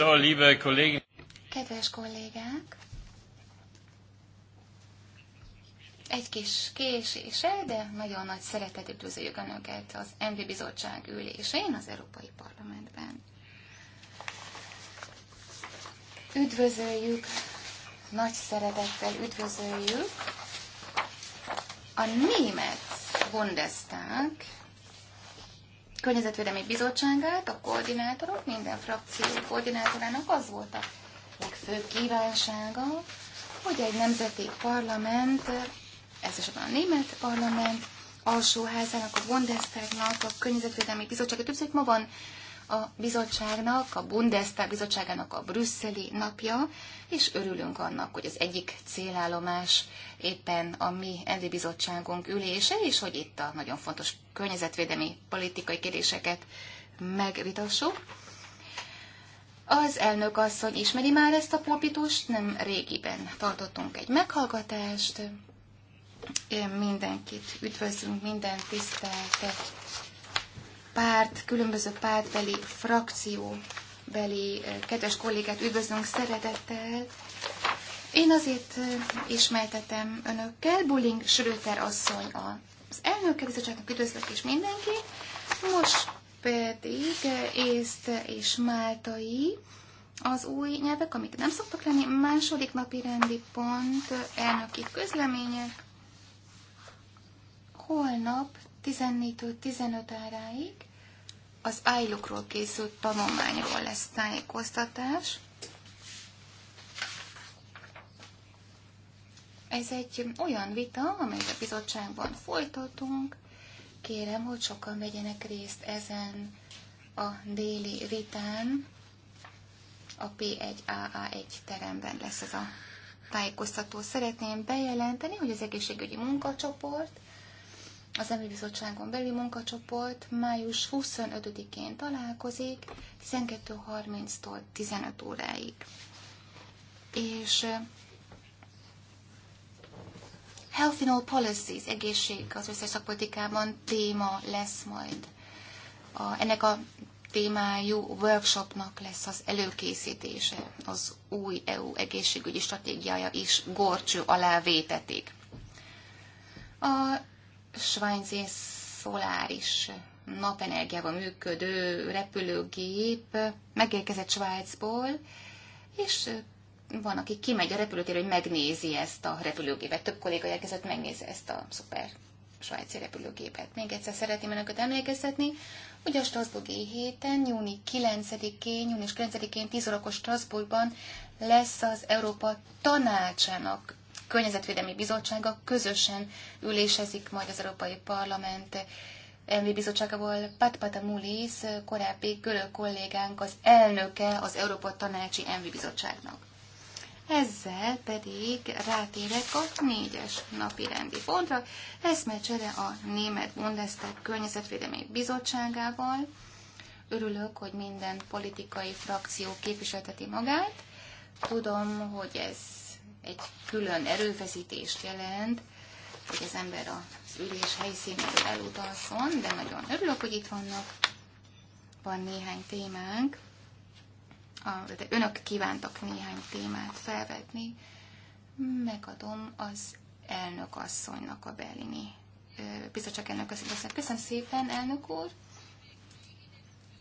So, liebe Kollegen. Kedves kollégák, egy kis késéssel, de nagyon nagy szeretet üdvözöljük Önöket az MV Bizottság ülésén az Európai Parlamentben. Üdvözöljük, nagy szeretettel üdvözöljük a német Bundestag Környezetvédelmi Bizottságát, a koordinátorok, minden frakció koordinátorának az volt a legfőbb kívánsága, hogy egy nemzeti parlament, ez is a német parlament, alsóházának, a Bundestagnak, a Környezetvédelmi Bizottság, többször többször ma van a bizottságnak, a Bundestag bizottságának a brüsszeli napja, és örülünk annak, hogy az egyik célállomás éppen a mi ENDI bizottságunk ülése, és hogy itt a nagyon fontos környezetvédelmi politikai kérdéseket megvitassuk. Az elnök asszony ismeri már ezt a pulpitust, nem régiben tartottunk egy meghallgatást. Én mindenkit üdvözlünk, minden tisztelt párt, különböző pártbeli, frakcióbeli kedves kollégát üdvözlünk szeretettel. Én azért ismertetem önökkel, Bulling Schröter asszony az elnöke, bizottságnak üdvözlök is mindenki. Most pedig észt és máltai az új nyelvek, amik nem szoktak lenni. Második napi rendi pont, elnöki közlemények. Holnap 14-től 15 áráig az ájlukról készült tanulmányról lesz tájékoztatás. Ez egy olyan vita, amelyet a bizottságban folytatunk. Kérem, hogy sokan vegyenek részt ezen a déli vitán. A P1AA1 teremben lesz ez a tájékoztató. Szeretném bejelenteni, hogy az egészségügyi munkacsoport az Emberi Bizottságon belül munkacsoport május 25-én találkozik, 12.30-tól 15 óráig. És Health in All Policies, egészség az összes szakpolitikában téma lesz majd. A, ennek a témájú workshopnak lesz az előkészítése, az új EU egészségügyi stratégiája is gorcső alá vétetik. A svájci szoláris napenergiával működő repülőgép megérkezett Svájcból, és van, aki kimegy a repülőtérre, hogy megnézi ezt a repülőgépet. Több kolléga érkezett, megnézi ezt a szuper svájci repülőgépet. Még egyszer szeretném önöket emlékeztetni, hogy a Strasbourgi héten, júni 9-én, június 9-én 10 órakor Strasbourgban lesz az Európa Tanácsának Környezetvédelmi Bizottsága közösen ülésezik majd az Európai Parlament Elmi Bizottságával Patpata Mulis, korábbi görög kollégánk az elnöke az Európa Tanácsi Elmi Bizottságnak. Ezzel pedig rátérek a négyes napi rendi pontra, eszmecsere a Német Bundestag Környezetvédelmi Bizottságával. Örülök, hogy minden politikai frakció képviselteti magát. Tudom, hogy ez egy külön erőfeszítést jelent, hogy az ember az ülés helyszínéről elutazzon, de nagyon örülök, hogy itt vannak. Van néhány témánk, de önök kívántak néhány témát felvetni. Megadom az elnök asszonynak a Biztos csak elnök asszony. Köszönöm szépen, elnök úr!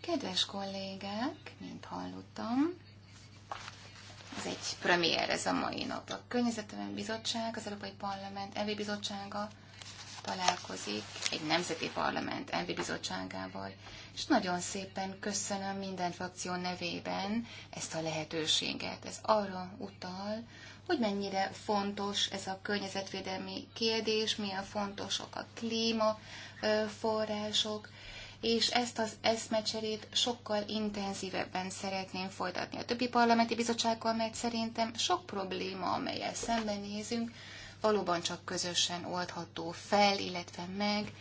Kedves kollégák, mint hallottam, ez egy premier, ez a mai nap. A Környezetvédelmi Bizottság, az Európai Parlament MV Bizottsága találkozik egy nemzeti parlament MV Bizottságával, és nagyon szépen köszönöm minden frakció nevében ezt a lehetőséget. Ez arra utal, hogy mennyire fontos ez a környezetvédelmi kérdés, milyen fontosak a klímaforrások, és ezt az eszmecserét sokkal intenzívebben szeretném folytatni a többi parlamenti bizottsággal, mert szerintem sok probléma, amelyel szembenézünk, valóban csak közösen oldható fel, illetve meg.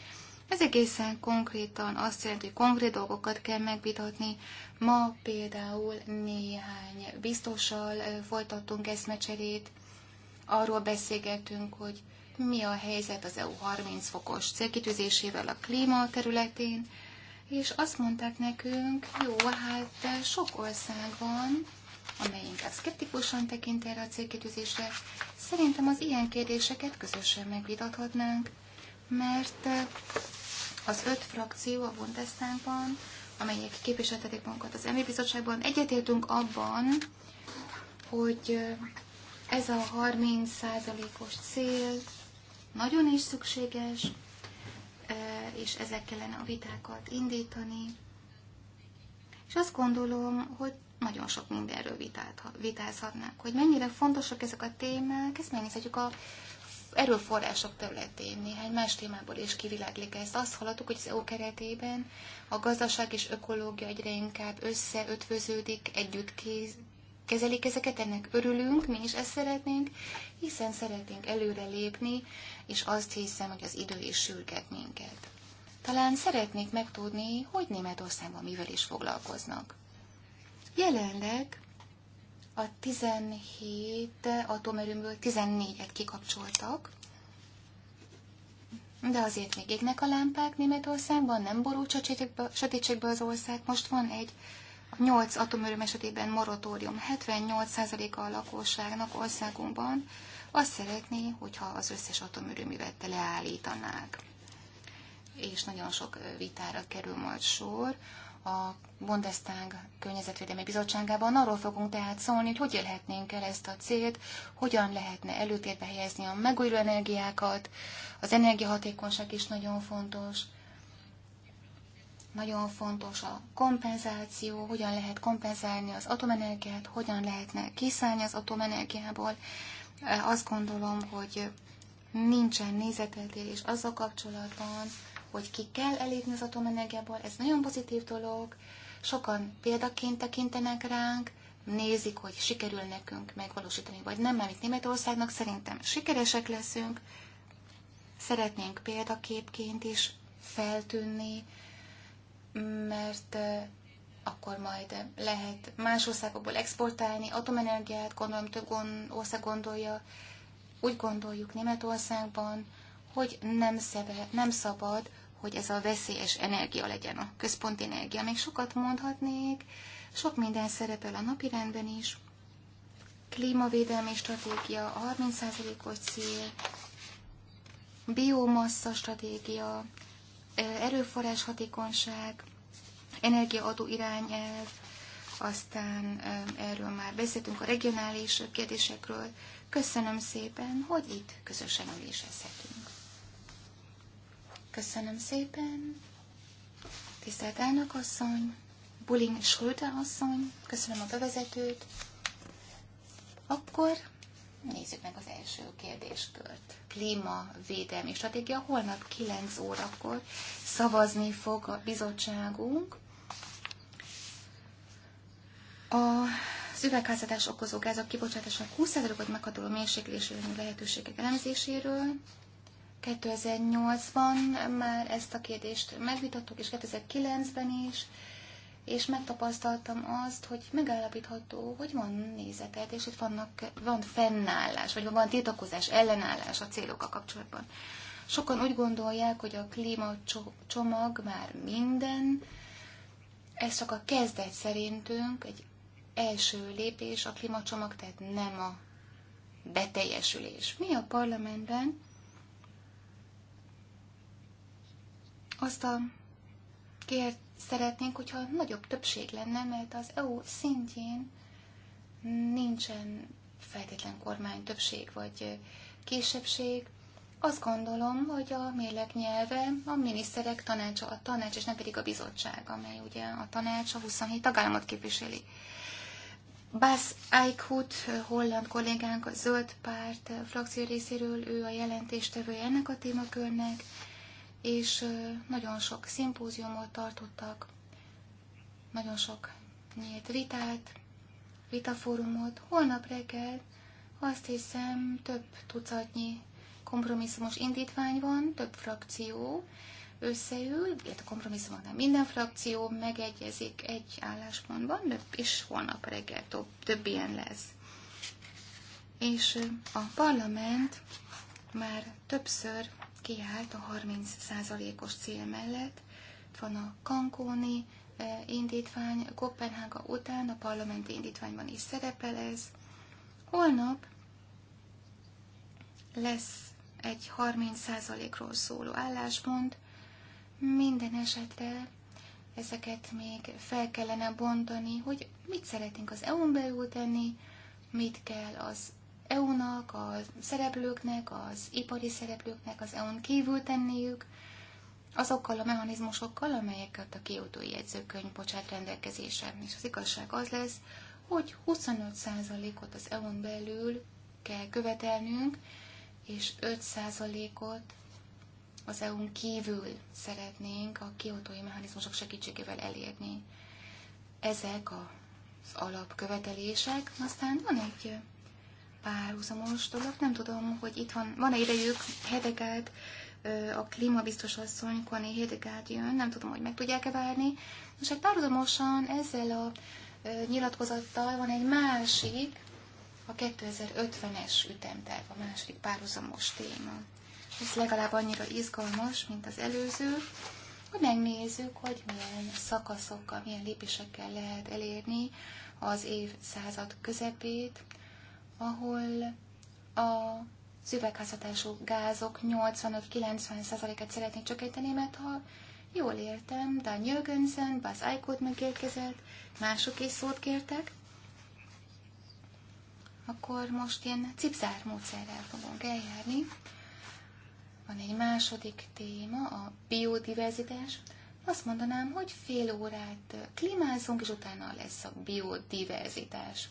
Ez egészen konkrétan azt jelenti, hogy konkrét dolgokat kell megvitatni. Ma például néhány biztossal folytattunk eszmecserét, arról beszélgetünk, hogy mi a helyzet az EU 30 fokos célkitűzésével a klíma területén, és azt mondták nekünk, jó, hát sok ország van, amely inkább szkeptikusan tekint erre a célkitűzésre. Szerintem az ilyen kérdéseket közösen megvitathatnánk, mert eh, az öt frakció a Bundestagban, amelyek képviseltetik magukat az EMI Bizottságban, egyetértünk abban, hogy eh, ez a 30%-os cél nagyon is szükséges, Eh, és ezek kellene a vitákat indítani. És azt gondolom, hogy nagyon sok mindenről vitát, vitázhatnánk, hogy mennyire fontosak ezek a témák, ezt megnézhetjük a erőforrások területén, néhány más témából is kiviláglik ezt. Azt hallottuk, hogy az EU keretében a gazdaság és ökológia egyre inkább összeötvöződik, együtt kéz, kezelik ezeket, ennek örülünk, mi is ezt szeretnénk, hiszen szeretnénk előre lépni és azt hiszem, hogy az idő is sürget minket. Talán szeretnék megtudni, hogy Németországban mivel is foglalkoznak. Jelenleg a 17 atomerőmből 14-et kikapcsoltak, de azért még égnek a lámpák Németországban, nem borul sötétségbe az ország. Most van egy 8 atomerőm esetében moratórium. 78%-a a lakosságnak országunkban azt szeretné, hogyha az összes atomerőművet leállítanák. És nagyon sok vitára kerül majd sor. A Bundestag Környezetvédelmi Bizottságában arról fogunk tehát szólni, hogy hogy élhetnénk el ezt a célt, hogyan lehetne előtérbe helyezni a megújuló energiákat, az energiahatékonyság is nagyon fontos, nagyon fontos a kompenzáció, hogyan lehet kompenzálni az atomenergiát, hogyan lehetne kiszállni az atomenergiából. Azt gondolom, hogy nincsen nézeteltérés azzal kapcsolatban, hogy ki kell elépni az atomenergiából, ez nagyon pozitív dolog, sokan példaként tekintenek ránk, nézik, hogy sikerül nekünk megvalósítani, vagy nem, mert Németországnak szerintem sikeresek leszünk, szeretnénk példaképként is feltűnni, mert akkor majd lehet más országokból exportálni atomenergiát, gondolom több ország gondolja, úgy gondoljuk Németországban, hogy nem, szebe, nem szabad, hogy ez a veszélyes energia legyen, a központi energia. Még sokat mondhatnék, sok minden szerepel a napirendben is. Klímavédelmi stratégia, 30%-os cél, biomassa stratégia, erőforrás hatékonyság, energiaadó irányelv, aztán erről már beszéltünk a regionális kérdésekről. Köszönöm szépen, hogy itt közösen ülésezhetünk. Köszönöm szépen. Tisztelt elnök asszony, Bulin Schröder asszony, köszönöm a bevezetőt. Akkor nézzük meg az első kérdéskört. Klímavédelmi stratégia holnap 9 órakor szavazni fog a bizottságunk a az okozó gázok kibocsátásának 20%-ot meghatoló mérsékléséről lehetőségek elemzéséről. 2008-ban már ezt a kérdést megvitattuk, és 2009-ben is, és megtapasztaltam azt, hogy megállapítható, hogy van nézetet, és itt vannak, van fennállás, vagy van tiltakozás, ellenállás a célokkal kapcsolatban. Sokan úgy gondolják, hogy a klímacsomag már minden, ez csak a kezdet szerintünk, egy első lépés a klímacsomag, tehát nem a beteljesülés. Mi a parlamentben azt a kért szeretnénk, hogyha nagyobb többség lenne, mert az EU szintjén nincsen feltétlen kormány többség vagy kisebbség. Azt gondolom, hogy a mérlek nyelve a miniszterek tanácsa, a tanács, és nem pedig a bizottság, amely ugye a tanács a 27 tagállamot képviseli. Bas Eichhut, holland kollégánk, a Zöld Párt frakció részéről, ő a jelentéstevő ennek a témakörnek, és nagyon sok szimpóziumot tartottak, nagyon sok nyílt vitát, vitafórumot. Holnap reggel azt hiszem több tucatnyi kompromisszumos indítvány van, több frakció, összeül, illetve van, minden frakció megegyezik egy álláspontban, és holnap reggel több, több ilyen lesz. És a parlament már többször kiállt a 30%-os cél mellett. Itt van a kankóni indítvány, Kopenhága után a parlamenti indítványban is szerepel ez. Holnap lesz egy 30%-ról szóló álláspont, minden esetre ezeket még fel kellene bontani, hogy mit szeretnénk az EU-n belül tenni, mit kell az EU-nak, a szereplőknek, az ipari szereplőknek az EU-n kívül tenniük, azokkal a mechanizmusokkal, amelyeket a kiutói jegyzőkönyv bocsát rendelkezésre. És az igazság az lesz, hogy 25%-ot az EU-n belül kell követelnünk, és 5%-ot az EU-n kívül szeretnénk a kiotói mechanizmusok segítségével elérni. Ezek az alapkövetelések, aztán van egy párhuzamos dolog, nem tudom, hogy itt van, van-e idejük, hedegát, a klímabiztos asszony, Kani Hedegát jön, nem tudom, hogy meg tudják-e várni. Most egy párhuzamosan ezzel a nyilatkozattal van egy másik, a 2050-es ütemterv, a második párhuzamos téma ez legalább annyira izgalmas, mint az előző, hogy megnézzük, hogy milyen szakaszokkal, milyen lépésekkel lehet elérni az évszázad közepét, ahol a az üvegházhatású gázok 85-90%-et szeretnék csökkenteni, mert ha jól értem, Dan Jürgensen, Buzz Eichot megérkezett, mások is szót kértek, akkor most én cipzár módszerrel fogunk eljárni. Van egy második téma, a biodiverzitás. Azt mondanám, hogy fél órát klímázunk, és utána lesz a biodiverzitás.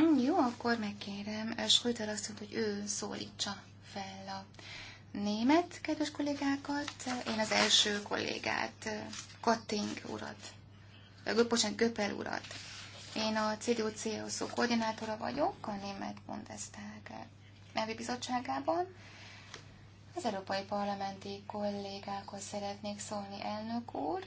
Mm, jó, akkor megkérem Schröter azt mondta, hogy ő szólítsa fel a német kedves kollégákat, én az első kollégát, Kotting urat, bocsánat, Göpel urat. Én a CDU-CSU e koordinátora vagyok, a német Bundestag elvi bizottságában. Az európai parlamenti kollégákhoz szeretnék szólni, elnök úr.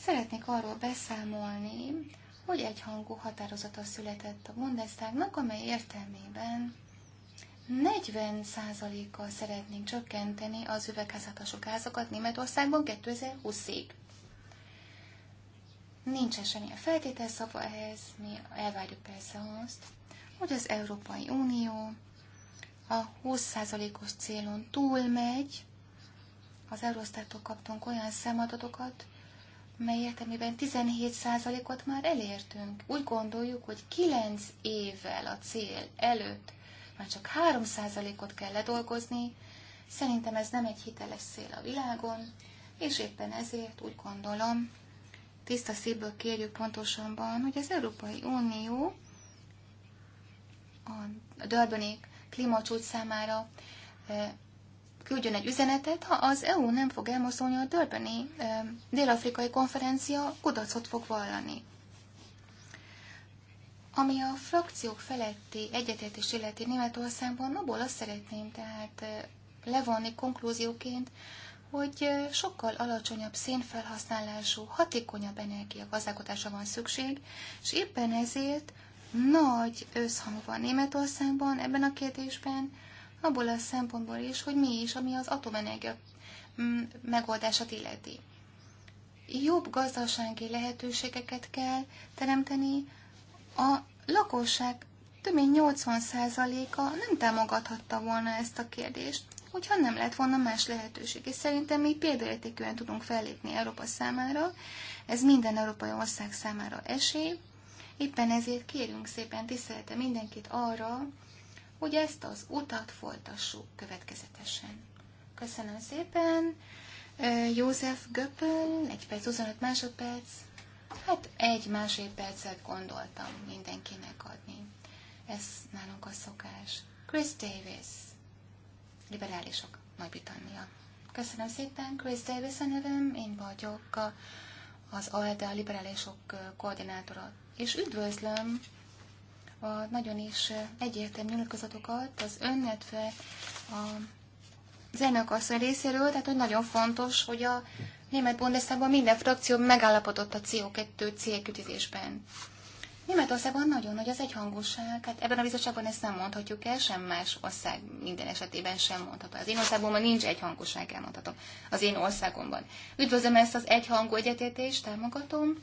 Szeretnék arról beszámolni, hogy egyhangú határozata született a Bundestagnak, amely értelmében 40%-kal szeretnénk csökkenteni az üvegházhatású gázokat Németországban 2020-ig. Nincsen semmilyen feltételszava ehhez, mi elvárjuk persze azt, hogy az Európai Unió a 20%-os célon túlmegy. Az Eurostattól kaptunk olyan szemadatokat, mely értelmében 17%-ot már elértünk. Úgy gondoljuk, hogy 9 évvel a cél előtt már csak 3%-ot kell ledolgozni. Szerintem ez nem egy hiteles cél a világon, és éppen ezért úgy gondolom, tiszta szívből kérjük pontosabban, hogy az Európai Unió a Durbani klímacsúcs számára küldjön egy üzenetet, ha az EU nem fog elmoszolni a Dörbeni dél-afrikai konferencia kudarcot fog vallani. Ami a frakciók feletti egyetértés illeti Németországban, abból azt szeretném tehát levonni konklúzióként, hogy sokkal alacsonyabb szénfelhasználású, hatékonyabb energiagazdálkodásra van szükség, és éppen ezért nagy összhang van Németországban ebben a kérdésben, abból a szempontból is, hogy mi is, ami az atomenergia mm, megoldását illeti. Jobb gazdasági lehetőségeket kell teremteni. A lakosság több mint 80%-a nem támogathatta volna ezt a kérdést, hogyha nem lett volna más lehetőség. És szerintem mi példaértékűen tudunk fellépni Európa számára, ez minden európai ország számára esély, Éppen ezért kérünk szépen tisztelete mindenkit arra, hogy ezt az utat folytassuk következetesen. Köszönöm szépen. József Göpöl, egy perc, 25 másodperc. Hát egy másik percet gondoltam mindenkinek adni. Ez nálunk a szokás. Chris Davis, liberálisok, Nagy-Britannia. Köszönöm szépen, Chris Davis a nevem, én vagyok az ALDA liberálisok koordinátora és üdvözlöm a nagyon is egyértelmű nyilatkozatokat az önnetve a zenekasszony részéről, tehát hogy nagyon fontos, hogy a német Bundestagban minden frakció megállapodott a CO2 célkütizésben. Németországban nagyon nagy az egyhangúság, hát ebben a bizottságban ezt nem mondhatjuk el, sem más ország minden esetében sem mondható. Az én országomban nincs egyhangúság, elmondhatom. Az én országomban. Üdvözlöm ezt az egyhangú egyetértést, támogatom.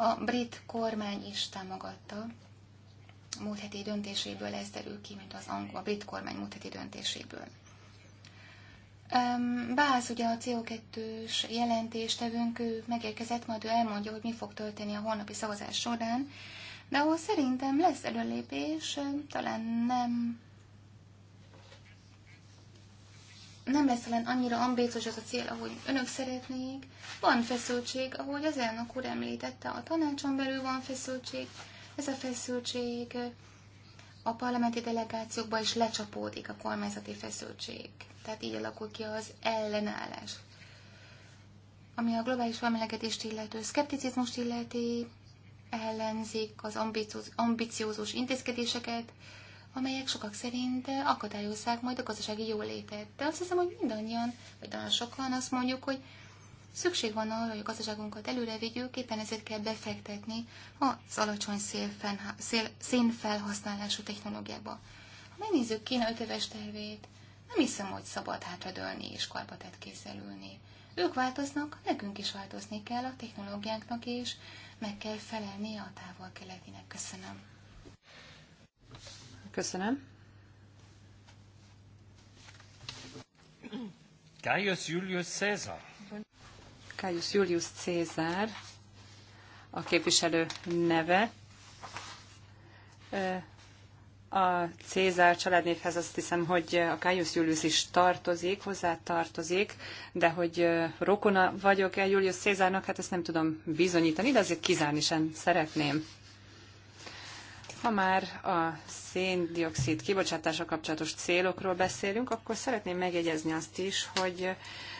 A brit kormány is támogatta. Múlt heti döntéséből ez derül ki, mint az angol, a brit kormány múlt heti döntéséből. Báz, ugye a CO2-s jelentéstevőnk, ő megérkezett, majd ő elmondja, hogy mi fog történni a holnapi szavazás során, de ahol szerintem lesz előlépés, talán nem nem lesz talán annyira ambíciós az a cél, ahogy önök szeretnék. Van feszültség, ahogy az elnök úr említette, a tanácson belül van feszültség. Ez a feszültség a parlamenti delegációkban is lecsapódik a kormányzati feszültség. Tehát így alakul ki az ellenállás. Ami a globális felmelegedést illető szkepticizmust illeti, ellenzik az ambiciózus intézkedéseket, amelyek sokak szerint akadályozzák majd a gazdasági jólétet. De azt hiszem, hogy mindannyian, vagy talán sokan azt mondjuk, hogy szükség van arra, hogy a gazdaságunkat előre vigyük, éppen ezért kell befektetni az alacsony szénfelhasználású technológiába. Ha megnézzük Kína 5 éves tervét, nem hiszem, hogy szabad hátradőlni és karbatett készülni. Ők változnak, nekünk is változni kell a technológiánknak, és meg kell felelni a távol-keletinek. Köszönöm. Köszönöm. Gaius Julius Caesar. Gaius Julius Caesar, a képviselő neve. A Cézár családnévhez azt hiszem, hogy a Caius Julius is tartozik, hozzá tartozik, de hogy rokona vagyok-e Julius Cézárnak, hát ezt nem tudom bizonyítani, de azért kizárni sem szeretném. Ha már a széndiokszid kibocsátása kapcsolatos célokról beszélünk, akkor szeretném megjegyezni azt is, hogy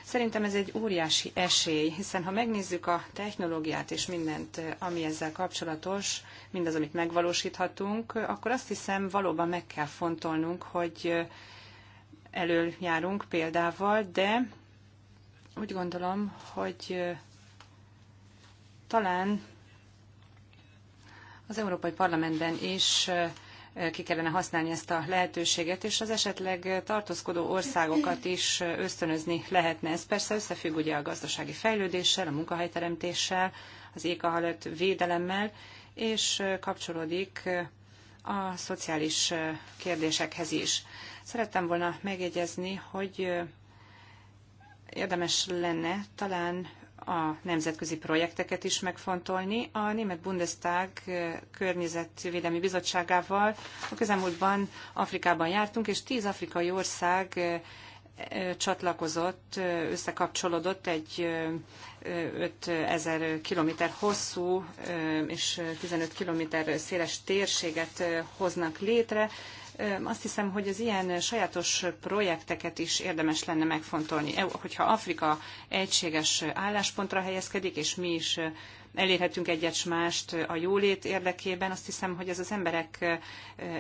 szerintem ez egy óriási esély, hiszen ha megnézzük a technológiát és mindent, ami ezzel kapcsolatos, mindaz, amit megvalósíthatunk, akkor azt hiszem valóban meg kell fontolnunk, hogy elől járunk példával, de úgy gondolom, hogy talán az Európai Parlamentben is ki kellene használni ezt a lehetőséget, és az esetleg tartózkodó országokat is ösztönözni lehetne. Ez persze összefügg ugye a gazdasági fejlődéssel, a munkahelyteremtéssel, az ékahalat védelemmel, és kapcsolódik a szociális kérdésekhez is. Szerettem volna megjegyezni, hogy érdemes lenne talán a nemzetközi projekteket is megfontolni. A Német Bundestag Környezetvédelmi Bizottságával a közelmúltban Afrikában jártunk, és tíz afrikai ország csatlakozott, összekapcsolódott egy 5000 km hosszú és 15 km széles térséget hoznak létre. Azt hiszem, hogy az ilyen sajátos projekteket is érdemes lenne megfontolni. E, hogyha Afrika egységes álláspontra helyezkedik, és mi is elérhetünk egyet s mást a jólét érdekében, azt hiszem, hogy ez az emberek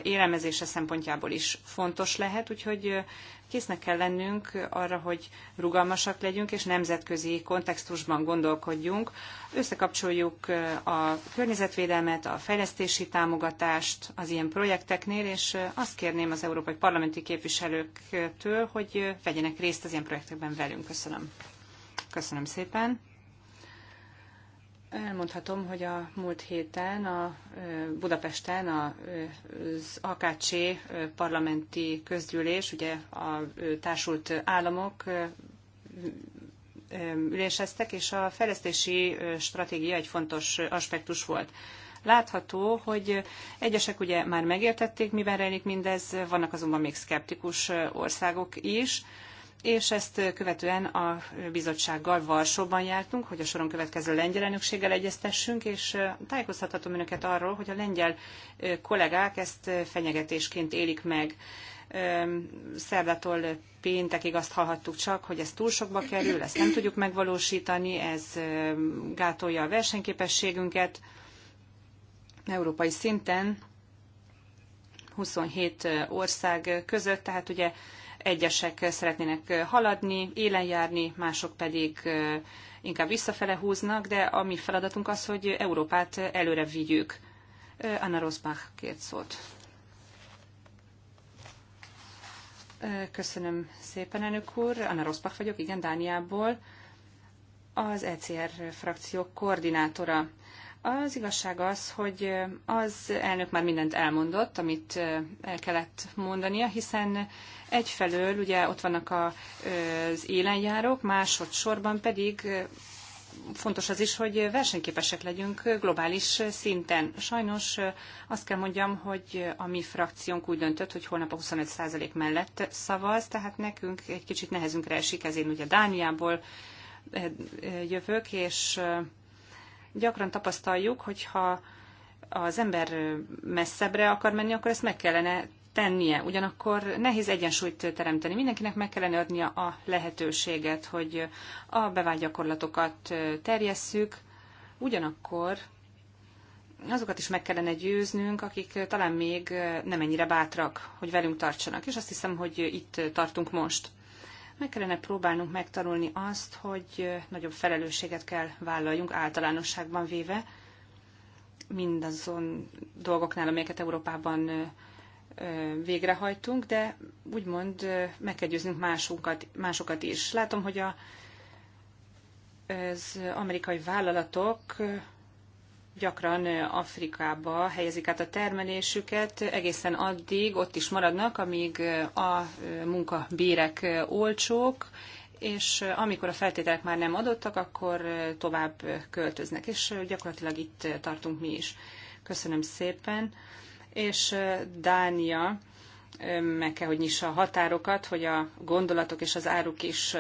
élelmezése szempontjából is fontos lehet, úgyhogy késznek kell lennünk arra, hogy rugalmasak legyünk, és nemzetközi kontextusban gondolkodjunk. Összekapcsoljuk a környezetvédelmet, a fejlesztési támogatást az ilyen projekteknél, és azt kérném az európai parlamenti képviselőktől, hogy vegyenek részt az ilyen projektekben velünk. Köszönöm. Köszönöm szépen. Elmondhatom, hogy a múlt héten a Budapesten az AKC parlamenti közgyűlés, ugye a társult államok üléseztek, és a fejlesztési stratégia egy fontos aspektus volt. Látható, hogy egyesek ugye már megértették, miben rejlik mindez, vannak azonban még szkeptikus országok is, és ezt követően a bizottsággal Varsóban jártunk, hogy a soron következő lengyel elnökséggel egyeztessünk, és tájékoztathatom önöket arról, hogy a lengyel kollégák ezt fenyegetésként élik meg. Szerdától péntekig azt hallhattuk csak, hogy ez túl sokba kerül, ezt nem tudjuk megvalósítani, ez gátolja a versenyképességünket. Európai szinten 27 ország között, tehát ugye egyesek szeretnének haladni, élen járni, mások pedig inkább visszafele húznak, de a mi feladatunk az, hogy Európát előre vigyük. Anna Rosbach két szót. Köszönöm szépen, elnök úr. Anna Rosbach vagyok, igen, Dániából. Az ECR frakció koordinátora. Az igazság az, hogy az elnök már mindent elmondott, amit el kellett mondania, hiszen egyfelől ugye ott vannak az élenjárók, másodszorban pedig fontos az is, hogy versenyképesek legyünk globális szinten. Sajnos azt kell mondjam, hogy a mi frakciónk úgy döntött, hogy holnap a 25% mellett szavaz, tehát nekünk egy kicsit nehezünkre esik, ezért ugye Dániából jövök, és Gyakran tapasztaljuk, hogyha az ember messzebbre akar menni, akkor ezt meg kellene tennie. Ugyanakkor nehéz egyensúlyt teremteni. Mindenkinek meg kellene adnia a lehetőséget, hogy a bevált gyakorlatokat terjesszük, ugyanakkor azokat is meg kellene győznünk, akik talán még nem ennyire bátrak, hogy velünk tartsanak. És azt hiszem, hogy itt tartunk most meg kellene próbálnunk megtanulni azt, hogy nagyobb felelősséget kell vállaljunk általánosságban véve mindazon dolgoknál, amelyeket Európában végrehajtunk, de úgymond meg kell győznünk másunkat, másokat is. Látom, hogy a, az amerikai vállalatok gyakran Afrikába helyezik át a termelésüket, egészen addig ott is maradnak, amíg a munkabérek olcsók, és amikor a feltételek már nem adottak, akkor tovább költöznek, és gyakorlatilag itt tartunk mi is. Köszönöm szépen. És Dánia meg kell, hogy nyissa a határokat, hogy a gondolatok és az áruk is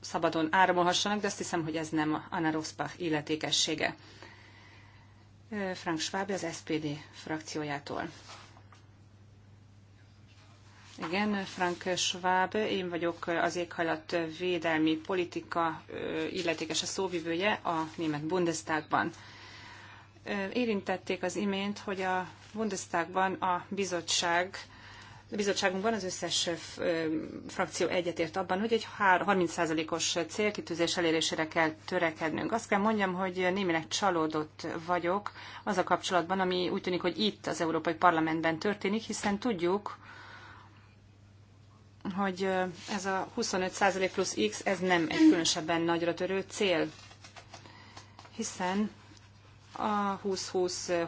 szabadon áramolhassanak, de azt hiszem, hogy ez nem a Anna Rosbach illetékessége. Frank Schwab az SPD frakciójától. Igen, Frank Schwab, én vagyok az éghajlat védelmi politika illetékes a szóvivője a német Bundestagban. Érintették az imént, hogy a Bundestagban a bizottság a bizottságunkban az összes frakció egyetért abban, hogy egy 30%-os célkitűzés elérésére kell törekednünk. Azt kell mondjam, hogy némileg csalódott vagyok az a kapcsolatban, ami úgy tűnik, hogy itt az Európai Parlamentben történik, hiszen tudjuk, hogy ez a 25% plusz X, ez nem egy különösebben nagyra törő cél, hiszen a 20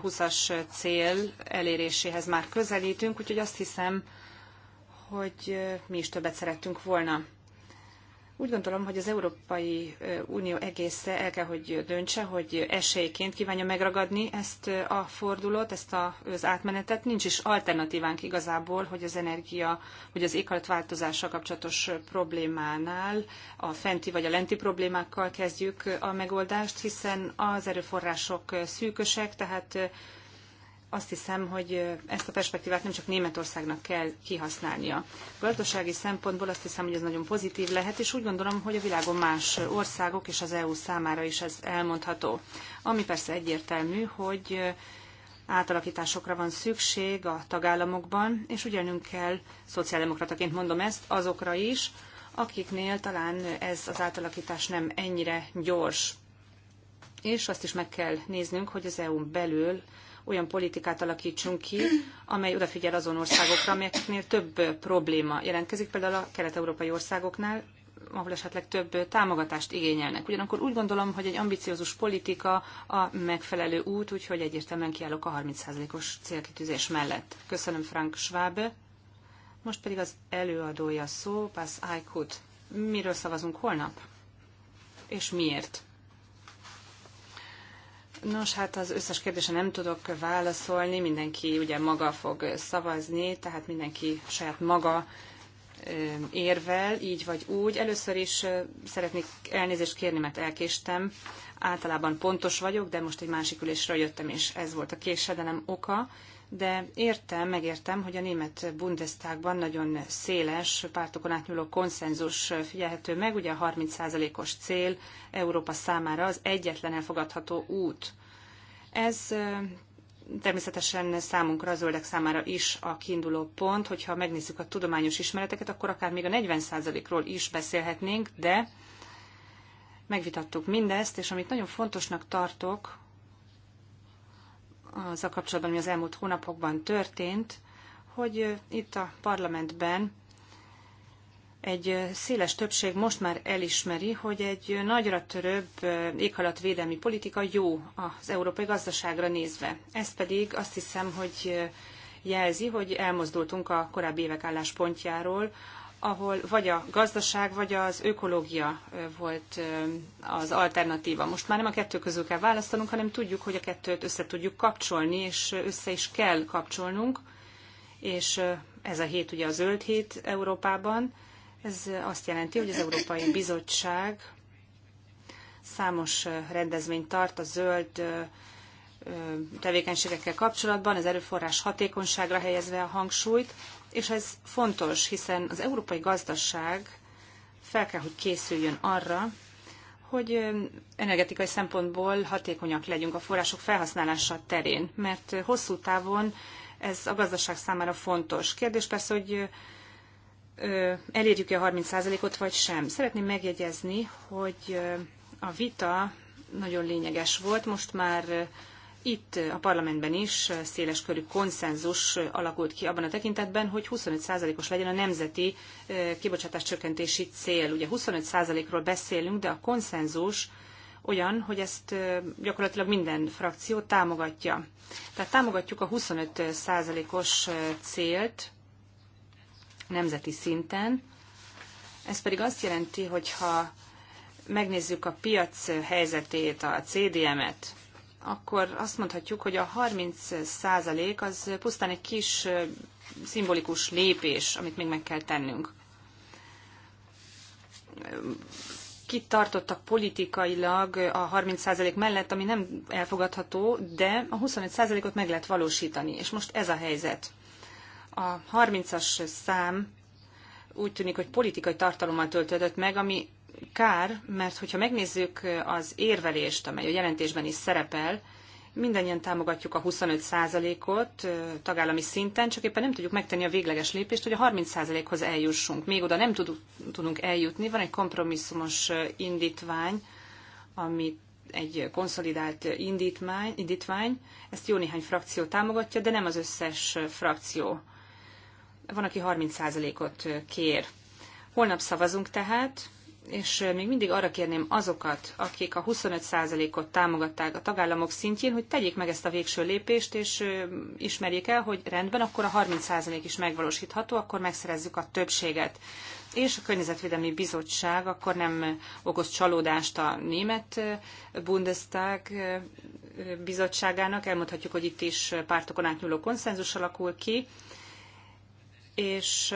20 as cél eléréséhez már közelítünk, úgyhogy azt hiszem, hogy mi is többet szerettünk volna. Úgy gondolom, hogy az Európai Unió egésze el kell, hogy döntse, hogy esélyként kívánja megragadni ezt a fordulót, ezt az átmenetet. Nincs is alternatívánk igazából, hogy az energia, hogy az éghajlatváltozással kapcsolatos problémánál a fenti vagy a lenti problémákkal kezdjük a megoldást, hiszen az erőforrások szűkösek, tehát azt hiszem, hogy ezt a perspektívát nem csak Németországnak kell kihasználnia. Gazdasági szempontból azt hiszem, hogy ez nagyon pozitív lehet, és úgy gondolom, hogy a világon más országok és az EU számára is ez elmondható. Ami persze egyértelmű, hogy átalakításokra van szükség a tagállamokban, és ugyanünk kell, szociáldemokrataként mondom ezt, azokra is, akiknél talán ez az átalakítás nem ennyire gyors. És azt is meg kell néznünk, hogy az EU-n belül olyan politikát alakítsunk ki, amely odafigyel azon országokra, amelyeknél több probléma jelentkezik, például a kelet-európai országoknál, ahol esetleg több támogatást igényelnek. Ugyanakkor úgy gondolom, hogy egy ambiciózus politika a megfelelő út, úgyhogy egyértelműen kiállok a 30%-os célkitűzés mellett. Köszönöm Frank Schwab. Most pedig az előadója szó, Pász Aikut. Miről szavazunk holnap? És miért? Nos, hát az összes kérdésre nem tudok válaszolni, mindenki ugye maga fog szavazni, tehát mindenki saját maga érvel, így vagy úgy. Először is szeretnék elnézést kérni, mert elkéstem. Általában pontos vagyok, de most egy másik ülésről jöttem, és ez volt a késedelem oka de értem, megértem, hogy a német Bundestagban nagyon széles pártokon átnyúló konszenzus figyelhető meg, ugye a 30%-os cél Európa számára az egyetlen elfogadható út. Ez természetesen számunkra, a zöldek számára is a kiinduló pont, hogyha megnézzük a tudományos ismereteket, akkor akár még a 40%-ról is beszélhetnénk, de megvitattuk mindezt, és amit nagyon fontosnak tartok, az a kapcsolatban, ami az elmúlt hónapokban történt, hogy itt a parlamentben egy széles többség most már elismeri, hogy egy nagyra törőbb éghalatvédelmi politika jó az európai gazdaságra nézve. Ez pedig azt hiszem, hogy jelzi, hogy elmozdultunk a korábbi évek álláspontjáról, ahol vagy a gazdaság, vagy az ökológia volt az alternatíva. Most már nem a kettő közül kell választanunk, hanem tudjuk, hogy a kettőt össze tudjuk kapcsolni, és össze is kell kapcsolnunk. És ez a hét ugye a zöld hét Európában. Ez azt jelenti, hogy az Európai Bizottság számos rendezvényt tart a zöld tevékenységekkel kapcsolatban, az erőforrás hatékonyságra helyezve a hangsúlyt, és ez fontos, hiszen az európai gazdaság fel kell, hogy készüljön arra, hogy energetikai szempontból hatékonyak legyünk a források felhasználása terén, mert hosszú távon ez a gazdaság számára fontos. Kérdés persze, hogy elérjük-e a 30%-ot, vagy sem. Szeretném megjegyezni, hogy a vita nagyon lényeges volt. Most már itt a parlamentben is széles körű konszenzus alakult ki abban a tekintetben, hogy 25%-os legyen a nemzeti kibocsátás csökkentési cél. Ugye 25%-ról beszélünk, de a konszenzus olyan, hogy ezt gyakorlatilag minden frakció támogatja. Tehát támogatjuk a 25%-os célt nemzeti szinten. Ez pedig azt jelenti, hogy ha megnézzük a piac helyzetét, a CDM-et, akkor azt mondhatjuk, hogy a 30% százalék az pusztán egy kis szimbolikus lépés, amit még meg kell tennünk. Kit tartottak politikailag a 30% százalék mellett, ami nem elfogadható, de a 25 százalékot meg lehet valósítani. És most ez a helyzet. A 30-as szám úgy tűnik, hogy politikai tartalommal töltődött meg, ami kár, mert hogyha megnézzük az érvelést, amely a jelentésben is szerepel, mindannyian támogatjuk a 25%-ot tagállami szinten, csak éppen nem tudjuk megtenni a végleges lépést, hogy a 30%-hoz eljussunk. Még oda nem tudunk eljutni. Van egy kompromisszumos indítvány, amit egy konszolidált indítmány, indítvány, ezt jó néhány frakció támogatja, de nem az összes frakció. Van, aki 30%-ot kér. Holnap szavazunk tehát, és még mindig arra kérném azokat, akik a 25%-ot támogatták a tagállamok szintjén, hogy tegyék meg ezt a végső lépést, és ismerjék el, hogy rendben, akkor a 30% is megvalósítható, akkor megszerezzük a többséget. És a Környezetvédelmi Bizottság akkor nem okoz csalódást a német Bundestag bizottságának. Elmondhatjuk, hogy itt is pártokon átnyúló konszenzus alakul ki, és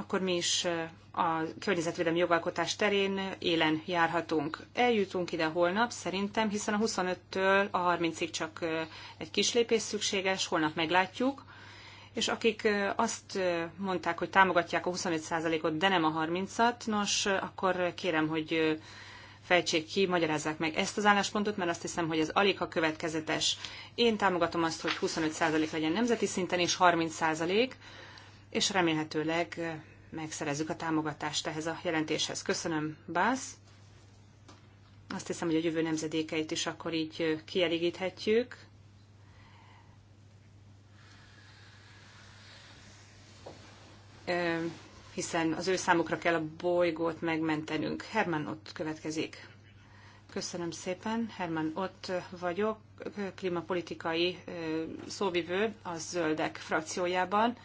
akkor mi is a környezetvédelmi jogalkotás terén élen járhatunk. Eljutunk ide holnap szerintem, hiszen a 25-től a 30-ig csak egy kis lépés szükséges, holnap meglátjuk. És akik azt mondták, hogy támogatják a 25%-ot, de nem a 30-at, nos, akkor kérem, hogy fejtsék ki, magyarázzák meg ezt az álláspontot, mert azt hiszem, hogy ez alig a következetes. Én támogatom azt, hogy 25% legyen nemzeti szinten, és 30% és remélhetőleg megszerezzük a támogatást ehhez a jelentéshez. Köszönöm, Bász. Azt hiszem, hogy a jövő nemzedékeit is akkor így kielégíthetjük. hiszen az ő számukra kell a bolygót megmentenünk. Herman ott következik. Köszönöm szépen. Herman ott vagyok, klímapolitikai szóvivő a Zöldek frakciójában.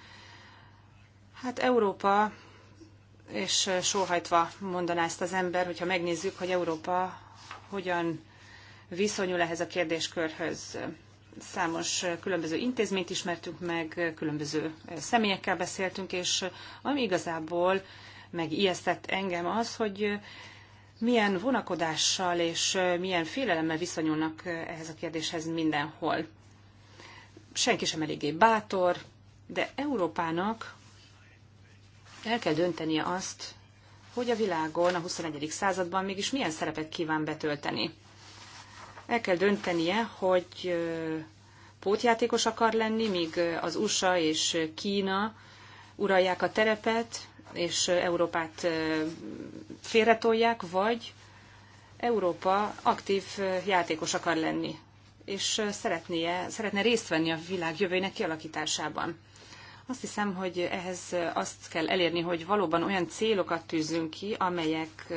Hát Európa, és sóhajtva mondaná ezt az ember, hogyha megnézzük, hogy Európa hogyan viszonyul ehhez a kérdéskörhöz. Számos különböző intézményt ismertünk meg, különböző személyekkel beszéltünk, és ami igazából megijesztett engem az, hogy milyen vonakodással és milyen félelemmel viszonyulnak ehhez a kérdéshez mindenhol. Senki sem eléggé bátor, de Európának el kell döntenie azt, hogy a világon a 21. században mégis milyen szerepet kíván betölteni. El kell döntenie, hogy pótjátékos akar lenni, míg az USA és Kína uralják a terepet, és Európát félretolják, vagy Európa aktív játékos akar lenni, és szeretnie, szeretne részt venni a világ jövőjének kialakításában. Azt hiszem, hogy ehhez azt kell elérni, hogy valóban olyan célokat tűzünk ki, amelyek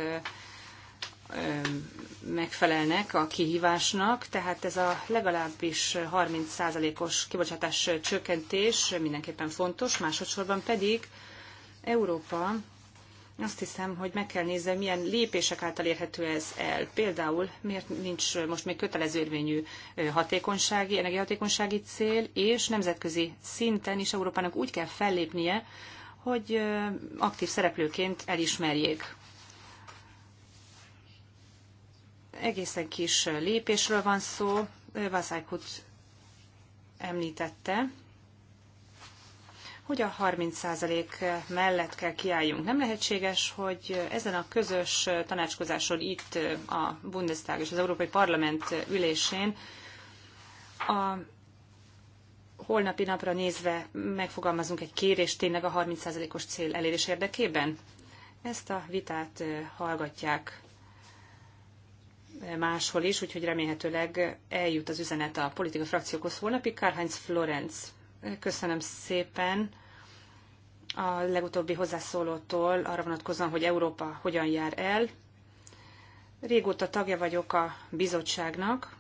megfelelnek a kihívásnak, tehát ez a legalábbis 30%-os kibocsátás csökkentés mindenképpen fontos, másodszorban pedig Európa azt hiszem, hogy meg kell nézni, milyen lépések által érhető ez el. Például miért nincs most még kötelező érvényű hatékonysági, energiahatékonysági cél, és nemzetközi szinten is Európának úgy kell fellépnie, hogy aktív szereplőként elismerjék. Egészen kis lépésről van szó, Vaszájkut említette, hogy a 30% mellett kell kiálljunk. Nem lehetséges, hogy ezen a közös tanácskozáson itt a Bundestag és az Európai Parlament ülésén a holnapi napra nézve megfogalmazunk egy kérést tényleg a 30%-os cél elérés érdekében? Ezt a vitát hallgatják máshol is, úgyhogy remélhetőleg eljut az üzenet a politika frakciókhoz holnapig. Karl-Heinz Florenz Köszönöm szépen a legutóbbi hozzászólótól arra vonatkozóan, hogy Európa hogyan jár el. Régóta tagja vagyok a bizottságnak,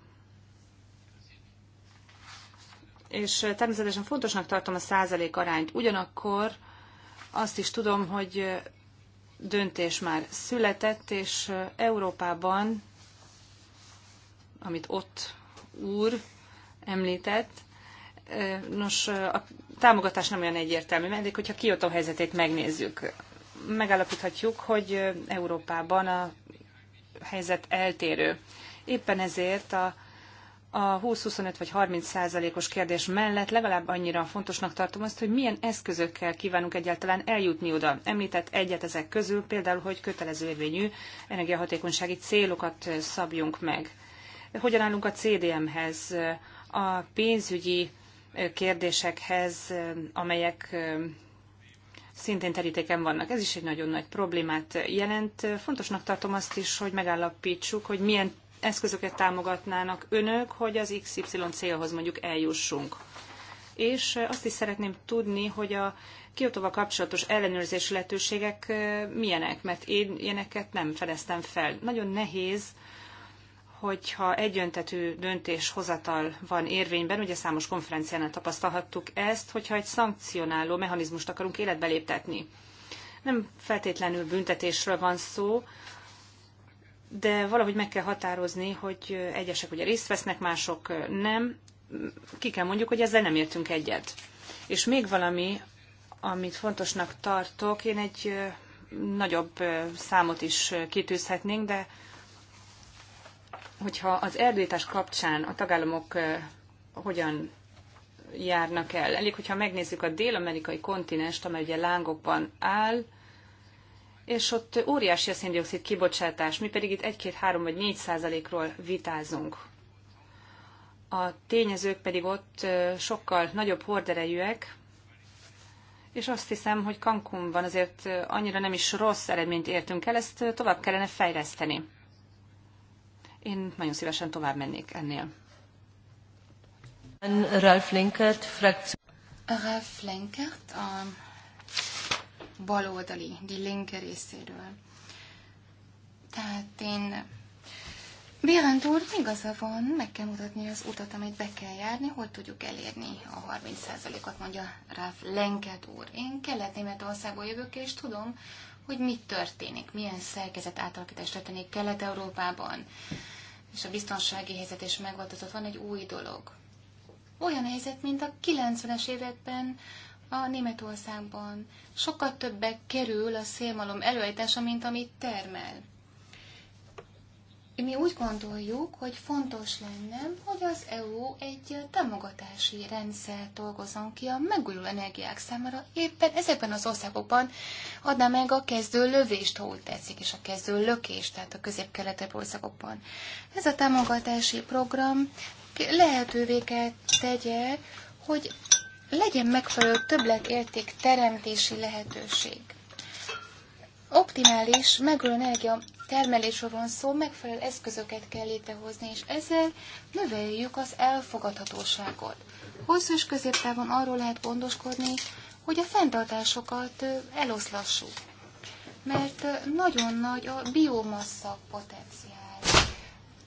és természetesen fontosnak tartom a százalék arányt. Ugyanakkor azt is tudom, hogy döntés már született, és Európában, amit ott úr említett, Nos, a támogatás nem olyan egyértelmű, mert hogyha Kyoto helyzetét megnézzük, megállapíthatjuk, hogy Európában a helyzet eltérő. Éppen ezért a a 20-25 vagy 30 százalékos kérdés mellett legalább annyira fontosnak tartom azt, hogy milyen eszközökkel kívánunk egyáltalán eljutni oda. Említett egyet ezek közül, például, hogy kötelező érvényű energiahatékonysági célokat szabjunk meg. Hogyan állunk a CDM-hez? A pénzügyi kérdésekhez, amelyek szintén terítéken vannak. Ez is egy nagyon nagy problémát jelent. Fontosnak tartom azt is, hogy megállapítsuk, hogy milyen eszközöket támogatnának önök, hogy az XY célhoz mondjuk eljussunk. És azt is szeretném tudni, hogy a Kiotóval kapcsolatos ellenőrzési lehetőségek milyenek, mert én ilyeneket nem fedeztem fel. Nagyon nehéz hogyha egyöntetű döntéshozatal van érvényben, ugye számos konferenciánál tapasztalhattuk ezt, hogyha egy szankcionáló mechanizmust akarunk életbe léptetni. Nem feltétlenül büntetésről van szó, de valahogy meg kell határozni, hogy egyesek ugye részt vesznek, mások nem. Ki kell mondjuk, hogy ezzel nem értünk egyet. És még valami, amit fontosnak tartok, én egy nagyobb számot is kitűzhetnénk, de hogyha az erdőítás kapcsán a tagállamok hogyan járnak el. Elég, hogyha megnézzük a dél-amerikai kontinenst, amely ugye lángokban áll, és ott óriási a széndiokszid kibocsátás, mi pedig itt 1-2-3 vagy 4 százalékról vitázunk. A tényezők pedig ott sokkal nagyobb horderejűek, és azt hiszem, hogy Cancunban azért annyira nem is rossz eredményt értünk el, ezt tovább kellene fejleszteni. Én nagyon szívesen tovább mennék ennél. Ralf Linkert, frakció. Ralf Linkert, a baloldali, di Linke részéről. Tehát én Bélent úr, igaza van, meg kell mutatni az utat, amit be kell járni, hogy tudjuk elérni a 30%-ot, mondja Ralf Lenket úr. Én Kelet-Németországból jövök, és tudom, hogy mit történik, milyen szerkezet átalakítást történik Kelet-Európában és a biztonsági helyzet is megváltozott. Van egy új dolog. Olyan helyzet, mint a 90-es években a Németországban. Sokkal többek kerül a szélmalom előállítása, mint amit termel mi úgy gondoljuk, hogy fontos lenne, hogy az EU egy támogatási rendszer dolgozzon ki a megújuló energiák számára. Éppen ezekben az országokban adná meg a kezdő lövést, ha úgy tetszik, és a kezdő lökést, tehát a közép-keletebb országokban. Ez a támogatási program lehetővé kell tegye, hogy legyen megfelelő többletérték teremtési lehetőség optimális megújuló energia termelésről van szó, megfelelő eszközöket kell létrehozni, és ezzel növeljük az elfogadhatóságot. Hosszú és középtávon arról lehet gondoskodni, hogy a fenntartásokat eloszlassuk. Mert nagyon nagy a biomassa potenciál,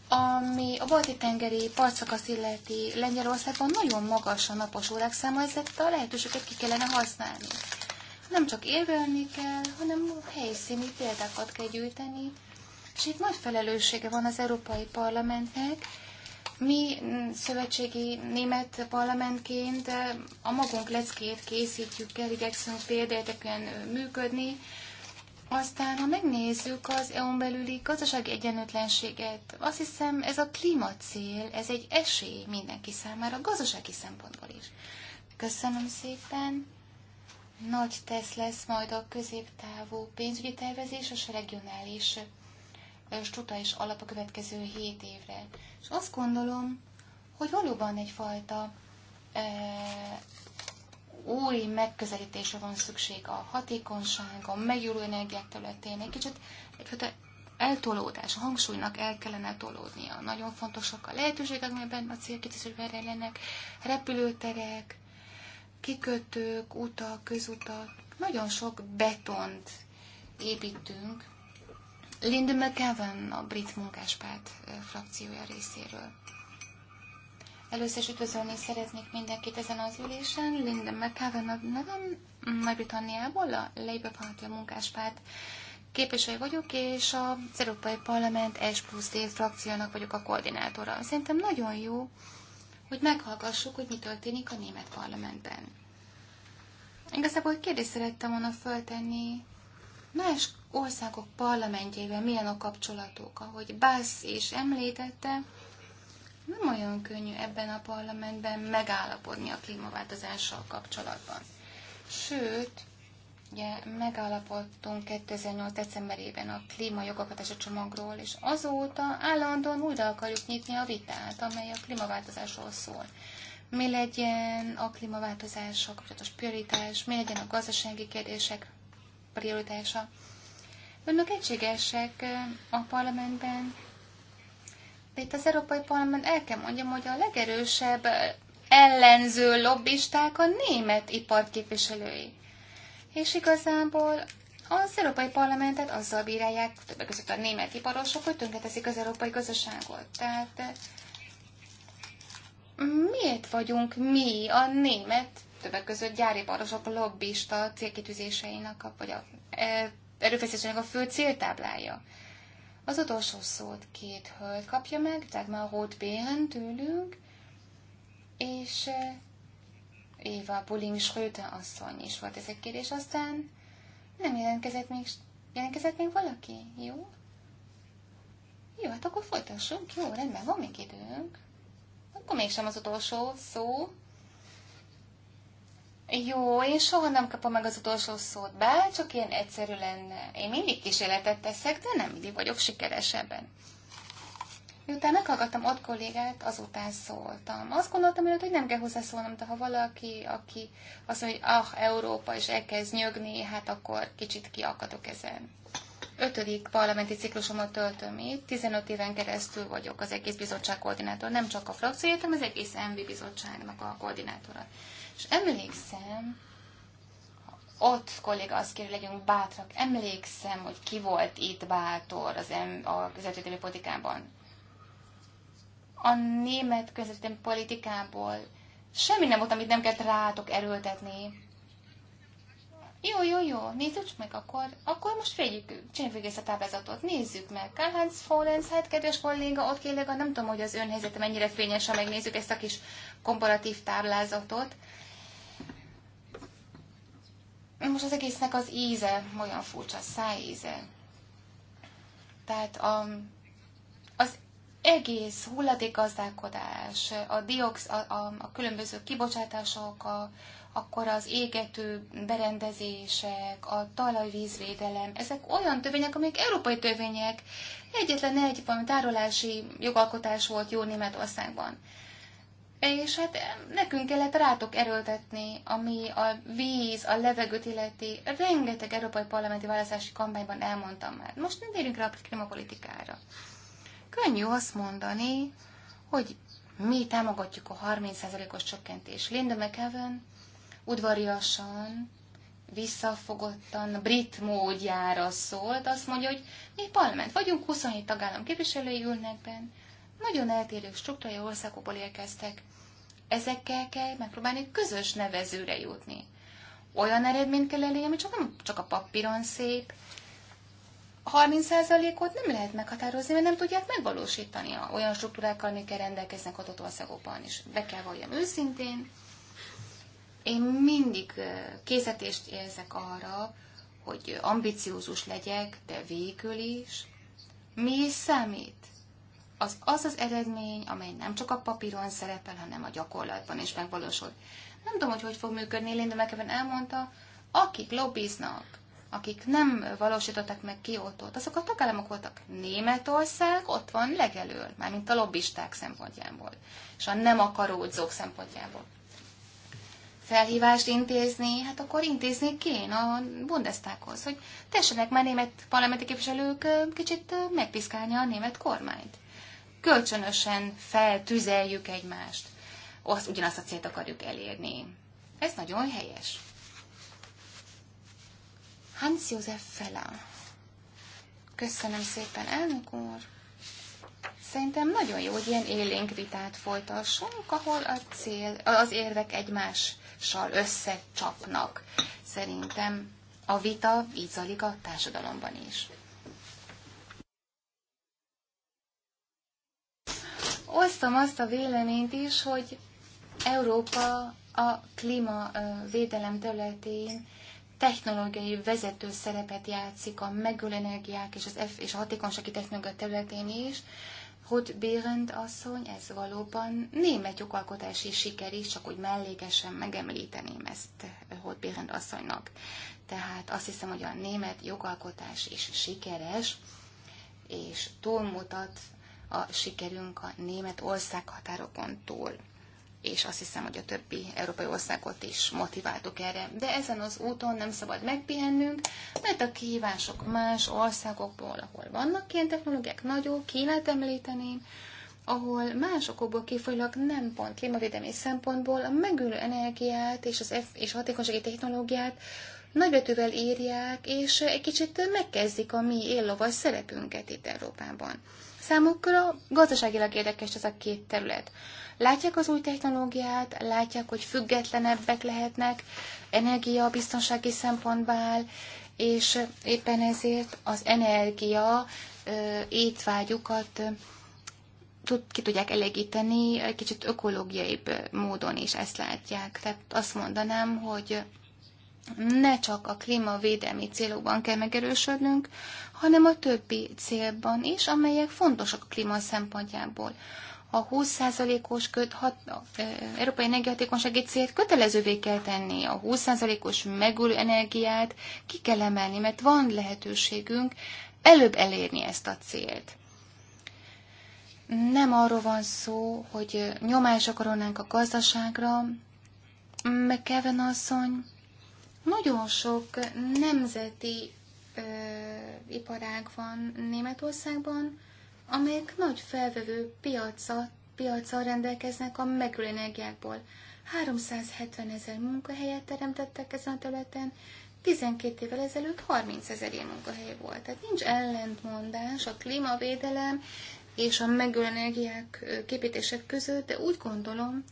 ami a balti tengeri partszakasz illeti Lengyelországban nagyon magas a napos órák száma, ezeket a lehetőséget ki kellene használni nem csak érvelni kell, hanem helyszíni példákat kell gyűjteni, és itt nagy felelőssége van az Európai Parlamentnek. Mi szövetségi német parlamentként eh, a magunk leckét készítjük el, igyekszünk példájáteken eh, működni. Aztán, ha megnézzük az EU-n belüli gazdasági egyenlőtlenséget, azt hiszem ez a klímacél, ez egy esély mindenki számára, gazdasági szempontból is. Köszönöm szépen! Nagy tesz lesz majd a középtávú pénzügyi tervezés és a regionális struktúrális alap a következő 7 évre. És azt gondolom, hogy valóban egyfajta e, új megközelítésre van szükség a hatékonyság, a megjuló energiák területén. Egy kicsit egyfajta eltolódás, a hangsúlynak el kellene tolódnia. Nagyon fontosak a lehetőségek, amelyben a célkitűzésben rejlenek, repülőterek, kikötők, utak, közutak. Nagyon sok betont építünk, Linda McGavin a brit munkáspárt frakciója részéről. Először is üdvözölni szeretnék mindenkit ezen az ülésen. Linda McCavan a nevem Nagy-Britanniából, a Labour Party, a munkáspárt képviselő vagyok, és az Európai Parlament S plusz D frakciónak vagyok a koordinátora. Szerintem nagyon jó, hogy meghallgassuk, hogy mi történik a német parlamentben. Igazából kérdést szerettem volna föltenni más országok parlamentjével milyen a kapcsolatok, Ahogy Bász is említette, nem olyan könnyű ebben a parlamentben megállapodni a klímaváltozással kapcsolatban. Sőt, ugye megállapodtunk 2008. decemberében a klímajogakatása csomagról, és azóta állandóan újra akarjuk nyitni a vitát, amely a klímaváltozásról szól. Mi legyen a klímaváltozással kapcsolatos prioritás, mi legyen a gazdasági kérdések prioritása. Önök egységesek a parlamentben, de itt az Európai Parlament el kell mondjam, hogy a legerősebb ellenző lobbisták a német ipar képviselői. És igazából az Európai Parlamentet azzal bírálják, többek között a német iparosok, hogy tönkreteszik az európai gazdaságot. Tehát miért vagyunk mi a német, többek között gyáriparosok lobbista célkitűzéseinek, vagy a erőfeszítésének a fő céltáblája. Az utolsó szót két hölgy kapja meg, Dagmar Rothbéren tőlünk, és eh, Éva Bulling Schröter asszony is volt ez egy kérdés, aztán nem jelentkezett még, jelentkezett még valaki, jó? Jó, hát akkor folytassunk, jó, rendben, van még időnk. Akkor mégsem az utolsó szó. Jó, én soha nem kapom meg az utolsó szót, bár csak ilyen egyszerű lenne. Én mindig kísérletet teszek, de nem mindig vagyok sikeres ebben. Miután meghallgattam ott kollégát, azután szóltam. Azt gondoltam előtt, hogy nem kell hozzászólnom, de ha valaki, aki azt mondja, hogy ah, Európa, és elkezd nyögni, hát akkor kicsit kiakadok ezen. Ötödik parlamenti ciklusomat töltöm itt, 15 éven keresztül vagyok az egész bizottság koordinátor, nem csak a frakciójét, hanem az egész MV bizottságnak a koordinátora. És emlékszem, ott kolléga azt kér, hogy legyünk bátrak. Emlékszem, hogy ki volt itt bátor az em- a közvetítő politikában. A német közvetítő politikából semmi nem volt, amit nem kellett rátok erőltetni. Jó, jó, jó, nézzük meg akkor. Akkor most védjük, csináljuk ezt a táblázatot. Nézzük meg. Kárhánc heinz hát kedves kolléga, ott kérlek, nem tudom, hogy az ön helyzete mennyire fényes, ha megnézzük ezt a kis komparatív táblázatot. Most az egésznek az íze olyan furcsa, szájíze. Tehát a, az egész hulladékgazdálkodás, a, diox, a, a, a különböző kibocsátások, a, akkor az égető berendezések, a talajvízvédelem, ezek olyan törvények, amik európai törvények. Egyetlen egy tárolási jogalkotás volt jó Németországban. És hát nekünk kellett rátok erőltetni, ami a víz, a levegőt illeti. Rengeteg európai parlamenti választási kampányban elmondtam már. Most nem térünk rá a klímapolitikára. Könnyű azt mondani, hogy mi támogatjuk a 30%-os csökkentést. Linda McEwen udvariasan, visszafogottan, brit módjára szólt, azt mondja, hogy mi parlament vagyunk, 27 tagállam képviselői ülnek benne, nagyon eltérő struktúrai országokból érkeztek. Ezekkel kell megpróbálni közös nevezőre jutni. Olyan eredményt kell elérni, ami csak, nem, csak a papíron szép. 30%-ot nem lehet meghatározni, mert nem tudják megvalósítani olyan struktúrákkal, amikkel rendelkeznek adott országokban is. Be kell valljam őszintén, én mindig készítést érzek arra, hogy ambiciózus legyek, de végül is mi is számít? az az az eredmény, amely nem csak a papíron szerepel, hanem a gyakorlatban is megvalósul. Nem tudom, hogy hogy fog működni, Linda McEwen elmondta, akik lobbiznak, akik nem valósították meg kiótót, azok a tagállamok voltak. Németország ott van legelől, mármint a lobbisták szempontjából, és a nem akaródzók szempontjából. Felhívást intézni, hát akkor intézni kéne a Bundestaghoz, hogy tessenek már német parlamenti képviselők kicsit megpiszkálni a német kormányt kölcsönösen feltüzeljük egymást. Azt, ugyanazt a célt akarjuk elérni. Ez nagyon helyes. Hans József Fela. Köszönöm szépen, elnök úr. Szerintem nagyon jó, hogy ilyen élénk vitát folytassunk, ahol a cél, az érvek egymással összecsapnak. Szerintem a vita így zajlik a társadalomban is. Osztom azt a véleményt is, hogy Európa a klímavédelem területén technológiai vezető szerepet játszik a megülő energiák és, az F és a hatékonysági technológia területén is. Hogy Bérend asszony, ez valóban német jogalkotási siker is, csak úgy mellékesen megemlíteném ezt Hot Bérend asszonynak. Tehát azt hiszem, hogy a német jogalkotás is sikeres, és túlmutat a sikerünk a német ország határokon túl. És azt hiszem, hogy a többi európai országot is motiváltuk erre. De ezen az úton nem szabad megpihennünk, mert a kihívások más országokból, ahol vannak ilyen technológiák, nagyok, Kínát említeném, ahol más okokból kifolyólag nem pont klímavédelmi szempontból a megülő energiát és, az F- és hatékonysági technológiát nagybetűvel írják, és egy kicsit megkezdik a mi éllovas szerepünket itt Európában. Számukra gazdaságilag érdekes ez a két terület. Látják az új technológiát, látják, hogy függetlenebbek lehetnek, energia biztonsági szempontból áll, és éppen ezért az energia étvágyukat tud, ki tudják elégíteni, kicsit ökológiaibb módon is ezt látják. Tehát azt mondanám, hogy ne csak a klímavédelmi célokban kell megerősödnünk, hanem a többi célban is, amelyek fontosak a klíma szempontjából. A 20%-os köt, hat, európai energiahatékonysági célt kötelezővé kell tenni, a 20%-os megülő energiát ki kell emelni, mert van lehetőségünk előbb elérni ezt a célt nem arról van szó, hogy nyomás akarolnánk a gazdaságra. McKeven asszony nagyon sok nemzeti ö, iparág van Németországban, amelyek nagy felvevő piaca, piacsal rendelkeznek a megülő energiákból. 370 ezer munkahelyet teremtettek ezen a területen, 12 évvel ezelőtt 30 ezer ilyen munkahely volt. Tehát nincs ellentmondás a klímavédelem és a megülő energiák képítések között, de úgy gondolom,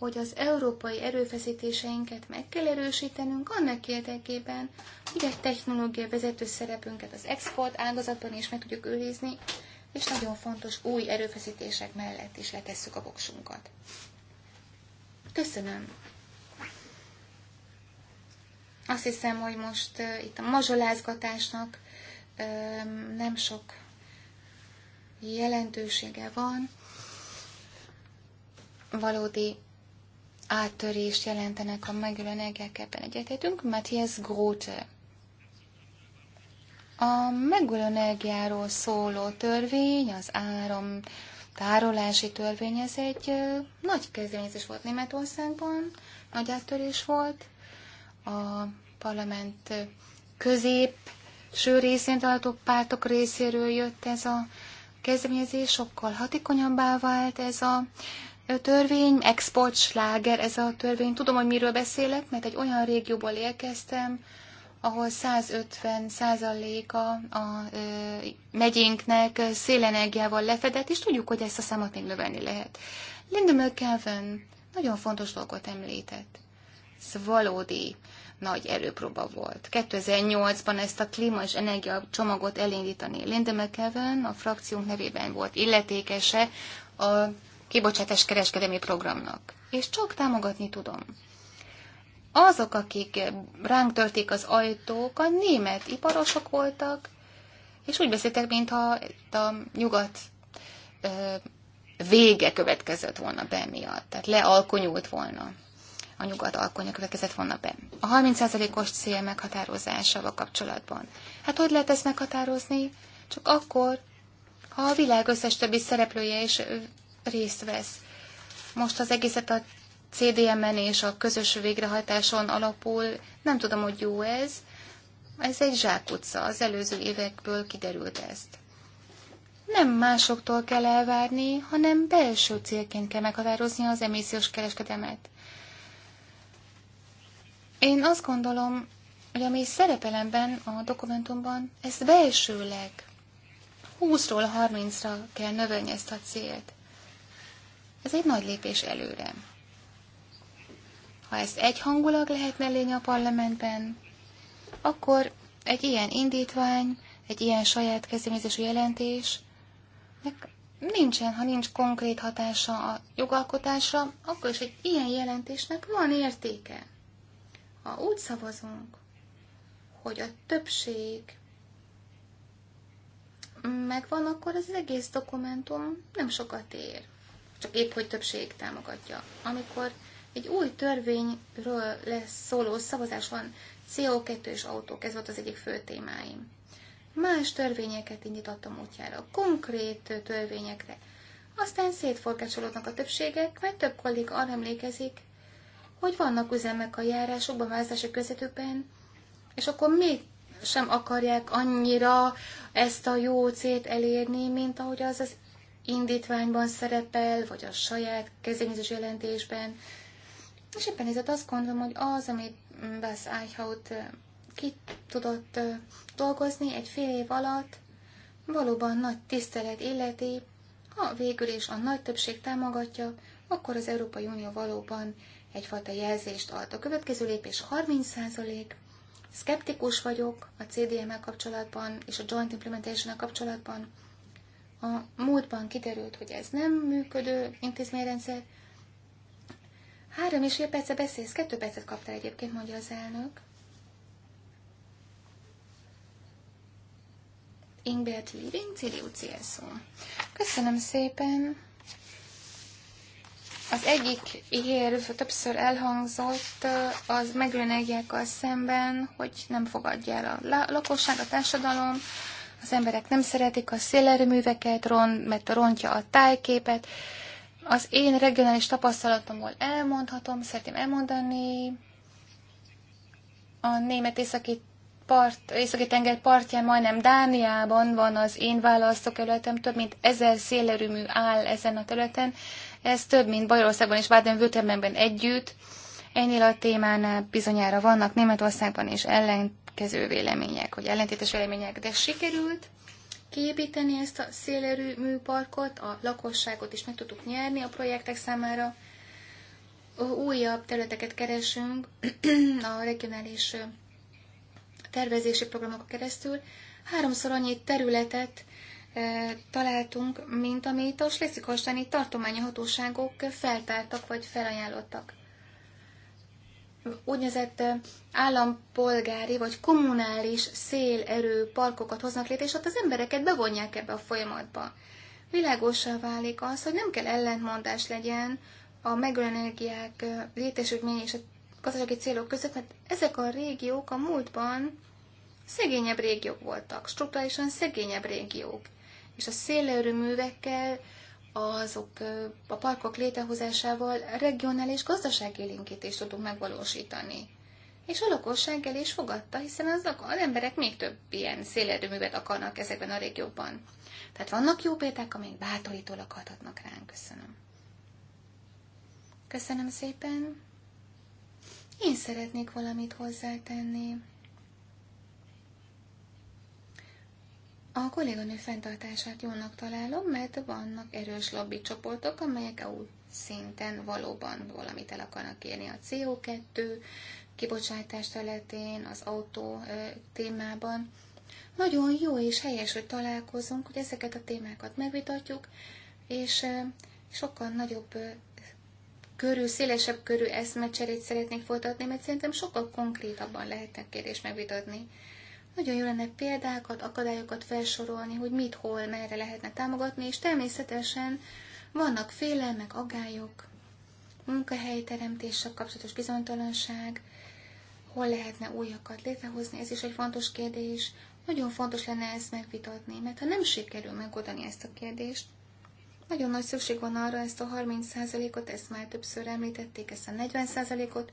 hogy az európai erőfeszítéseinket meg kell erősítenünk annak érdekében, hogy egy technológia vezető szerepünket az export ágazatban is meg tudjuk őrizni, és nagyon fontos új erőfeszítések mellett is letesszük a voksunkat. Köszönöm! Azt hiszem, hogy most uh, itt a mazsolázgatásnak uh, nem sok jelentősége van. Valódi áttörést jelentenek a megülő energiák, ebben mert Matthias Grote. A megülő energiáról szóló törvény, az áram tárolási törvény, ez egy nagy kezdeményezés volt Németországban, nagy áttörés volt. A parlament közép ső részén tartó pártok részéről jött ez a kezdeményezés, sokkal hatékonyabbá vált ez a törvény, export sláger ez a törvény. Tudom, hogy miről beszélek, mert egy olyan régióból érkeztem, ahol 150 százaléka a ö, megyénknek szélenergiával lefedett, és tudjuk, hogy ezt a számot még növelni lehet. Linda McKelvin nagyon fontos dolgot említett. Ez valódi nagy erőpróba volt. 2008-ban ezt a klíma és energia csomagot elindítani. Linda McKelvin a frakciónk nevében volt illetékese a kibocsátás kereskedelmi programnak. És csak támogatni tudom. Azok, akik ránk törték az ajtók, a német iparosok voltak, és úgy beszéltek, mintha a nyugat vége következett volna be miatt, tehát lealkonyult volna a nyugat alkonya következett volna be. A 30%-os cél meghatározásával kapcsolatban. Hát hogy lehet ezt meghatározni? Csak akkor, ha a világ összes többi szereplője is részt vesz. Most az egészet a CDM-en és a közös végrehajtáson alapul, nem tudom, hogy jó ez. Ez egy zsákutca, az előző évekből kiderült ezt. Nem másoktól kell elvárni, hanem belső célként kell meghatározni az emissziós kereskedemet. Én azt gondolom, hogy ami szerepelemben a dokumentumban, ez belsőleg 20-ról 30-ra kell növelni ezt a célt. Ez egy nagy lépés előre. Ha ezt egyhangulag lehetne lény a parlamentben, akkor egy ilyen indítvány, egy ilyen saját kezdeményezésű jelentés, nincsen, ha nincs konkrét hatása a jogalkotásra, akkor is egy ilyen jelentésnek van értéke. Ha úgy szavazunk, hogy a többség megvan, akkor az egész dokumentum nem sokat ér csak épp hogy többség támogatja. Amikor egy új törvényről lesz szóló szavazás van, CO2 és autók, ez volt az egyik fő témáim. Más törvényeket indítottam útjára, konkrét törvényekre. Aztán szétforgácsolódnak a többségek, mert több kolléga arra emlékezik, hogy vannak üzemek a járásokban, választási közvetőben, és akkor még sem akarják annyira ezt a jó célt elérni, mint ahogy az az indítványban szerepel, vagy a saját kezdeményezés jelentésben. És éppen ezért azt gondolom, hogy az, amit Bász Eichhaut ki tudott dolgozni egy fél év alatt, valóban nagy tisztelet illeti, ha végül is a nagy többség támogatja, akkor az Európai Unió valóban egyfajta jelzést ad. A következő lépés 30%. százalék. Skeptikus vagyok a cdm el kapcsolatban és a Joint implementation kapcsolatban. A múltban kiderült, hogy ez nem működő intézményrendszer. Három és fél perce beszélsz, kettő percet kaptál egyébként, mondja az elnök. Ingbert Liring, Ciriu CSO. Köszönöm szépen. Az egyik érv többször elhangzott az megrőnegiákkal szemben, hogy nem fogadja el a lakosság, a társadalom, az emberek nem szeretik a szélerőműveket, ron, mert rontja a tájképet. Az én regionális tapasztalatomból elmondhatom, szeretném elmondani, a német északi part, északi tenger partján, majdnem Dániában van az én választókerületem, több mint ezer szélerőmű áll ezen a területen, ez több, mint Bajorországban és baden württembenben együtt. Ennél a témánál bizonyára vannak Németországban is ellenkező vélemények, vagy ellentétes vélemények, de sikerült kiépíteni ezt a szélerő műparkot, a lakosságot is meg tudtuk nyerni a projektek számára. Újabb területeket keresünk a regionális tervezési programok keresztül. Háromszor annyi területet találtunk, mint amit a Schleswig-Holsteini tartományi hatóságok feltártak vagy felajánlottak úgynevezett állampolgári vagy kommunális szélerő parkokat hoznak létre, és ott az embereket bevonják ebbe a folyamatba. Világosá válik az, hogy nem kell ellentmondás legyen a megújuló energiák létesítmény és a gazdasági célok között, mert ezek a régiók a múltban szegényebb régiók voltak, struktúrálisan szegényebb régiók. És a szélerőművekkel azok a parkok létehozásával regionális gazdaságélénkítést tudunk megvalósítani. És a lakosság is fogadta, hiszen az, az emberek még több ilyen szélerőművet akarnak ezekben a régióban. Tehát vannak jó példák, amelyek bátorítólag hathatnak ránk. Köszönöm. Köszönöm szépen. Én szeretnék valamit hozzátenni. A kolléganő fenntartását jónak találom, mert vannak erős lobby csoportok, amelyek EU szinten valóban valamit el akarnak érni a CO2 kibocsátás területén, az autó témában. Nagyon jó és helyes, hogy találkozunk, hogy ezeket a témákat megvitatjuk, és sokkal nagyobb körű, szélesebb körű eszmecserét szeretnék folytatni, mert szerintem sokkal konkrétabban lehetnek kérdést megvitatni. Nagyon jó lenne példákat, akadályokat felsorolni, hogy mit, hol, merre lehetne támogatni, és természetesen vannak félelmek, agályok, munkahelyteremtéssel kapcsolatos bizonytalanság, hol lehetne újakat létrehozni, ez is egy fontos kérdés. Nagyon fontos lenne ezt megvitatni, mert ha nem sikerül megoldani ezt a kérdést, nagyon nagy szükség van arra, ezt a 30%-ot, ezt már többször említették, ezt a 40%-ot,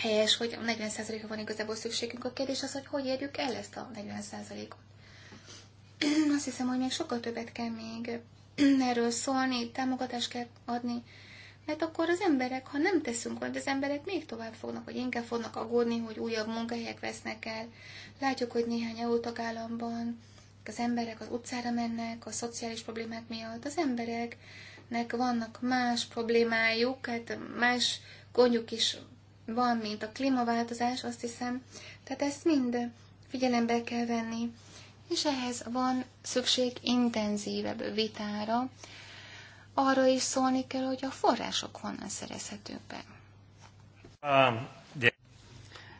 helyes, hogy 40%-ra van igazából szükségünk. A kérdés az, hogy hogy érjük el ezt a 40%-ot. Azt hiszem, hogy még sokkal többet kell még erről szólni, támogatást kell adni, mert akkor az emberek, ha nem teszünk valamit, az emberek még tovább fognak, vagy inkább fognak aggódni, hogy újabb munkahelyek vesznek el. Látjuk, hogy néhány EU tagállamban az emberek az utcára mennek a szociális problémák miatt. Az embereknek vannak más problémájuk, hát más gondjuk is van, mint a klímaváltozás, azt hiszem. Tehát ezt mind figyelembe kell venni, és ehhez van szükség intenzívebb vitára. Arra is szólni kell, hogy a források honnan szerezhetők be. Um, de...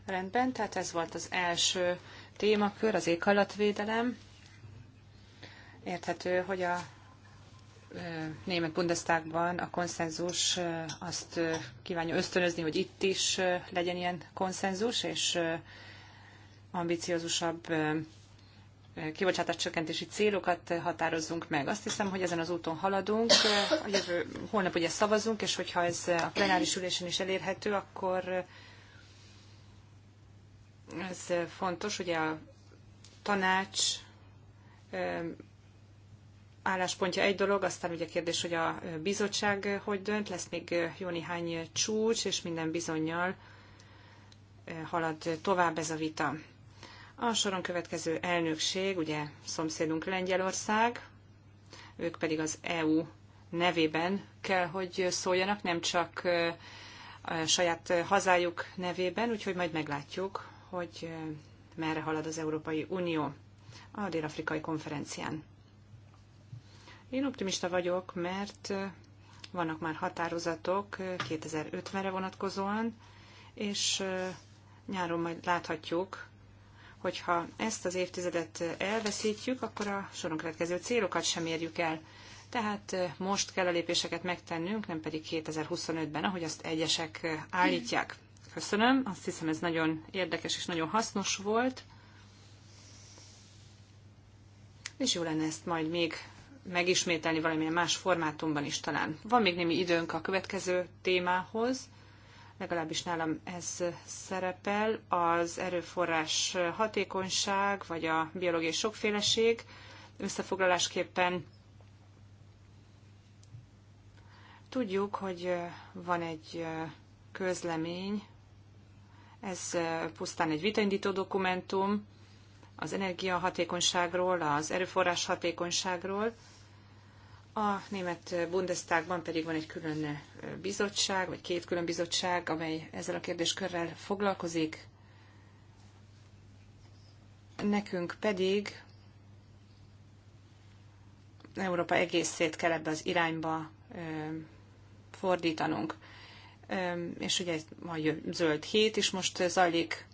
Rendben, tehát ez volt az első témakör, az éghajlatvédelem. Érthető, hogy a német Bundestagban a konszenzus azt kívánja ösztönözni, hogy itt is legyen ilyen konszenzus, és ambiciózusabb csökkentési célokat határozzunk meg. Azt hiszem, hogy ezen az úton haladunk. A jövő, holnap ugye szavazunk, és hogyha ez a plenáris ülésen is elérhető, akkor ez fontos. Ugye a tanács álláspontja egy dolog, aztán ugye kérdés, hogy a bizottság hogy dönt, lesz még jó néhány csúcs, és minden bizonyal halad tovább ez a vita. A soron következő elnökség, ugye szomszédunk Lengyelország, ők pedig az EU nevében kell, hogy szóljanak, nem csak a saját hazájuk nevében, úgyhogy majd meglátjuk, hogy merre halad az Európai Unió a dél-afrikai konferencián. Én optimista vagyok, mert vannak már határozatok 2050-re vonatkozóan, és nyáron majd láthatjuk, hogyha ezt az évtizedet elveszítjük, akkor a soron következő célokat sem érjük el. Tehát most kell a lépéseket megtennünk, nem pedig 2025-ben, ahogy azt egyesek állítják. Köszönöm, azt hiszem ez nagyon érdekes és nagyon hasznos volt. És jó lenne ezt majd még megismételni valamilyen más formátumban is talán. Van még némi időnk a következő témához, legalábbis nálam ez szerepel, az erőforrás hatékonyság, vagy a biológiai sokféleség. Összefoglalásképpen tudjuk, hogy van egy közlemény, ez pusztán egy vitaindító dokumentum az energiahatékonyságról, az erőforrás hatékonyságról, a német Bundestagban pedig van egy külön eh, bizottság, vagy két külön bizottság, amely ezzel a kérdéskörrel foglalkozik. Nekünk pedig Európa egészét kell ebbe az irányba eh, fordítanunk. És ugye a zöld hét is most zajlik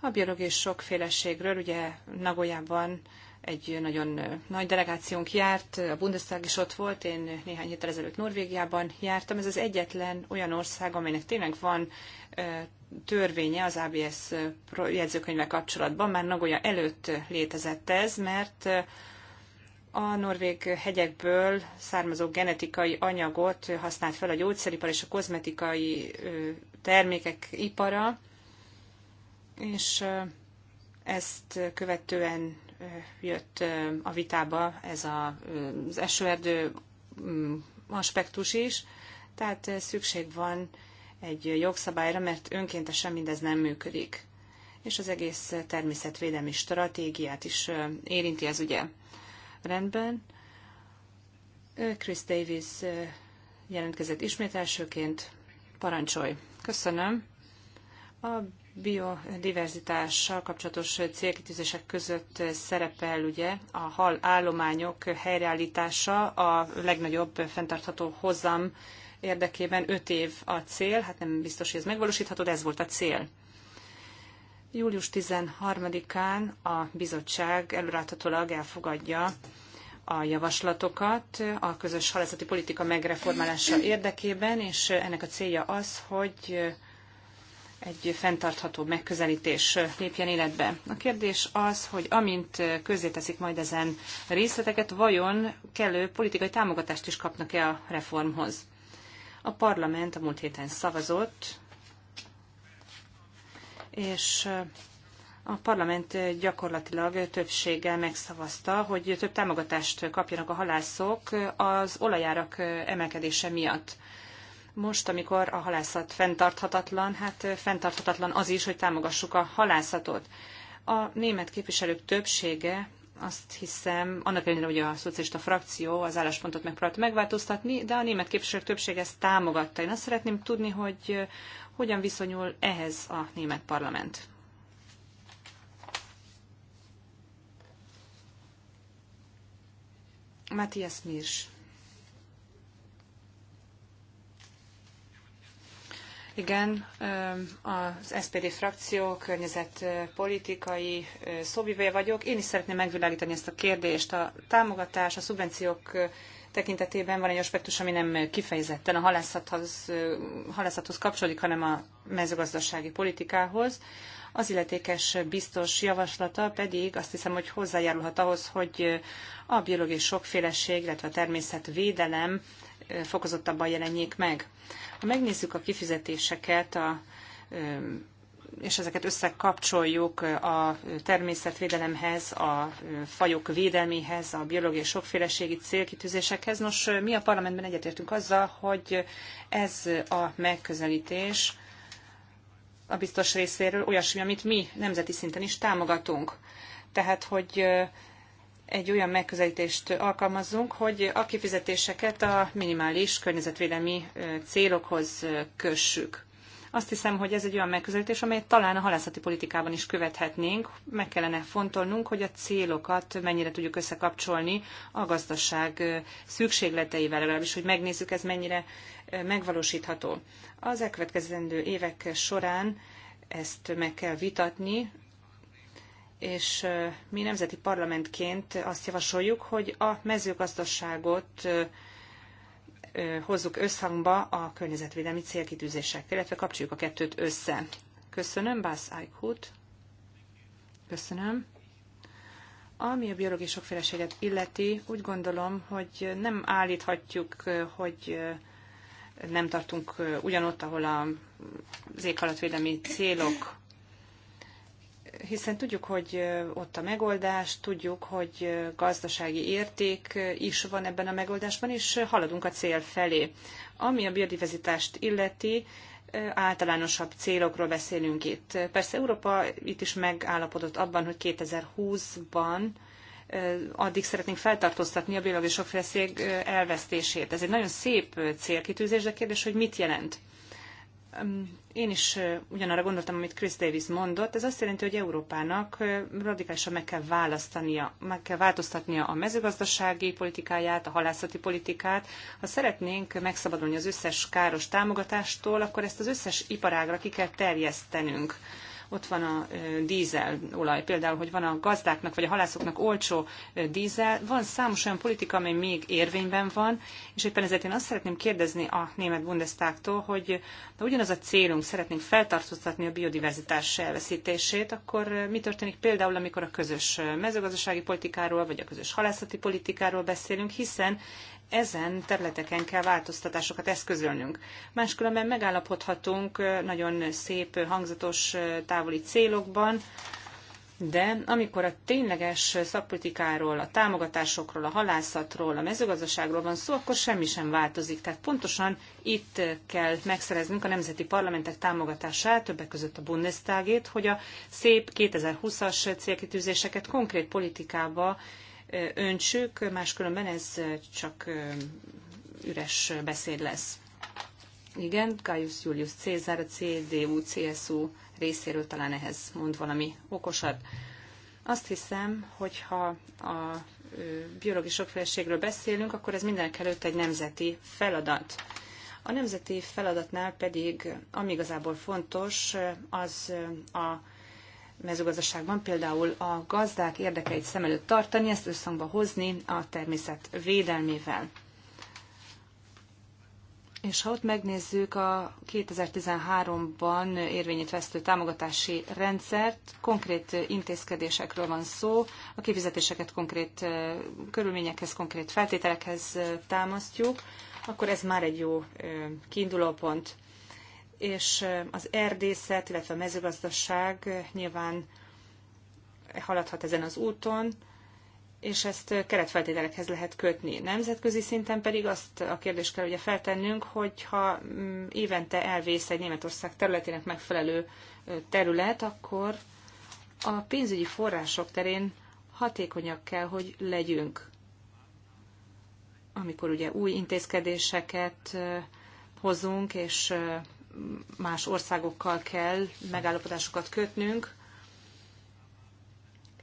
a biológiai sokféleségről, ugye Nagoyában egy nagyon nagy delegációnk járt, a Bundestag is ott volt, én néhány héttel ezelőtt Norvégiában jártam. Ez az egyetlen olyan ország, amelynek tényleg van törvénye az ABS jegyzőkönyvvel kapcsolatban. Már Nagoya előtt létezett ez, mert a norvég hegyekből származó genetikai anyagot használt fel a gyógyszeripar és a kozmetikai termékek ipara, és ezt követően jött a vitába ez az esőerdő mm, aspektus is, tehát szükség van egy jogszabályra, mert önkéntesen mindez nem működik. És az egész természetvédelmi stratégiát is érinti ez ugye. Rendben. Chris Davis jelentkezett ismét elsőként. Parancsolj! Köszönöm. A biodiverzitással kapcsolatos célkitűzések között szerepel ugye a hal állományok helyreállítása a legnagyobb fenntartható hozam érdekében 5 év a cél, hát nem biztos, hogy ez megvalósítható, de ez volt a cél. Július 13-án a bizottság előráthatólag elfogadja a javaslatokat a közös halászati politika megreformálása érdekében, és ennek a célja az, hogy egy fenntartható megközelítés lépjen életbe. A kérdés az, hogy amint közzéteszik majd ezen részleteket, vajon kellő politikai támogatást is kapnak-e a reformhoz. A parlament a múlt héten szavazott, és a parlament gyakorlatilag többséggel megszavazta, hogy több támogatást kapjanak a halászok az olajárak emelkedése miatt. Most, amikor a halászat fenntarthatatlan, hát fenntarthatatlan az is, hogy támogassuk a halászatot. A német képviselők többsége azt hiszem, annak ellenére, hogy a szocialista frakció az álláspontot megpróbált megváltoztatni, de a német képviselők többsége ezt támogatta. Én azt szeretném tudni, hogy hogyan viszonyul ehhez a német parlament. Matthias Mirsch. Igen, az SPD frakció környezetpolitikai szóvivője vagyok. Én is szeretném megvilágítani ezt a kérdést. A támogatás, a szubvenciók tekintetében van egy aspektus, ami nem kifejezetten a halászathoz, halászathoz kapcsolódik, hanem a mezőgazdasági politikához. Az illetékes biztos javaslata pedig azt hiszem, hogy hozzájárulhat ahhoz, hogy a biológiai sokféleség, illetve a természetvédelem fokozottabban jelenjék meg. Ha megnézzük a kifizetéseket, a és ezeket összekapcsoljuk a természetvédelemhez, a fajok védelméhez, a biológiai sokféleségi célkitűzésekhez. Nos, mi a parlamentben egyetértünk azzal, hogy ez a megközelítés a biztos részéről olyasmi, amit mi nemzeti szinten is támogatunk. Tehát, hogy egy olyan megközelítést alkalmazzunk, hogy a kifizetéseket a minimális környezetvédelmi célokhoz kössük. Azt hiszem, hogy ez egy olyan megközelítés, amelyet talán a halászati politikában is követhetnénk. Meg kellene fontolnunk, hogy a célokat mennyire tudjuk összekapcsolni a gazdaság szükségleteivel, legalábbis, hogy megnézzük, ez mennyire megvalósítható. Az elkövetkezendő évek során ezt meg kell vitatni, és mi nemzeti parlamentként azt javasoljuk, hogy a mezőgazdaságot hozzuk összhangba a környezetvédelmi célkitűzésekkel, illetve kapcsoljuk a kettőt össze. Köszönöm, Bász Eichhut. Köszönöm. Ami a biológiai sokféleséget illeti, úgy gondolom, hogy nem állíthatjuk, hogy nem tartunk ugyanott, ahol az éghalatvédelmi célok hiszen tudjuk, hogy ott a megoldás, tudjuk, hogy gazdasági érték is van ebben a megoldásban, és haladunk a cél felé. Ami a biodiverzitást illeti, általánosabb célokról beszélünk itt. Persze Európa itt is megállapodott abban, hogy 2020-ban addig szeretnénk feltartóztatni a biológiai sokféleség elvesztését. Ez egy nagyon szép célkitűzés, de kérdés, hogy mit jelent? én is ugyanarra gondoltam, amit Chris Davis mondott. Ez azt jelenti, hogy Európának radikálisan meg kell választania, meg kell változtatnia a mezőgazdasági politikáját, a halászati politikát. Ha szeretnénk megszabadulni az összes káros támogatástól, akkor ezt az összes iparágra ki kell terjesztenünk ott van a dízel olaj például, hogy van a gazdáknak vagy a halászoknak olcsó dízel. Van számos olyan politika, amely még érvényben van, és éppen ezért én azt szeretném kérdezni a német Bundestagtól, hogy ha ugyanaz a célunk, szeretnénk feltartóztatni a biodiverzitás elveszítését, akkor mi történik például, amikor a közös mezőgazdasági politikáról vagy a közös halászati politikáról beszélünk, hiszen ezen területeken kell változtatásokat eszközölnünk. Máskülönben megállapodhatunk nagyon szép, hangzatos távoli célokban, de amikor a tényleges szakpolitikáról, a támogatásokról, a halászatról, a mezőgazdaságról van szó, akkor semmi sem változik. Tehát pontosan itt kell megszereznünk a nemzeti parlamentek támogatását, többek között a Bundestagét, hogy a szép 2020-as célkitűzéseket konkrét politikába öntsük, máskülönben ez csak üres beszéd lesz. Igen, Gaius Julius Caesar, a CDU, CSU részéről talán ehhez mond valami okosat. Azt hiszem, hogyha a biológiai sokféleségről beszélünk, akkor ez mindenek előtt egy nemzeti feladat. A nemzeti feladatnál pedig, ami igazából fontos, az a mezőgazdaságban például a gazdák érdekeit szem előtt tartani, ezt összhangba hozni a természet védelmével. És ha ott megnézzük a 2013-ban érvényét vesztő támogatási rendszert, konkrét intézkedésekről van szó, a kifizetéseket konkrét körülményekhez, konkrét feltételekhez támasztjuk, akkor ez már egy jó kiindulópont és az erdészet, illetve a mezőgazdaság nyilván haladhat ezen az úton, és ezt keretfeltételekhez lehet kötni. Nemzetközi szinten pedig azt a kérdést kell ugye feltennünk, hogyha mm, évente elvész egy Németország területének megfelelő terület, akkor a pénzügyi források terén hatékonyak kell, hogy legyünk. Amikor ugye új intézkedéseket hozunk, és más országokkal kell megállapodásokat kötnünk,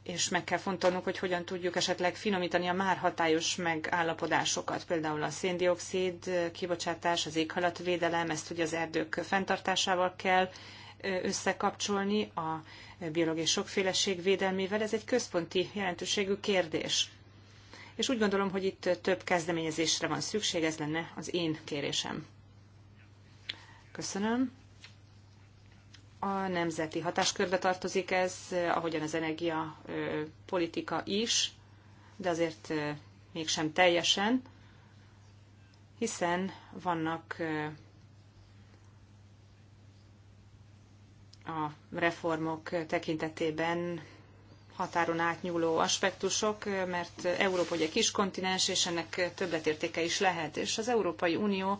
és meg kell fontolnunk, hogy hogyan tudjuk esetleg finomítani a már hatályos megállapodásokat, például a széndiokszid kibocsátás, az éghajlatvédelem, ezt ugye az erdők fenntartásával kell összekapcsolni, a biológiai sokféleség védelmével. Ez egy központi jelentőségű kérdés. És úgy gondolom, hogy itt több kezdeményezésre van szükség, ez lenne az én kérésem. Köszönöm. A nemzeti hatáskörbe tartozik ez, ahogyan az energiapolitika politika is, de azért mégsem teljesen, hiszen vannak a reformok tekintetében határon átnyúló aspektusok, mert Európa ugye kis kontinens, és ennek többletértéke is lehet, és az Európai Unió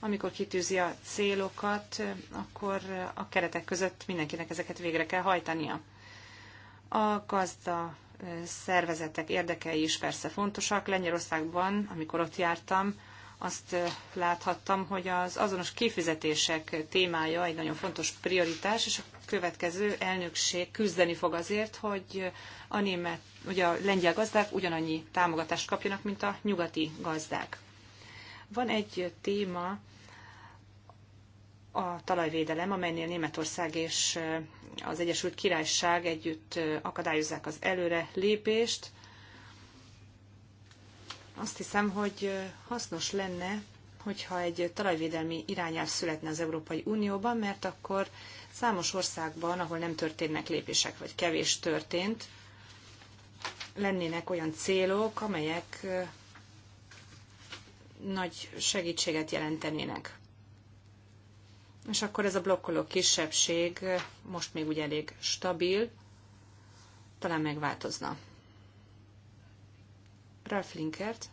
amikor kitűzi a célokat, akkor a keretek között mindenkinek ezeket végre kell hajtania. A gazda szervezetek érdekei is persze fontosak. Lengyelországban, amikor ott jártam, azt láthattam, hogy az azonos kifizetések témája egy nagyon fontos prioritás, és a következő elnökség küzdeni fog azért, hogy a, német, ugye a lengyel gazdák ugyanannyi támogatást kapjanak, mint a nyugati gazdák. Van egy téma, a talajvédelem, amelynél Németország és az Egyesült Királyság együtt akadályozzák az előre lépést. Azt hiszem, hogy hasznos lenne, hogyha egy talajvédelmi irányelv születne az Európai Unióban, mert akkor számos országban, ahol nem történnek lépések, vagy kevés történt, lennének olyan célok, amelyek nagy segítséget jelentenének. És akkor ez a blokkoló kisebbség most még ugye elég stabil, talán megváltozna. Ralph Linkert.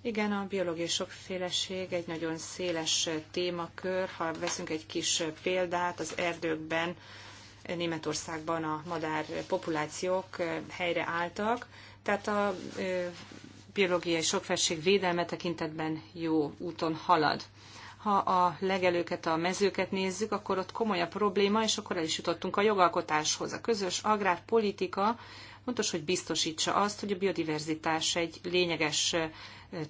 Igen, a biológiai sokféleség egy nagyon széles témakör. Ha veszünk egy kis példát, az erdőkben Németországban a madár populációk helyreálltak, tehát a biológiai sokfesség védelme tekintetben jó úton halad. Ha a legelőket, a mezőket nézzük, akkor ott komoly a probléma, és akkor el is jutottunk a jogalkotáshoz. A közös agrárpolitika fontos, hogy biztosítsa azt, hogy a biodiverzitás egy lényeges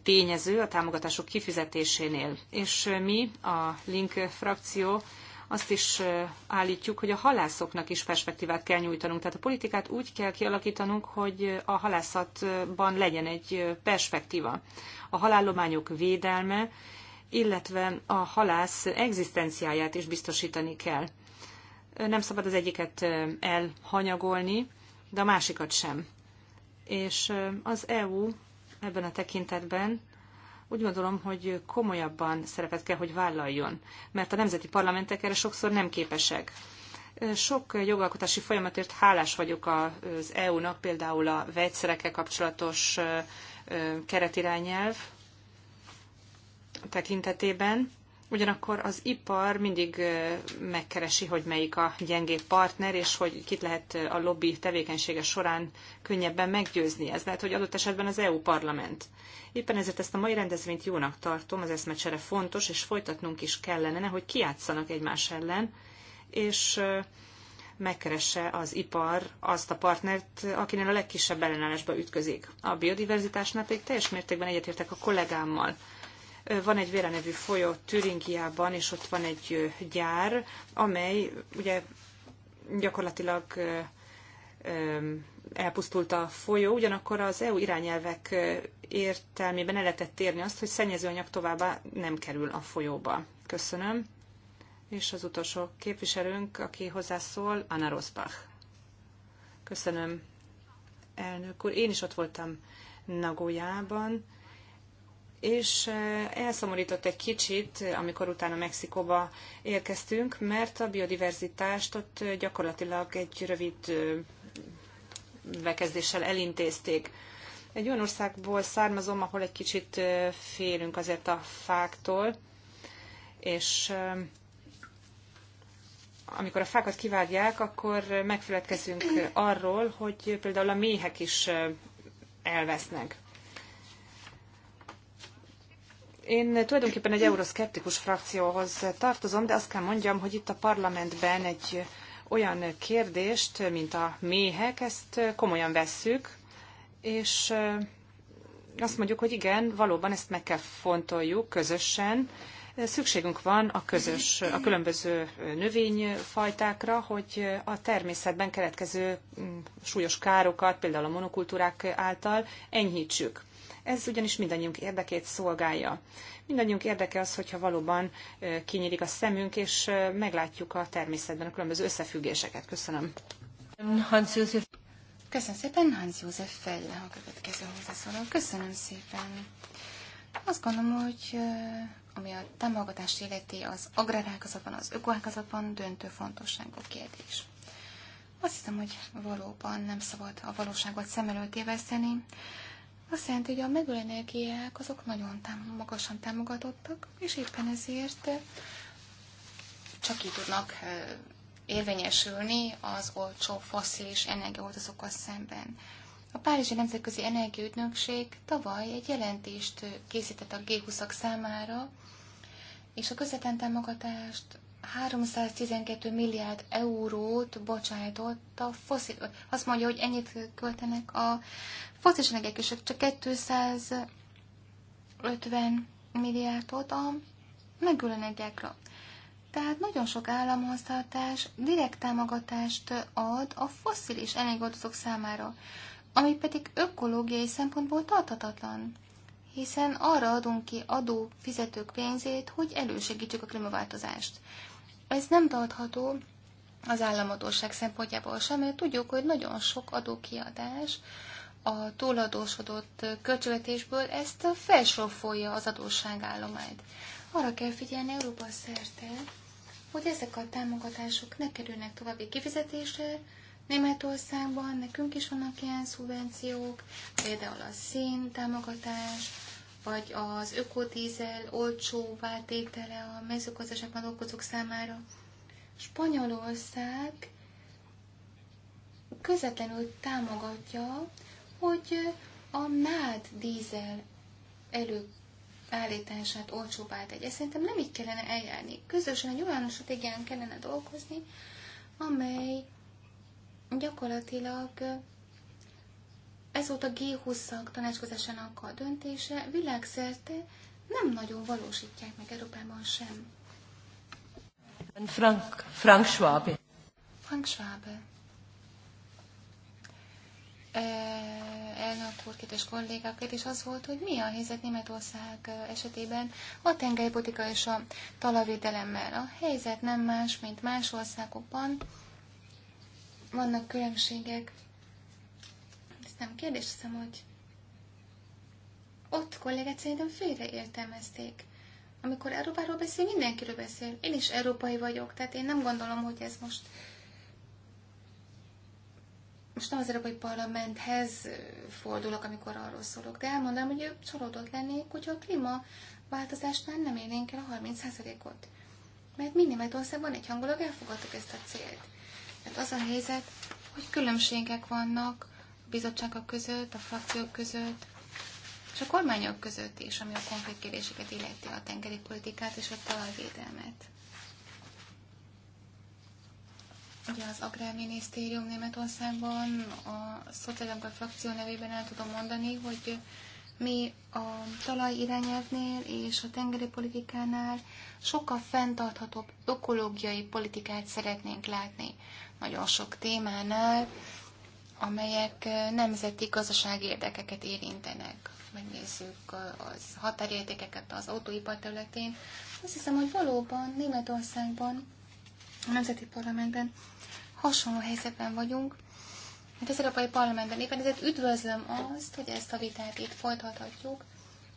tényező a támogatások kifizetésénél. És mi, a Link frakció azt is állítjuk, hogy a halászoknak is perspektívát kell nyújtanunk. Tehát a politikát úgy kell kialakítanunk, hogy a halászatban legyen egy perspektíva. A halállományok védelme, illetve a halász egzisztenciáját is biztosítani kell. Nem szabad az egyiket elhanyagolni, de a másikat sem. És az EU ebben a tekintetben úgy gondolom, hogy komolyabban szerepet kell, hogy vállaljon, mert a nemzeti parlamentek erre sokszor nem képesek. Sok jogalkotási folyamatért hálás vagyok az EU-nak, például a vegyszerekkel kapcsolatos keretirányelv tekintetében, Ugyanakkor az ipar mindig megkeresi, hogy melyik a gyengébb partner, és hogy kit lehet a lobby tevékenysége során könnyebben meggyőzni. Ez lehet, hogy adott esetben az EU parlament. Éppen ezért ezt a mai rendezvényt jónak tartom, az eszmecsere fontos, és folytatnunk is kellene, hogy kiátszanak egymás ellen, és megkeresse az ipar azt a partnert, akinél a legkisebb ellenállásba ütközik. A biodiverzitásnál pedig teljes mértékben egyetértek a kollégámmal van egy Véra nevű folyó Türingiában, és ott van egy gyár, amely ugye gyakorlatilag elpusztult a folyó, ugyanakkor az EU irányelvek értelmében el lehetett érni azt, hogy szennyezőanyag továbbá nem kerül a folyóba. Köszönöm. És az utolsó képviselőnk, aki hozzászól, Anna Rosbach. Köszönöm, elnök úr. Én is ott voltam Nagójában, és eh, elszomorított egy kicsit, amikor utána Mexikóba érkeztünk, mert a biodiverzitást ott eh, gyakorlatilag egy rövid eh, bekezdéssel elintézték. Egy olyan országból származom, ahol egy kicsit félünk azért a fáktól, és amikor a fákat kivágják, akkor megfeledkezünk arról, hogy például a méhek is elvesznek. Én tulajdonképpen egy euroszkeptikus frakcióhoz tartozom, de azt kell mondjam, hogy itt a parlamentben egy olyan kérdést, mint a méhek, ezt komolyan vesszük, és azt mondjuk, hogy igen, valóban ezt meg kell fontoljuk közösen. Szükségünk van a közös, a különböző növényfajtákra, hogy a természetben keletkező mm, súlyos károkat, például a monokultúrák által enyhítsük. Ez ugyanis mindannyiunk érdekét szolgálja. Mindannyiunk érdeke az, hogyha valóban kinyílik a szemünk, és meglátjuk a természetben a különböző összefüggéseket. Köszönöm. Hans József. Köszönöm szépen, Hans József fel a következő hozzászóló. Köszönöm szépen. Azt gondolom, hogy ami a támogatás életé, az agrárágazatban, az ökoágazatban döntő fontosságú kérdés. Azt hiszem, hogy valóban nem szabad a valóságot szem előtt éveszteni. Azt jelenti, hogy a megújuló energiák azok nagyon tám- magasan támogatottak, és éppen ezért eh, csak így tudnak eh, érvényesülni az olcsó fosszilis energiahordozokkal szemben. A Párizsi Nemzetközi Energiaügynökség tavaly egy jelentést eh, készített a G20-ak számára, és a közvetlen támogatást 312 milliárd eurót bocsájtott a foszil... Azt mondja, hogy ennyit költenek a foszilis energiákések, csak 250 milliárdot a megülő energiákra. Tehát nagyon sok államhoztartás direkt támogatást ad a fosszilis energiadotok számára, ami pedig ökológiai szempontból tartatatlan hiszen arra adunk ki adó fizetők pénzét, hogy elősegítsük a klímaváltozást. Ez nem tartható az államadóság szempontjából sem, mert tudjuk, hogy nagyon sok adókiadás a túladósodott költségvetésből ezt felsorfolja az adósságállományt. Arra kell figyelni Európa szerte, hogy ezek a támogatások ne kerülnek további kifizetésre. Németországban nekünk is vannak ilyen szubvenciók, például a szín támogatás, vagy az ökodízel olcsó váltétele a mezőgazdaságban dolgozók számára. Spanyolország közvetlenül támogatja, hogy a nád dízel állítását olcsóbbá tegye. Szerintem nem így kellene eljárni. Közösen egy olyan stratégián kellene dolgozni, amely gyakorlatilag ez volt a G20-ak tanácskozásának a döntése, világszerte nem nagyon valósítják meg Európában sem. Frank, Frank Schwab. Frank Schwab. E, elnök úr, kedves kollégák, és az volt, hogy mi a helyzet Németország e, esetében a tengelypolitika és a talavédelemmel. A helyzet nem más, mint más országokban. Vannak különbségek értelmeztem. Kérdésem, hogy ott kollégát szerintem félreértelmezték. Amikor Európáról beszél, mindenkiről beszél. Én is európai vagyok, tehát én nem gondolom, hogy ez most most nem az Európai Parlamenthez fordulok, amikor arról szólok, de elmondom, hogy jobb csalódott lennék, hogyha a klímaváltozásnál nem érnénk el a 30%-ot. Mert mind Németországban egy hangulag elfogadtuk ezt a célt. mert hát az a helyzet, hogy különbségek vannak bizottságok között, a frakciók között, és a kormányok között is, ami a konkrét kérdéseket illeti a tengeri politikát és a talajvédelmet. Ugye az Agrárminisztérium Németországban a Szociáldemokrat frakció nevében el tudom mondani, hogy mi a talaj irányelvnél és a tengeri politikánál sokkal fenntarthatóbb ökológiai politikát szeretnénk látni. Nagyon sok témánál amelyek nemzeti gazdasági érdekeket érintenek. Megnézzük az határértékeket az autóipar területén. Azt hiszem, hogy valóban Németországban, a Nemzeti Parlamentben hasonló helyzetben vagyunk, mint az Európai Parlamentben. Éppen ezért üdvözlöm azt, hogy ezt a vitát itt folytathatjuk,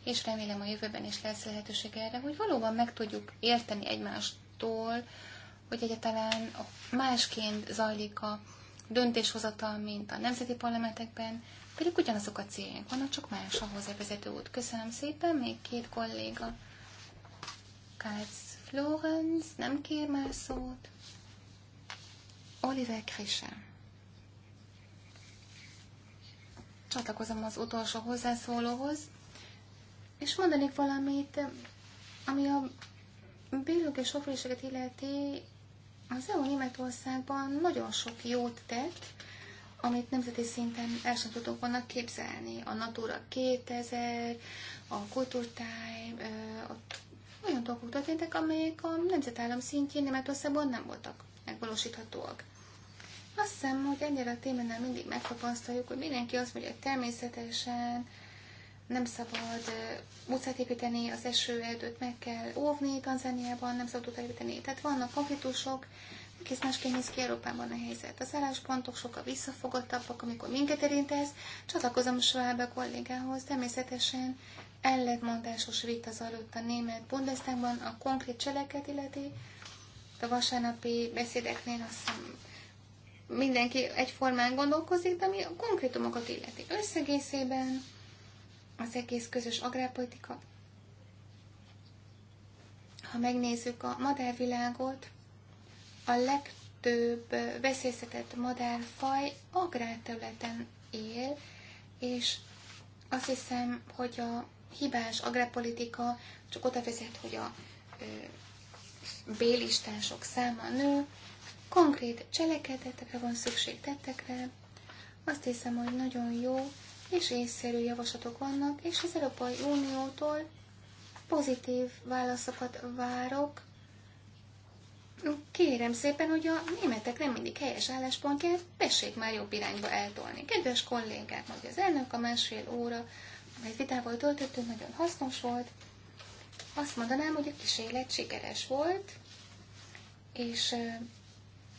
és remélem a jövőben is lesz lehetőség erre, hogy valóban meg tudjuk érteni egymástól, hogy egyáltalán másként zajlik a döntéshozatal, mint a nemzeti parlamentekben, pedig ugyanazok a céljaink vannak, csak más a hozzávezető út. Köszönöm szépen, még két kolléga. Kálc Florence nem kér már szót. Oliver Krisen. Csatlakozom az utolsó hozzászólóhoz, és mondanék valamit, ami a bírók és sofőrséget illeti, az EU Németországban nagyon sok jót tett, amit nemzeti szinten el sem tudok volna képzelni. A Natura 2000, a Kultúrtáj, olyan dolgok történtek, amelyek a nemzetállam szintjén Németországban nem voltak megvalósíthatóak. Azt hiszem, hogy ennyire a témánál mindig megtapasztaljuk, hogy mindenki azt mondja, hogy természetesen nem szabad utcát építeni, az esőerdőt meg kell óvni Tanzániában, nem szabad utcát építeni. Tehát vannak konfliktusok, egész másként néz ki Európában a helyzet. Az álláspontok sokkal visszafogottabbak, amikor minket érint ez. Csatlakozom Schwab kollégához, természetesen ellentmondásos vita zajlott a német Bundestagban a konkrét cseleket illeti. A vasárnapi beszédeknél azt hiszem mindenki egyformán gondolkozik, de ami a konkrétumokat illeti összegészében, az egész közös agrárpolitika. Ha megnézzük a madárvilágot, a legtöbb veszélyeztetett madárfaj agrárterületen él, és azt hiszem, hogy a hibás agrárpolitika csak oda vezet, hogy a bélistások száma nő, konkrét cselekedetekre van szükség tettekre. Azt hiszem, hogy nagyon jó, és észszerű javaslatok vannak, és az Európai Uniótól pozitív válaszokat várok. Kérem szépen, hogy a németek nem mindig helyes álláspontját tessék már jobb irányba eltolni. Kedves kollégák, hogy az elnök a másfél óra, amelyet vitával töltöttünk, nagyon hasznos volt. Azt mondanám, hogy a kísérlet sikeres volt, és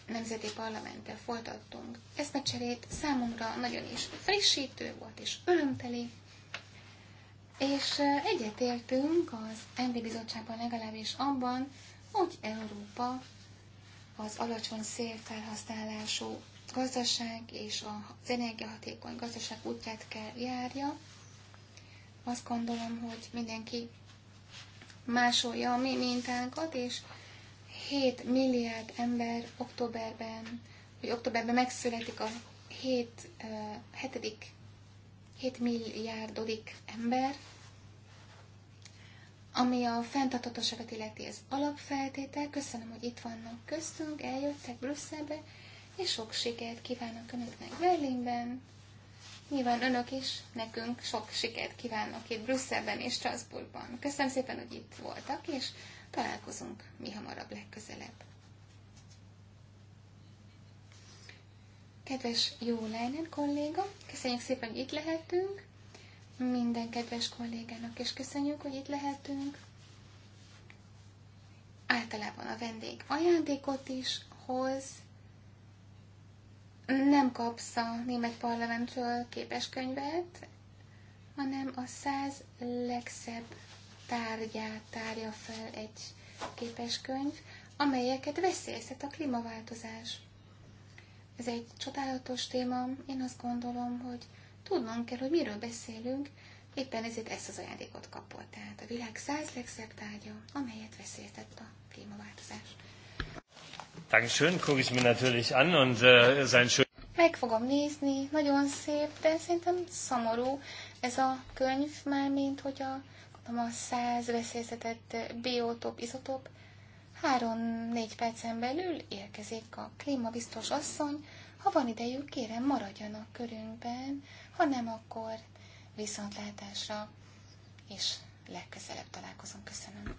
nemzeti parlamenttel folytattunk eszmecserét, számomra nagyon is frissítő volt és örömteli, és egyetértünk az MV Bizottságban legalábbis abban, hogy Európa az alacsony szélfelhasználású gazdaság és az energiahatékony gazdaság útját kell járja. Azt gondolom, hogy mindenki másolja a mi mintánkat, és 7 milliárd ember októberben, hogy októberben megszületik a 7, 7. 7 milliárdodik ember, ami a fenntartatóságot illeti az alapfeltétel. Köszönöm, hogy itt vannak köztünk, eljöttek Brüsszelbe, és sok sikert kívánok Önöknek Berlinben. Nyilván Önök is nekünk sok sikert kívánok itt Brüsszelben és Strasbourgban. Köszönöm szépen, hogy itt voltak, és Találkozunk mi hamarabb legközelebb. Kedves jó Leinen kolléga, köszönjük szépen, hogy itt lehetünk. Minden kedves kollégának is köszönjük, hogy itt lehetünk. Általában a vendég ajándékot is hoz. Nem kapsz a német parlamentről képeskönyvet, hanem a száz legszebb tárgyát tárja fel egy képeskönyv, amelyeket veszélyeztet a klímaváltozás. Ez egy csodálatos téma, én azt gondolom, hogy tudnunk kell, hogy miről beszélünk, éppen ezért ezt az ajándékot kapott. Tehát a világ száz legszebb tárgya, amelyet veszélyeztet a klímaváltozás. Dankeschön, gucke ich mir natürlich an und äh, sein schön. Meg fogom nézni, nagyon szép, de szerintem szomorú ez a könyv, mármint hogy a a száz veszélyeztetett biotop, izotop, három-négy percen belül érkezik a klímabiztos asszony, ha van idejük, kérem maradjanak körünkben, ha nem, akkor viszontlátásra, és legközelebb találkozunk. Köszönöm.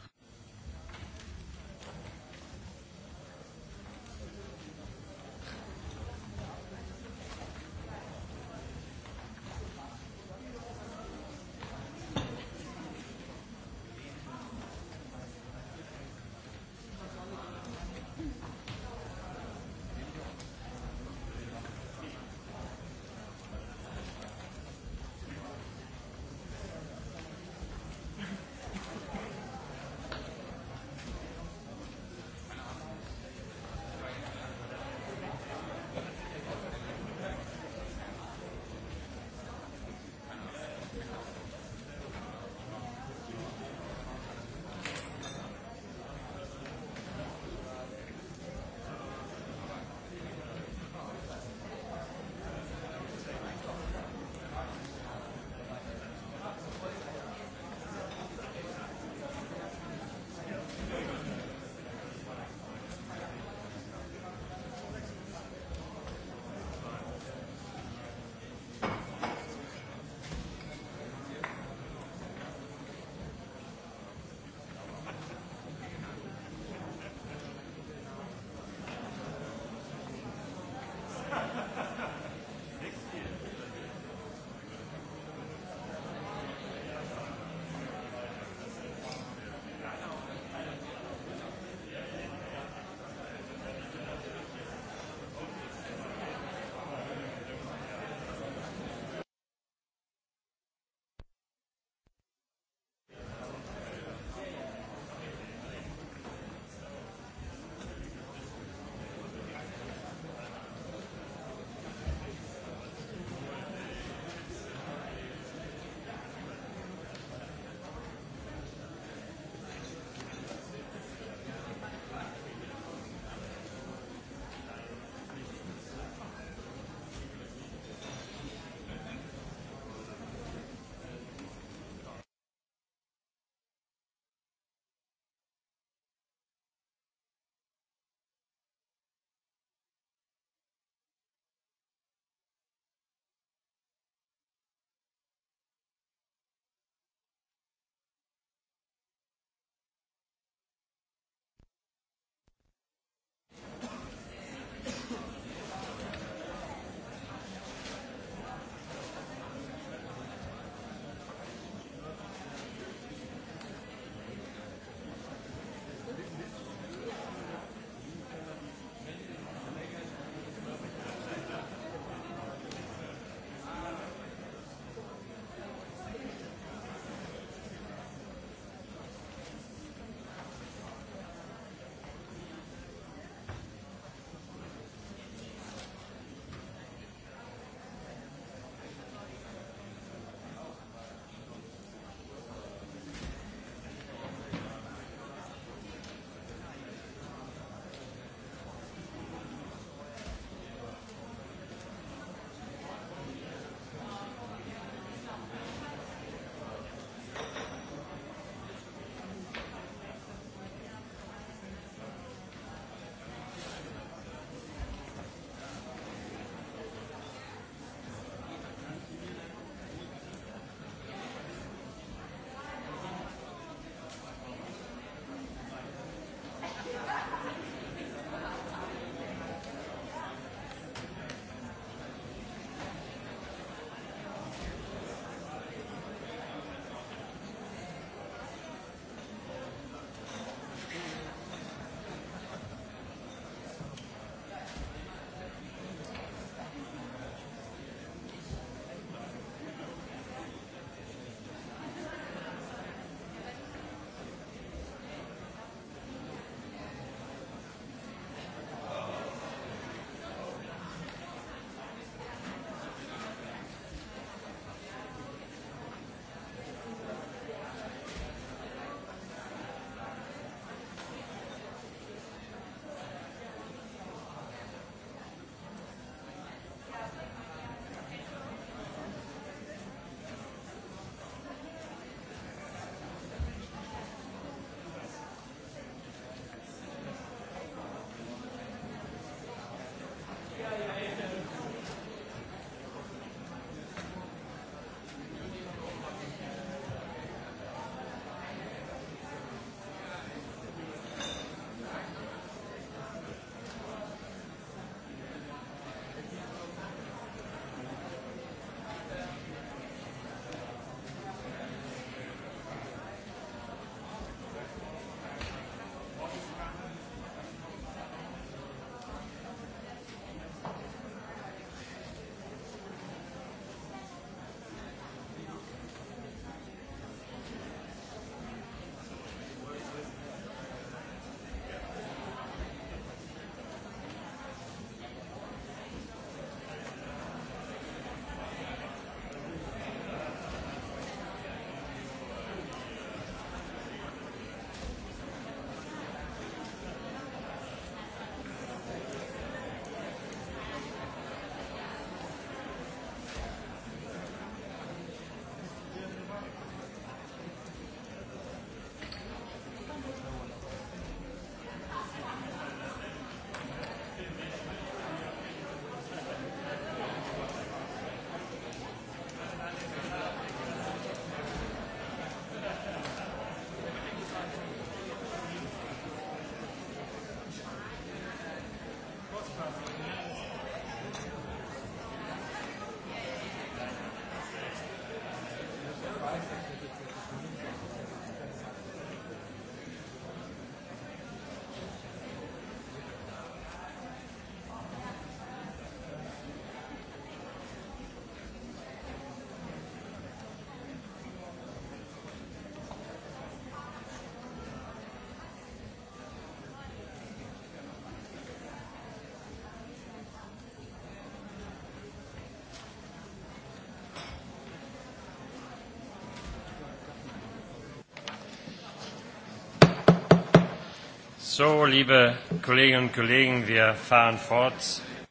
So, liebe Kolleginnen und Kollegen, wir fahren fort.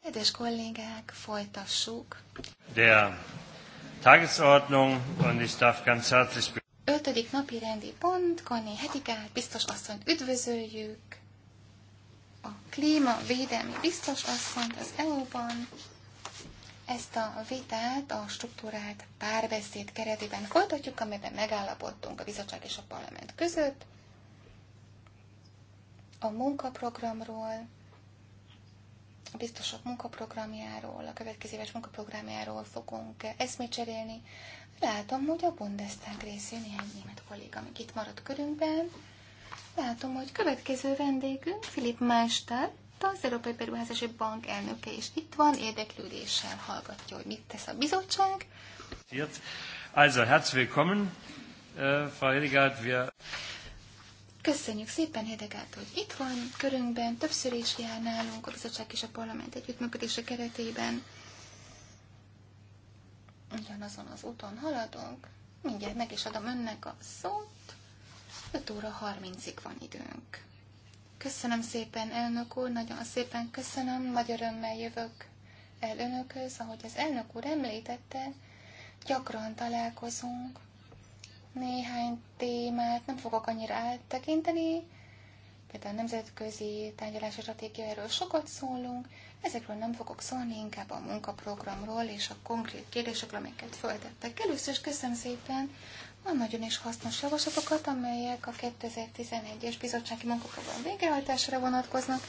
Kedves kollégák, folytassuk. Der Tagesordnung und ich darf ganz herzlich Ötödik napi rendi pont, Kani Hetikát, biztos asszonyt üdvözöljük. A klímavédelmi biztos asszonyt az EU-ban. Ezt a vitát a struktúrált párbeszéd keretében folytatjuk, amiben megállapodtunk a bizottság és a parlament között a munkaprogramról, a biztosok munkaprogramjáról, a következő éves munkaprogramjáról fogunk eszmét cserélni. Látom, hogy a Bundestag részén néhány német kolléga amik itt maradt körünkben. Látom, hogy következő vendégünk Filip Mástár, az Európai Beruházási Bank elnöke is itt van, érdeklődéssel hallgatja, hogy mit tesz a bizottság. Also, herzlich willkommen, äh, Frau Hedigard, wir Köszönjük szépen, Hedegát, hogy itt van, körünkben, többször is jár nálunk a bizottság és a parlament együttműködése keretében. Ugyanazon az úton haladunk. Mindjárt meg is adom önnek a szót. 5 óra 30-ig van időnk. Köszönöm szépen, elnök úr, nagyon szépen köszönöm, nagy örömmel jövök el önökhöz, ahogy az elnök úr említette, gyakran találkozunk, néhány témát nem fogok annyira áttekinteni, például a nemzetközi tárgyalási stratégiáról sokat szólunk, ezekről nem fogok szólni, inkább a munkaprogramról és a konkrét kérdésekről, amiket föltettek. Először is köszönöm szépen a nagyon is hasznos javaslatokat, amelyek a 2011-es bizottsági munkaprogram végrehajtására vonatkoznak.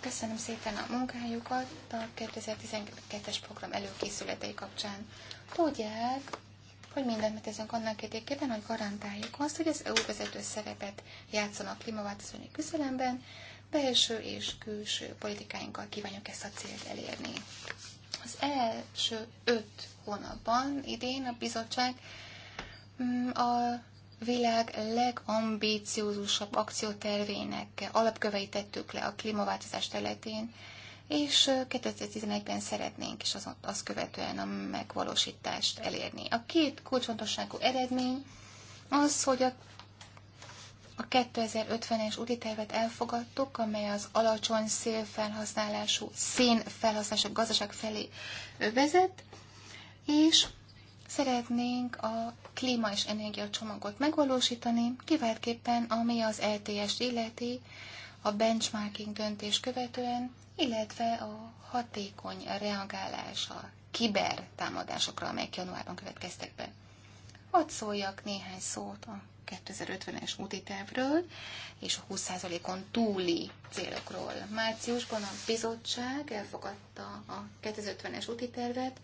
Köszönöm szépen a munkájukat a 2012-es program előkészületei kapcsán. Tudják, hogy mindent megteszünk annak érdekében, hogy garantáljuk azt, hogy az EU vezető szerepet a klímaváltozói küzdelemben, belső és külső politikáinkkal kívánjuk ezt a célt elérni. Az első öt hónapban idén a bizottság mm, a világ legambíciózusabb akciótervének alapköveit tettük le a klímaváltozás területén, és 2011-ben szeretnénk is az, azt követően a megvalósítást elérni. A két kulcsfontosságú eredmény az, hogy a, a 2050-es úti tervet elfogadtuk, amely az alacsony szélfelhasználású, szénfelhasználású gazdaság felé vezet, és Szeretnénk a klíma és energia csomagot megvalósítani, kiváltképpen ami az LTS e illeti, a benchmarking döntés követően, illetve a hatékony reagálás a kiber támadásokra, amelyek januárban következtek be. Hadd szóljak néhány szót a 2050-es úti tervről és a 20%-on túli célokról. Márciusban a bizottság elfogadta a 2050-es úti tervet,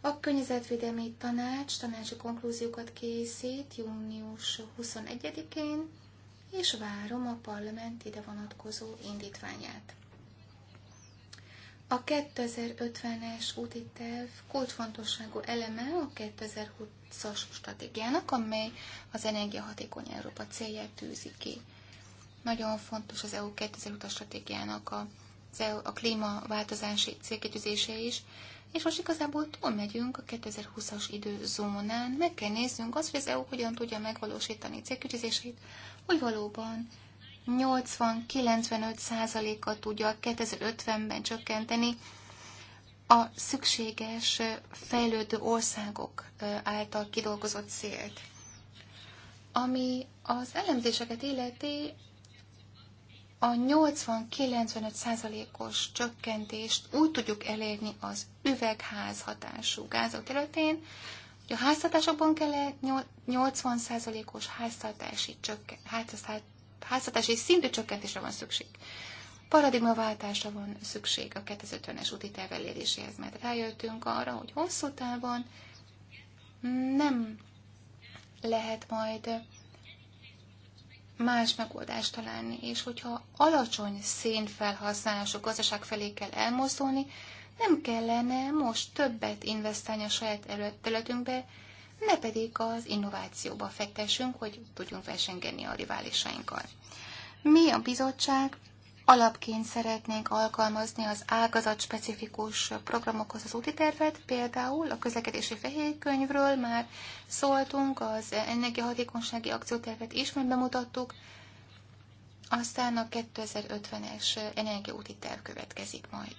a Környezetvédelmi Tanács tanácsi konklúziókat készít június 21-én, és várom a parlament ide vonatkozó indítványát. A 2050-es úti terv kulcsfontosságú eleme a 2020-as stratégiának, amely az energiahatékony Európa célját tűzi ki. Nagyon fontos az EU 2020-as stratégiának a, EU, a klímaváltozási célkitűzése is, és most igazából túl megyünk a 2020-as időzónán, meg kell néznünk azt, hogy az EU hogyan tudja megvalósítani célkitűzéseit hogy valóban 80-95%-a tudja 2050-ben csökkenteni a szükséges fejlődő országok által kidolgozott célt. Ami az elemzéseket illeti, a 80-95%-os csökkentést úgy tudjuk elérni az üvegház hatású gázok területén, a háztartásokban kell -e 80%-os háztartási, csökken, háztartási szintű csökkentésre van szükség. Paradigmaváltásra van szükség a 2050-es úti terv eléréséhez, mert rájöttünk arra, hogy hosszú távon nem lehet majd más megoldást találni, és hogyha alacsony szénfelhasználású gazdaság felé kell elmozdulni, nem kellene most többet investálni a saját területünkbe, ne pedig az innovációba fektessünk, hogy tudjunk versengeni a riválisainkkal. Mi a bizottság alapként szeretnénk alkalmazni az ágazat specifikus programokhoz az úti tervet, például a közlekedési fehérkönyvről már szóltunk, az energiahatékonysági akciótervet is már bemutattuk, aztán a 2050-es energiaúti terv következik majd.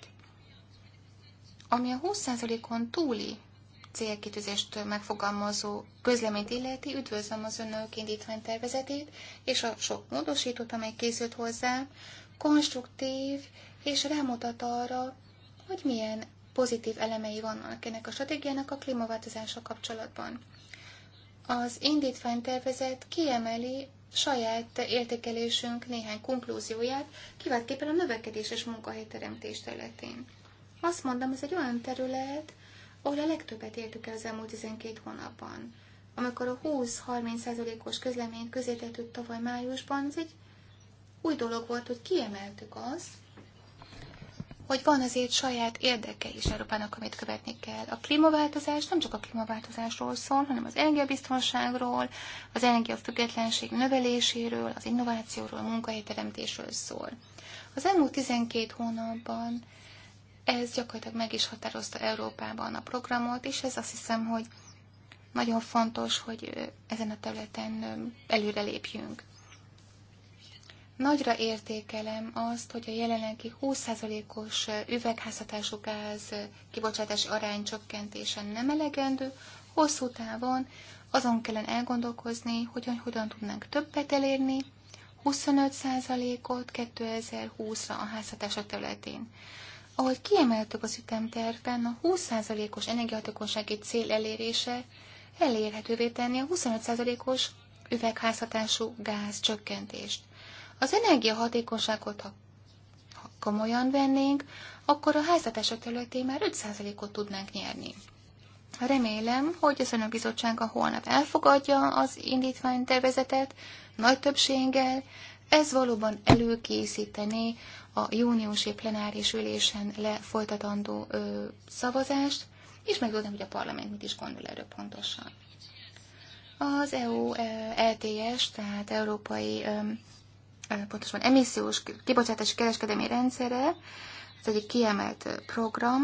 Ami a 20%-on túli célkitűzést megfogalmazó közleményt illeti, üdvözlöm az önök indítványtervezetét és a sok módosítót, amely készült hozzá, konstruktív és rámutat arra, hogy milyen pozitív elemei vannak ennek a stratégiának a klímaváltozása kapcsolatban. Az indítványtervezet kiemeli saját értékelésünk néhány konklúzióját, kiváltképpen a növekedés és munkahelyteremtés területén. Azt mondom, ez egy olyan terület, ahol a legtöbbet értük el az elmúlt 12 hónapban. Amikor a 20-30%-os közleményt közétettük tavaly májusban, ez egy új dolog volt, hogy kiemeltük azt, hogy van azért saját érdeke is Európának, amit követni kell. A klímaváltozás nem csak a klímaváltozásról szól, hanem az energiabiztonságról, az energiafüggetlenség növeléséről, az innovációról, a munkahelyteremtésről szól. Az elmúlt 12 hónapban ez gyakorlatilag meg is határozta Európában a programot, és ez azt hiszem, hogy nagyon fontos, hogy ezen a területen előre lépjünk. Nagyra értékelem azt, hogy a jelenlegi 20%-os üvegházhatású gáz kibocsátás arány csökkentése nem elegendő, hosszú távon azon kellene elgondolkozni, hogyan, hogyan tudnánk többet elérni, 25%-ot 2020-ra a házhatások területén. Ahogy kiemeltük az ütemtervben, a 20%-os energiahatékonysági cél elérése elérhetővé tenni a 25%-os üvegházhatású gáz csökkentést. Az energiahatékonyságot, ha, komolyan vennénk, akkor a háztartások területén már 5%-ot tudnánk nyerni. Remélem, hogy az Önök Bizottsága holnap elfogadja az indítványtervezetet nagy többséggel, ez valóban előkészítené a júniusi plenáris ülésen lefolytatandó ö, szavazást, és megtudom, hogy a parlament mit is gondol erről pontosan. Az EU ETS, e tehát Európai pontosan emissziós kibocsátási kereskedelmi rendszere, ez egy kiemelt program.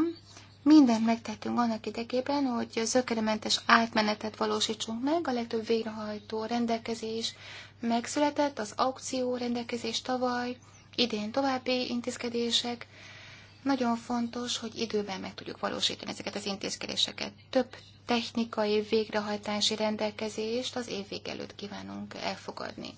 Mindent megtettünk annak idegében, hogy zökkenőmentes átmenetet valósítsunk meg, a legtöbb végrehajtó rendelkezés megszületett, az aukció rendelkezés tavaly, idén további intézkedések. Nagyon fontos, hogy időben meg tudjuk valósítani ezeket az intézkedéseket. Több technikai végrehajtási rendelkezést az év vég előtt kívánunk elfogadni.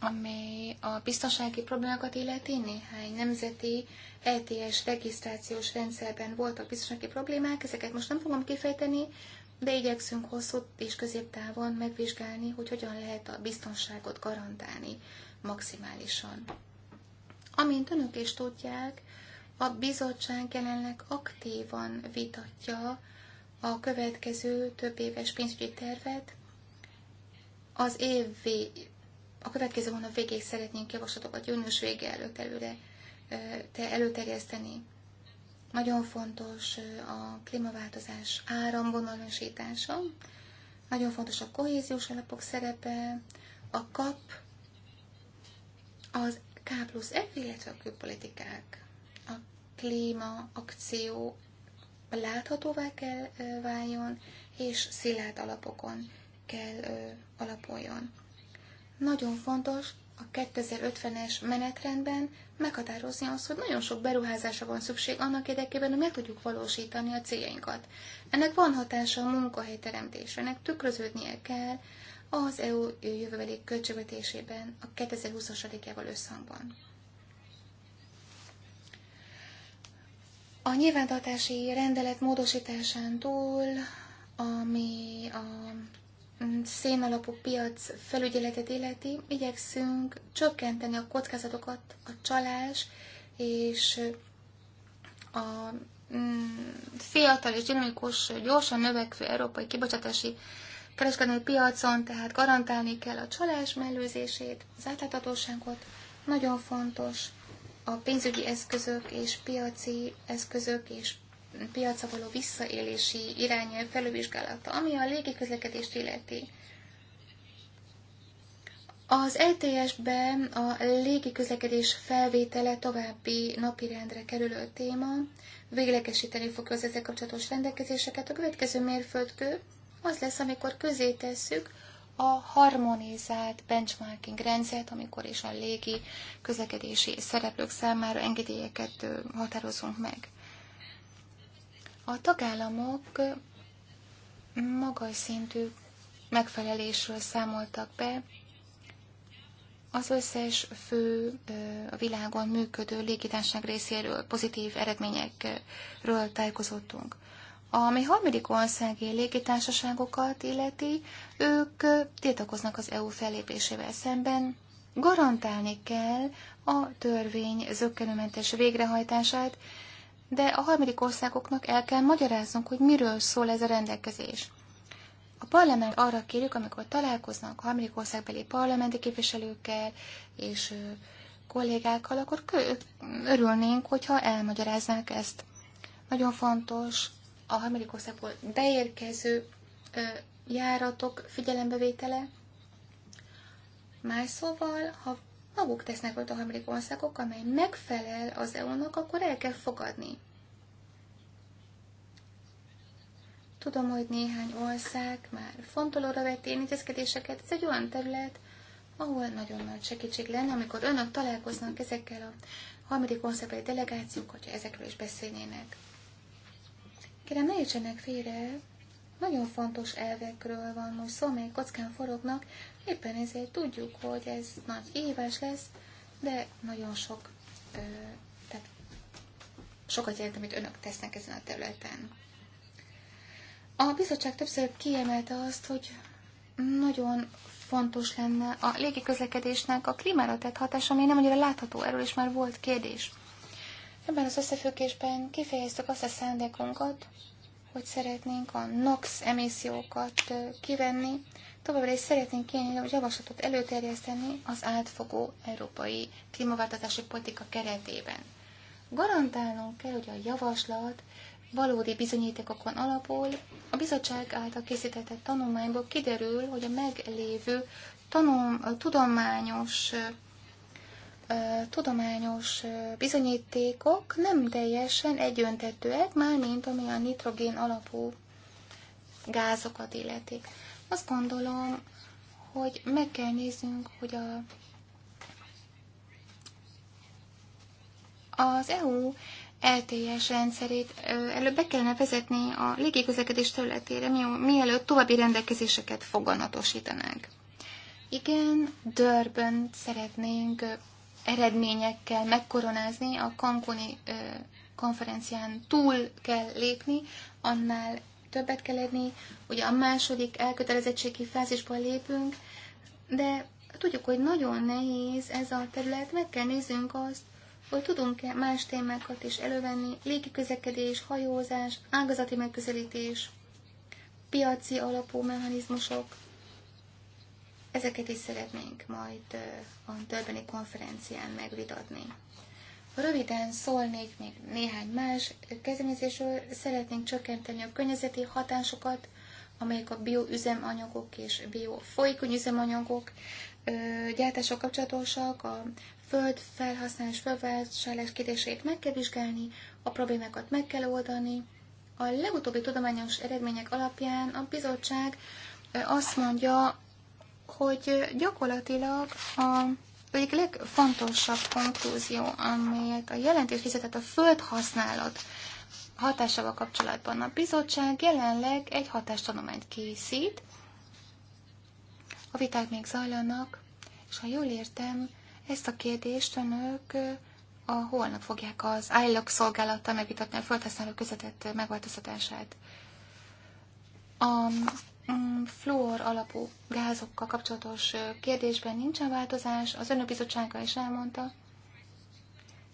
amely a biztonsági problémákat illeti, néhány nemzeti ETS regisztrációs rendszerben voltak biztonsági problémák, ezeket most nem fogom kifejteni, de igyekszünk hosszú és középtávon megvizsgálni, hogy hogyan lehet a biztonságot garantálni maximálisan. Amint önök is tudják, a bizottság jelenleg aktívan vitatja a következő több éves pénzügyi tervet. Az év vég... a következő hónap végéig szeretnénk javaslatokat június vége előtt előre te előterjeszteni. Nagyon fontos a klímaváltozás áramvonalasítása, nagyon fontos a kohéziós alapok szerepe, a kap, az K plusz F, illetve a külpolitikák. A klíma, akció láthatóvá kell váljon, és szilárd alapokon kell alapoljon. Nagyon fontos a 2050-es menetrendben meghatározni azt, hogy nagyon sok beruházásra van szükség annak érdekében, hogy meg tudjuk valósítani a céljainkat. Ennek van hatása a teremtésre, ennek tükröződnie kell az EU jövőbeli költségvetésében a 2020-as adékjával összhangban. A nyilvántartási rendelet módosításán túl, ami a szénalapú piac felügyeletet illeti, igyekszünk csökkenteni a kockázatokat, a csalás és a mm, fiatal és dinamikus, gyorsan növekvő európai kibocsátási kereskedelmi piacon, tehát garantálni kell a csalás mellőzését, az átláthatóságot. Nagyon fontos a pénzügyi eszközök és piaci eszközök és piaca való visszaélési irányelv felülvizsgálata, ami a közlekedést illeti. Az ETS-ben a légiközlekedés felvétele további napirendre kerülő téma, véglegesíteni fogja az ezzel kapcsolatos rendelkezéseket. A következő mérföldkő az lesz, amikor közé tesszük a harmonizált benchmarking rendszert, amikor is a légi közlekedési szereplők számára engedélyeket határozunk meg. A tagállamok magas szintű megfelelésről számoltak be az összes fő a világon működő légitárság részéről pozitív eredményekről tájékozottunk. mi harmadik országi légitársaságokat illeti, ők tiltakoznak az EU fellépésével szemben, garantálni kell a törvény zöggenőmentes végrehajtását, de a harmadik országoknak el kell magyaráznunk, hogy miről szól ez a rendelkezés. A parlament arra kérjük, amikor találkoznak a harmadik országbeli parlamenti képviselőkkel és kollégákkal, akkor örülnénk, hogyha elmagyaráznák ezt. Nagyon fontos a harmadik országból beérkező járatok figyelembevétele. Más szóval, ha maguk tesznek volt a harmadik országok, amely megfelel az EU-nak, akkor el kell fogadni. Tudom, hogy néhány ország már fontolóra vett én intézkedéseket. Ez egy olyan terület, ahol nagyon nagy segítség lenne, amikor önök találkoznak ezekkel a harmadik országbeli delegációkkal, hogyha ezekről is beszélnének. Kérem, ne értsenek félre, nagyon fontos elvekről van most szó, mely kockán forognak, Éppen ezért tudjuk, hogy ez nagy éves lesz, de nagyon sok, ö, tehát sokat jelent, amit önök tesznek ezen a területen. A bizottság többször kiemelte azt, hogy nagyon fontos lenne a légi közlekedésnek a klímára tett hatása, ami nem annyira látható, erről is már volt kérdés. Ebben az összefüggésben kifejeztük azt a szándékunkat, hogy szeretnénk a NOx emissziókat kivenni, Továbbra is szeretnénk ilyen javaslatot előterjeszteni az átfogó európai klímaváltozási politika keretében. Garantálnunk kell, hogy a javaslat valódi bizonyítékokon alapul, a bizottság által készített tanulmányból kiderül, hogy a meglévő tanom tudományos tudományos bizonyítékok nem teljesen egyöntetőek, mármint ami a nitrogén alapú gázokat illetik. Azt gondolom, hogy meg kell néznünk, hogy a, az EU LTS rendszerét előbb be kellene vezetni a légiközlekedés területére, mielőtt további rendelkezéseket foganatosítanánk. Igen, Dörben szeretnénk eredményekkel megkoronázni, a Cancuni konferencián túl kell lépni, annál többet kell edni, ugye a második elkötelezettségi fázisba lépünk, de tudjuk, hogy nagyon nehéz ez a terület, meg kell néznünk azt, hogy tudunk-e más témákat is elővenni, légi légiközlekedés, hajózás, ágazati megközelítés, piaci alapú mechanizmusok, ezeket is szeretnénk majd a többeni konferencián megvitatni. Röviden szólnék még néhány más kezdeményezésről. Szeretnénk csökkenteni a környezeti hatásokat, amelyek a bioüzemanyagok és biofolyékony üzemanyagok gyártása kapcsolatosak, a föld felhasználás, fölvásárlás kérdéseit meg kell vizsgálni, a problémákat meg kell oldani. A legutóbbi tudományos eredmények alapján a bizottság azt mondja, hogy gyakorlatilag a egyik legfontosabb konklúzió, amelyet a jelentés fizetett a földhasználat hatásával kapcsolatban. A bizottság jelenleg egy hatástanulmányt készít, a viták még zajlanak, és ha jól értem, ezt a kérdést önök a holnap fogják az ILOC szolgálattal megvitatni a földhasználó közvetett megváltoztatását. A Mm, fluor alapú gázokkal kapcsolatos kérdésben nincsen változás, az önök bizottsága is elmondta.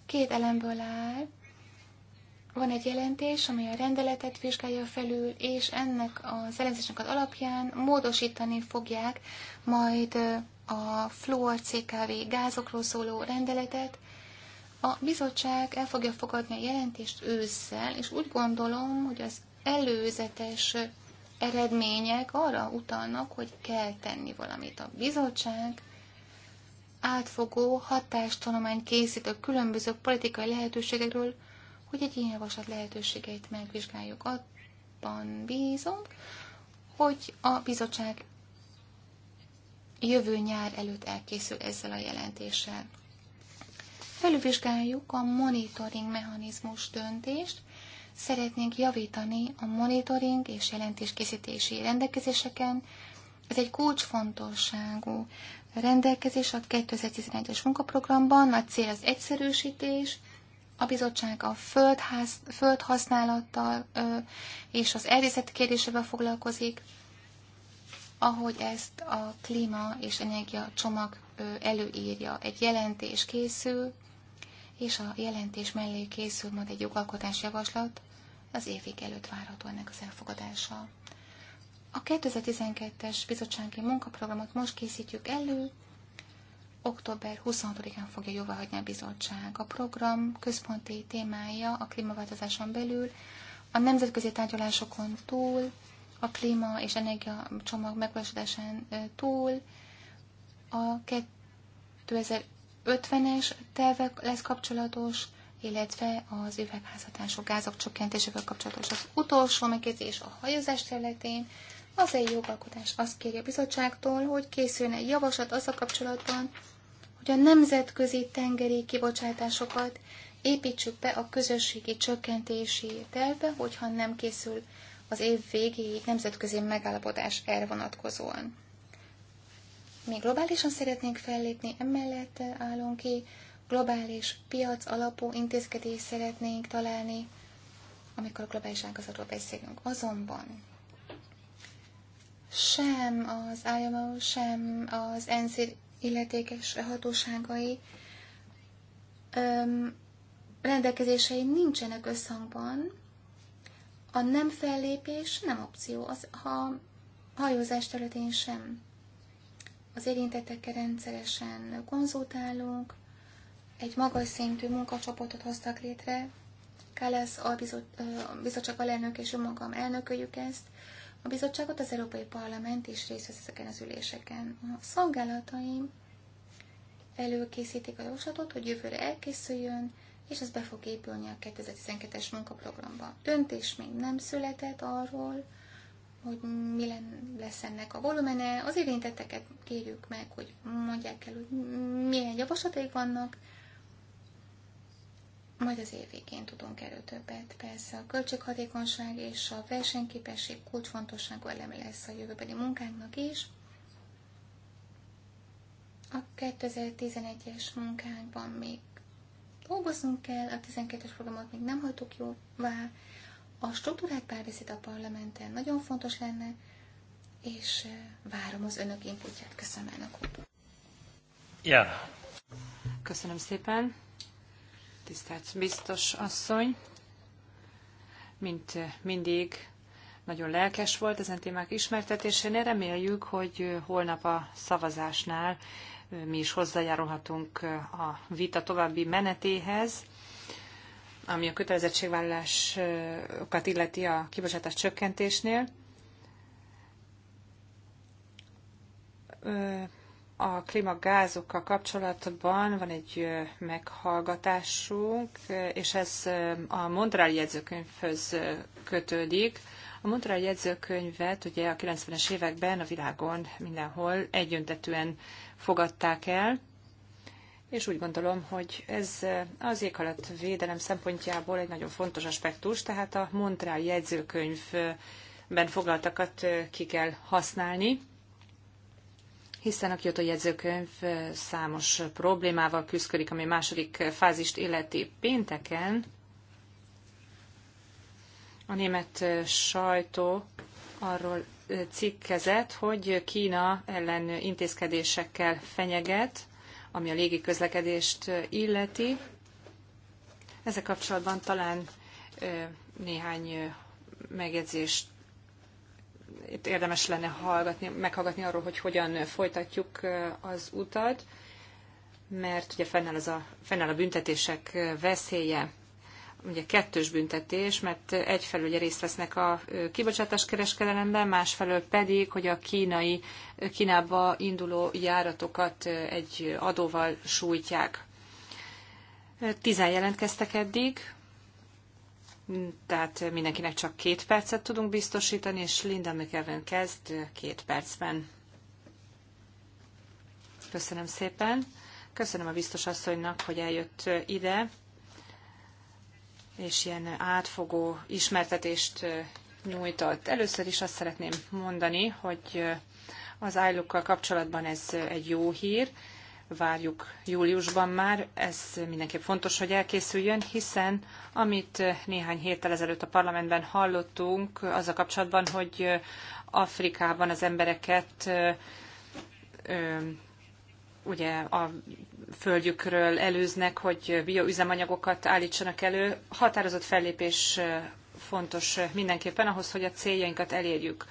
Két elemből áll. Van egy jelentés, amely a rendeletet vizsgálja felül, és ennek az elemzésnek az alapján módosítani fogják majd a fluor CKV gázokról szóló rendeletet. A bizottság el fogja fogadni a jelentést ősszel, és úgy gondolom, hogy az előzetes eredmények arra utalnak, hogy kell tenni valamit. A bizottság átfogó hatástanomány készít a különböző politikai lehetőségekről, hogy egy ilyen javaslat lehetőségeit megvizsgáljuk. Abban bízom, hogy a bizottság jövő nyár előtt elkészül ezzel a jelentéssel. Felülvizsgáljuk a monitoring mechanizmus döntést, szeretnénk javítani a monitoring és jelentéskészítési rendelkezéseken. Ez egy kulcsfontosságú rendelkezés a 2011-es munkaprogramban. Nagy cél az egyszerűsítés, a bizottság a földház, földhasználattal ö, és az erdészet kérdésével foglalkozik, ahogy ezt a klíma és energia csomag előírja. Egy jelentés készül, és a jelentés mellé készül majd egy jogalkotás javaslat, az évig előtt várható ennek az elfogadása. A 2012-es bizottsági munkaprogramot most készítjük elő, október 26-án fogja jóváhagyni a bizottság. A program központi témája a klímaváltozáson belül, a nemzetközi tárgyalásokon túl, a klíma és energia csomag megvalósításán túl, a 50-es tervek lesz kapcsolatos, illetve az üvegházhatású gázok csökkentésével kapcsolatos. Az utolsó megjegyzés a hajózás területén. Az egy jogalkotás azt kéri a bizottságtól, hogy készülne egy javaslat a kapcsolatban, hogy a nemzetközi tengeri kibocsátásokat építsük be a közösségi csökkentési tervbe, hogyha nem készül az év végéig nemzetközi megállapodás erre vonatkozóan. Mi globálisan szeretnénk fellépni, emellett állunk ki, globális piac alapú intézkedést szeretnénk találni, amikor a globális ágazatról beszélünk. Azonban sem az IMO, sem az ENSZ illetékes hatóságai öm, rendelkezései nincsenek összhangban. A nem fellépés nem opció, az, ha hajózás területén sem az érintettekkel rendszeresen konzultálunk, egy magas szintű munkacsoportot hoztak létre, Kálesz a bizottság alelnök és önmagam magam elnököljük ezt, a bizottságot az Európai Parlament is részt vesz ezeken az üléseken. A szolgálataim előkészítik a javaslatot, hogy jövőre elkészüljön, és ez be fog épülni a 2012-es munkaprogramba. Döntés még nem született arról, hogy mi lesz ennek a volumene. Az érintetteket kérjük meg, hogy mondják el, hogy milyen javaslataik vannak. Majd az év végén tudunk erről többet. Persze a költséghatékonyság és a versenyképesség kulcsfontosságú eleme lesz a jövőbeli munkánknak is. A 2011-es munkánkban még dolgozunk kell, a 12-es programot még nem hagytuk jóvá, a struktúrák párbeszéd a parlamenten nagyon fontos lenne, és eh, várom az önök inputját. Köszönöm, elnök úr. Ja. Köszönöm szépen. Tisztelt biztos asszony, mint eh, mindig nagyon lelkes volt ezen témák ismertetésén. Reméljük, hogy eh, holnap a szavazásnál mi is hozzájárulhatunk a vita további menetéhez ami a kötelezettségvállalásokat illeti a kibocsátás csökkentésnél. A klímagázokkal kapcsolatban van egy meghallgatásunk, és ez a Montreal jegyzőkönyvhöz kötődik. A Montreal jegyzőkönyvet ugye a 90-es években a világon mindenhol egyöntetően fogadták el, és úgy gondolom, hogy ez eh, az éghalat védelem szempontjából egy nagyon fontos aspektus, tehát a Montreal jegyzőkönyvben foglaltakat eh, ki kell használni, hiszen a Kyoto jegyzőkönyv eh, számos problémával küzdik, ami második fázist illeti pénteken. A német sajtó arról cikkezett, hogy Kína ellen intézkedésekkel fenyeget, ami a légi közlekedést illeti. Ezzel kapcsolatban talán néhány megjegyzést itt érdemes lenne hallgatni, meghallgatni arról, hogy hogyan folytatjuk az utat, mert ugye fennáll, az a, fennáll a büntetések veszélye ugye kettős büntetés, mert egyfelől ugye részt vesznek a kibocsátás kereskedelemben, másfelől pedig, hogy a kínai, Kínába induló járatokat egy adóval sújtják. Tizen jelentkeztek eddig, tehát mindenkinek csak két percet tudunk biztosítani, és Linda McEwen kezd két percben. Köszönöm szépen. Köszönöm a biztos asszonynak, hogy eljött ide és ilyen átfogó ismertetést nyújtott. Először is azt szeretném mondani, hogy az ájlukkal kapcsolatban ez egy jó hír, várjuk júliusban már, ez mindenképp fontos, hogy elkészüljön, hiszen amit néhány héttel ezelőtt a parlamentben hallottunk, az a kapcsolatban, hogy Afrikában az embereket ugye a földjükről előznek, hogy bioüzemanyagokat állítsanak elő. Határozott fellépés fontos mindenképpen ahhoz, hogy a céljainkat elérjük.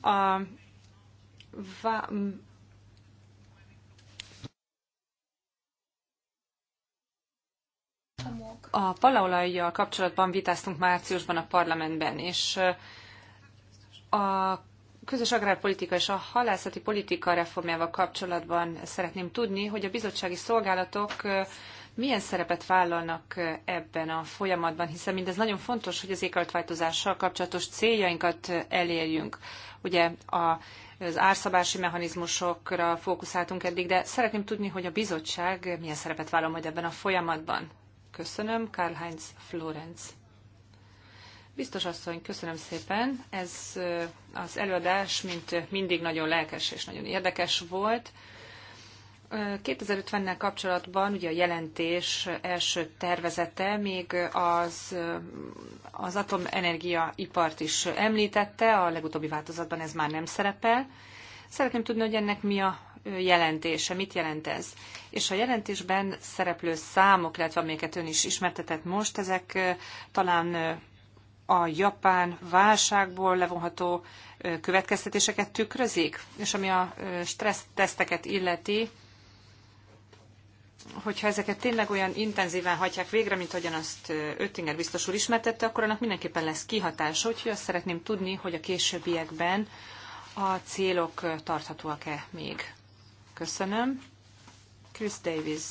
A A palaolajjal kapcsolatban vitáztunk márciusban a parlamentben, és a közös agrárpolitika és a halászati politika reformjával kapcsolatban szeretném tudni, hogy a bizottsági szolgálatok milyen szerepet vállalnak ebben a folyamatban, hiszen mindez nagyon fontos, hogy az éghajlatváltozással kapcsolatos céljainkat elérjünk. Ugye a, az árszabási mechanizmusokra fókuszáltunk eddig, de szeretném tudni, hogy a bizottság milyen szerepet vállal majd ebben a folyamatban. Köszönöm, Karl-Heinz Florenz. Biztos asszony, köszönöm szépen. Ez az előadás, mint mindig, nagyon lelkes és nagyon érdekes volt. 2050-nel kapcsolatban ugye a jelentés első tervezete még az, az atomenergia ipart is említette, a legutóbbi változatban ez már nem szerepel. Szeretném tudni, hogy ennek mi a jelentése, mit jelent ez. És a jelentésben szereplő számok, illetve amiket ön is ismertetett most, ezek talán a japán válságból levonható következtetéseket tükrözik, és ami a stressz teszteket illeti, hogyha ezeket tényleg olyan intenzíven hagyják végre, mint ahogyan azt Öttinger biztos úr ismertette, akkor annak mindenképpen lesz kihatása, úgyhogy azt szeretném tudni, hogy a későbbiekben a célok tarthatóak-e még. Köszönöm. Chris Davis.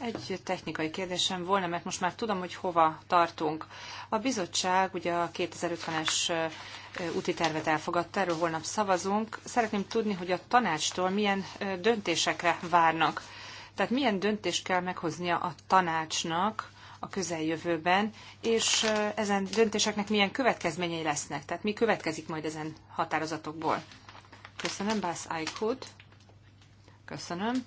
Egy technikai kérdésem volna, mert most már tudom, hogy hova tartunk. A bizottság ugye a 2050-es úti tervet elfogadta, erről holnap szavazunk. Szeretném tudni, hogy a tanácstól milyen döntésekre várnak. Tehát milyen döntést kell meghoznia a tanácsnak a közeljövőben, és ezen döntéseknek milyen következményei lesznek? Tehát mi következik majd ezen határozatokból? Köszönöm, Bász Aykut. Köszönöm.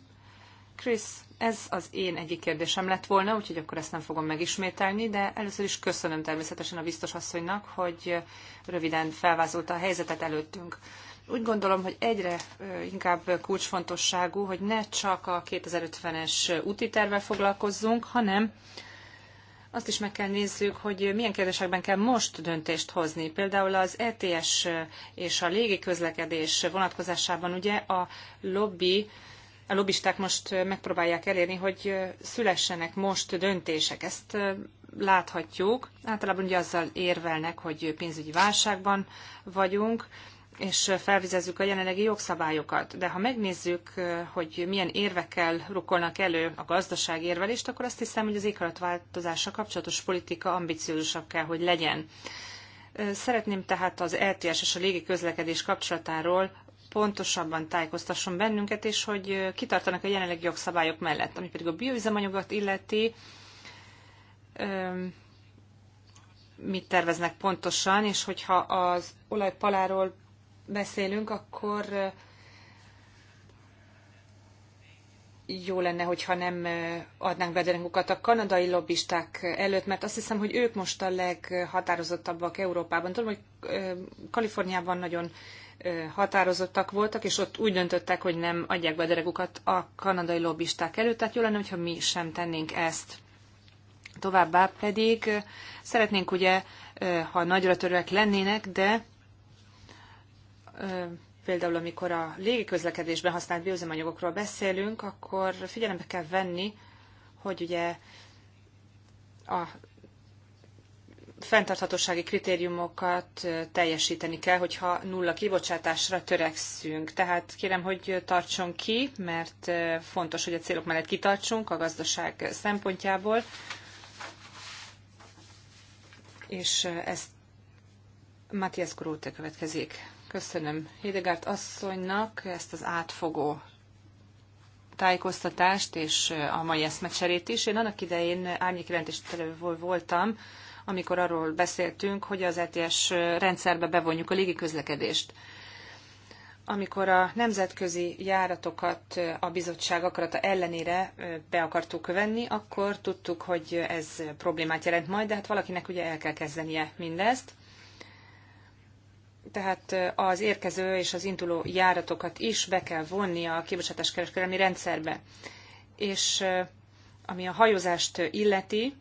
Krisz, ez az én egyik kérdésem lett volna, úgyhogy akkor ezt nem fogom megismételni, de először is köszönöm természetesen a biztos asszonynak, hogy röviden felvázolta a helyzetet előttünk. Úgy gondolom, hogy egyre inkább kulcsfontosságú, hogy ne csak a 2050-es úti tervvel foglalkozzunk, hanem azt is meg kell nézzük, hogy milyen kérdésekben kell most döntést hozni. Például az ETS és a közlekedés vonatkozásában ugye a lobby a lobbisták most megpróbálják elérni, hogy szülessenek most döntések. Ezt láthatjuk. Általában ugye azzal érvelnek, hogy pénzügyi válságban vagyunk, és felvizezzük a jelenlegi jogszabályokat. De ha megnézzük, hogy milyen érvekkel rukkolnak elő a gazdaság érvelést, akkor azt hiszem, hogy az éghajlatváltozással kapcsolatos politika ambiciózusabb kell, hogy legyen. Szeretném tehát az LTS és a légi közlekedés kapcsolatáról pontosabban tájékoztasson bennünket, és hogy kitartanak a jelenlegi jogszabályok mellett, ami pedig a bioüzemanyagot illeti, mit terveznek pontosan, és hogyha az olajpaláról beszélünk, akkor jó lenne, hogyha nem adnánk bederengukat a kanadai lobbisták előtt, mert azt hiszem, hogy ők most a leghatározottabbak Európában. Tudom, hogy Kaliforniában nagyon határozottak voltak, és ott úgy döntöttek, hogy nem adják be a deregukat a kanadai lobbisták előtt, tehát jó lenne, hogyha mi sem tennénk ezt. Továbbá pedig szeretnénk ugye, ha nagyra törőek lennének, de például amikor a légiközlekedésben használt bioüzemanyagokról beszélünk, akkor figyelembe kell venni, hogy ugye a fenntarthatósági kritériumokat teljesíteni kell, hogyha nulla kibocsátásra törekszünk. Tehát kérem, hogy tartson ki, mert fontos, hogy a célok mellett kitartsunk a gazdaság szempontjából, és ezt Matthias Gróte következik. Köszönöm Hédegárt asszonynak ezt az átfogó tájékoztatást és a mai eszmecserét is. Én annak idején árnyékjelentéstevő voltam amikor arról beszéltünk, hogy az ETS rendszerbe bevonjuk a légiközlekedést. Amikor a nemzetközi járatokat a bizottság akarata ellenére be akartuk venni, akkor tudtuk, hogy ez problémát jelent majd, de hát valakinek ugye el kell kezdenie mindezt tehát az érkező és az induló járatokat is be kell vonni a kibocsátáskereskedelmi rendszerbe. És ami a hajózást illeti,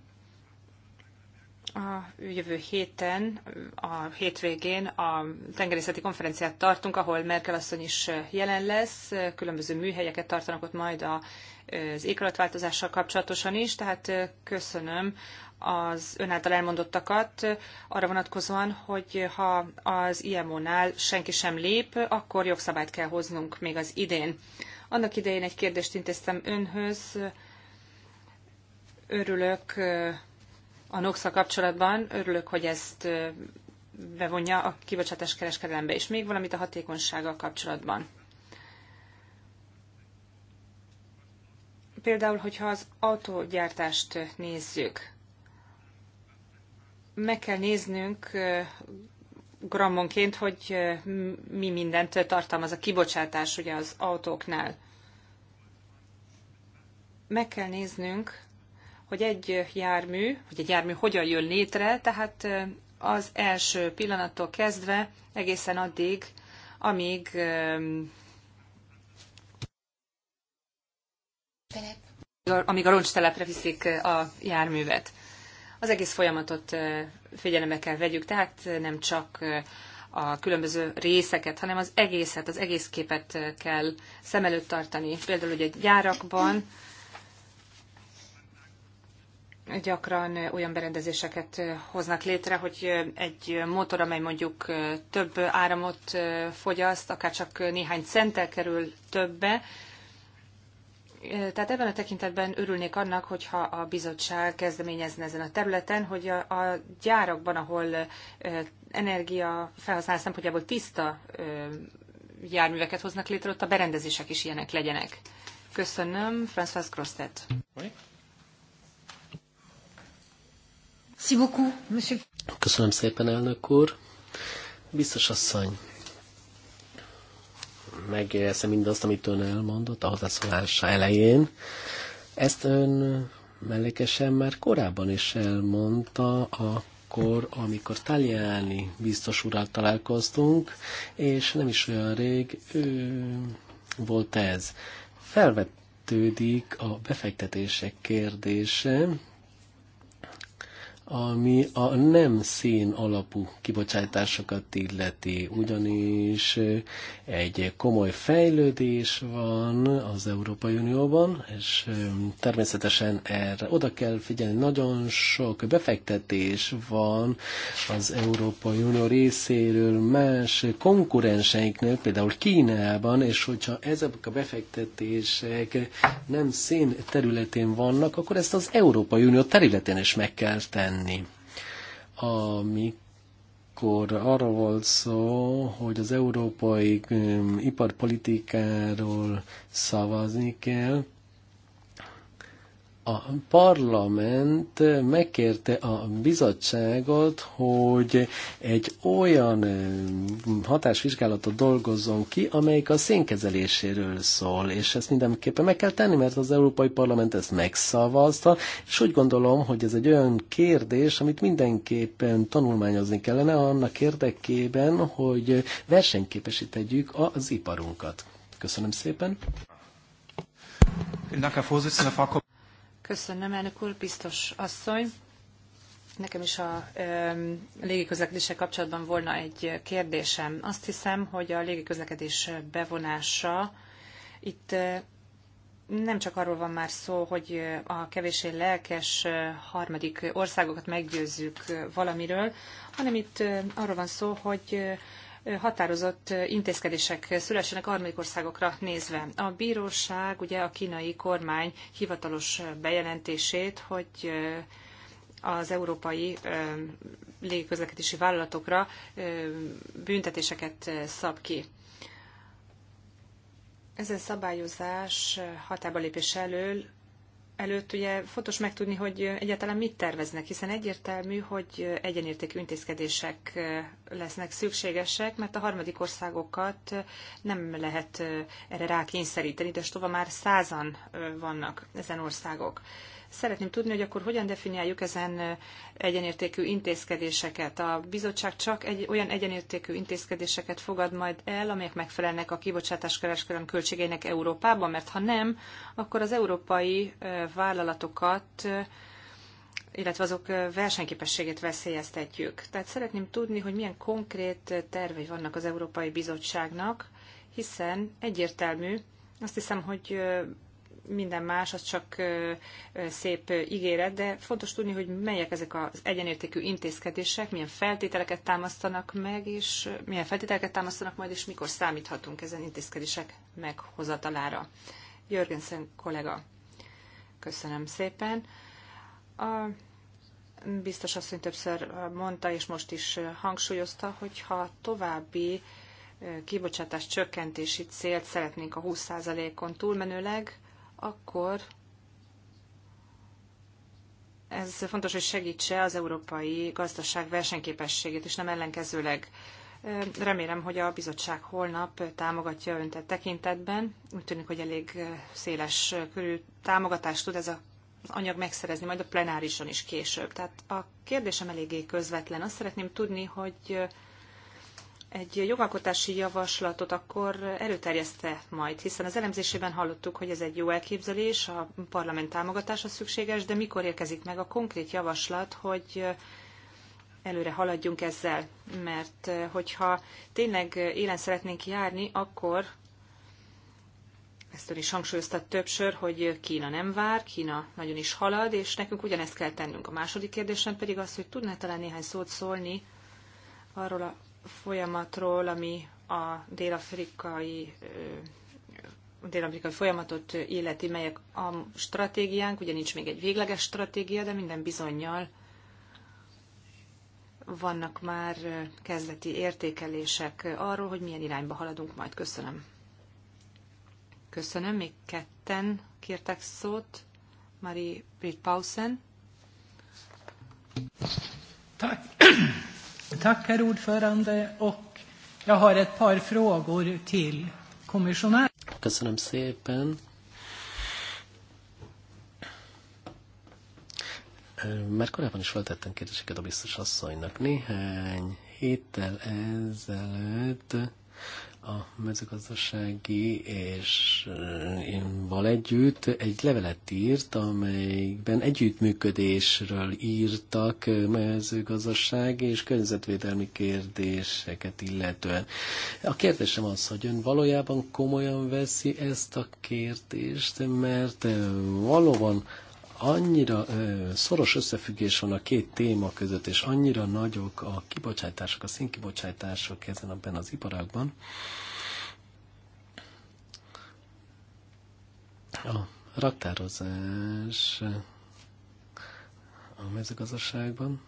a jövő héten, a hétvégén a tengerészeti konferenciát tartunk, ahol Merkel asszony is jelen lesz, különböző műhelyeket tartanak ott majd az éghajlatváltozással kapcsolatosan is, tehát köszönöm az ön által elmondottakat arra vonatkozóan, hogy ha az IMO-nál senki sem lép, akkor jogszabályt kell hoznunk még az idén. Annak idején egy kérdést intéztem önhöz, örülök a nox kapcsolatban. Örülök, hogy ezt bevonja a kibocsátás kereskedelembe, és még valamit a hatékonysággal kapcsolatban. Például, hogyha az autógyártást nézzük, meg kell néznünk grammonként, hogy mi mindent tartalmaz a kibocsátás ugye az autóknál. Meg kell néznünk, hogy egy jármű, hogy egy jármű hogyan jön létre, tehát az első pillanattól kezdve egészen addig, amíg amíg a roncstelepre viszik a járművet. Az egész folyamatot figyelembe kell vegyük, tehát nem csak a különböző részeket, hanem az egészet, az egész képet kell szem előtt tartani. Például, hogy egy gyárakban gyakran olyan berendezéseket hoznak létre, hogy egy motor, amely mondjuk több áramot fogyaszt, akár csak néhány centtel kerül többe. Tehát ebben a tekintetben örülnék annak, hogyha a bizottság kezdeményezne ezen a területen, hogy a, a gyárakban, ahol energia felhasználás szempontjából tiszta járműveket hoznak létre, ott a berendezések is ilyenek legyenek. Köszönöm, François Crostet. Oui. Merci beaucoup, monsieur. Köszönöm szépen, elnök úr. Biztos asszony, megjegyezem mindazt, amit ön elmondott a hozzászólása elején. Ezt ön mellékesen már korábban is elmondta akkor, amikor Taliani biztos urral találkoztunk, és nem is olyan rég ő, volt ez. Felvettődik a befektetések kérdése, ami a nem szén alapú kibocsátásokat illeti, ugyanis egy komoly fejlődés van az Európai Unióban, és természetesen erre oda kell figyelni, nagyon sok befektetés van az Európai Unió részéről más konkurenseinknél, például Kínában, és hogyha ezek a befektetések nem szén területén vannak, akkor ezt az Európai Unió területén is meg kell tenni tenni. Amikor arra volt szó, hogy az európai um, iparpolitikáról szavazni kell, a parlament megkérte a bizottságot, hogy egy olyan hatásvizsgálatot dolgozzon ki, amelyik a szénkezeléséről szól, és ezt mindenképpen meg kell tenni, mert az Európai Parlament ezt megszavazta, és úgy gondolom, hogy ez egy olyan kérdés, amit mindenképpen tanulmányozni kellene annak érdekében, hogy versenyképesítegyük az iparunkat. Köszönöm szépen! Köszönöm, Dank, Köszönöm, elnök úr, biztos asszony. Nekem is a légiközlekedéssel kapcsolatban volna egy kérdésem. Azt hiszem, hogy a légiközlekedés bevonása itt eh, nem csak arról van már szó, hogy a kevésé lelkes eh, harmadik országokat meggyőzzük eh, valamiről, hanem itt arról van szó, hogy határozott intézkedések szülessenek harmadik országokra nézve. A bíróság ugye a kínai kormány hivatalos bejelentését, hogy az európai légiközlekedési vállalatokra büntetéseket szab ki. Ezen szabályozás hatába lépés elől előtt ugye fontos megtudni, hogy egyáltalán mit terveznek, hiszen egyértelmű, hogy egyenértékű intézkedések lesznek szükségesek, mert a harmadik országokat nem lehet erre rákényszeríteni, de tova már százan vannak ezen országok. Szeretném tudni, hogy akkor hogyan definiáljuk ezen egyenértékű intézkedéseket. A bizottság csak egy, olyan egyenértékű intézkedéseket fogad majd el, amelyek megfelelnek a kibocsátáskereskedelem költségeinek Európában, mert ha nem, akkor az európai vállalatokat illetve azok versenyképességét veszélyeztetjük. Tehát szeretném tudni, hogy milyen konkrét tervei vannak az Európai Bizottságnak, hiszen egyértelmű, azt hiszem, hogy minden más az csak szép ígéret, de fontos tudni, hogy melyek ezek az egyenértékű intézkedések, milyen feltételeket támasztanak meg, és milyen feltételeket támasztanak majd, és mikor számíthatunk ezen intézkedések meghozatalára. Jörgensen kollega, köszönöm szépen. A biztos asszony többször mondta, és most is hangsúlyozta, hogy ha további kibocsátás csökkentési célt szeretnénk a 20%-on túlmenőleg, akkor ez fontos, hogy segítse az európai gazdaság versenyképességét, és nem ellenkezőleg. Remélem, hogy a bizottság holnap támogatja önt a e tekintetben. Úgy tűnik, hogy elég széles körű támogatást tud ez a anyag megszerezni, majd a plenárison is később. Tehát a kérdésem eléggé közvetlen. Azt szeretném tudni, hogy egy jogalkotási javaslatot akkor erőterjeszte majd, hiszen az elemzésében hallottuk, hogy ez egy jó elképzelés, a parlament támogatása szükséges, de mikor érkezik meg a konkrét javaslat, hogy előre haladjunk ezzel, mert hogyha tényleg élen szeretnénk járni, akkor ezt ön is hangsúlyozta többször, hogy Kína nem vár, Kína nagyon is halad, és nekünk ugyanezt kell tennünk. A második kérdésem pedig az, hogy tudná talán néhány szót szólni arról a folyamatról, ami a dél-afrikai dél-amerikai folyamatot illeti, melyek a stratégiánk, ugye nincs még egy végleges stratégia, de minden bizonyal vannak már kezdeti értékelések arról, hogy milyen irányba haladunk majd. Köszönöm. Köszönöm. Még ketten kértek szót. Marie Britt Pausen. Tak. Tack, herr ordförande. Och jag har ett par frågor till kommissionären. Köszönöm szépen. Már korábban is feltettem kérdéseket a biztos asszonynak. Néhány héttel ezelőtt a mezőgazdasági és val eh, együtt egy levelet írt, amelyben együttműködésről írtak eh, mezőgazdasági és környezetvédelmi kérdéseket illetően. A kérdésem az, hogy ön valójában komolyan veszi ezt a kérdést, mert eh, valóban annyira ö, szoros összefüggés van a két téma között, és annyira nagyok a kibocsátások, a színkibocsátások ezen abban az iparágban. A raktározás a mezőgazdaságban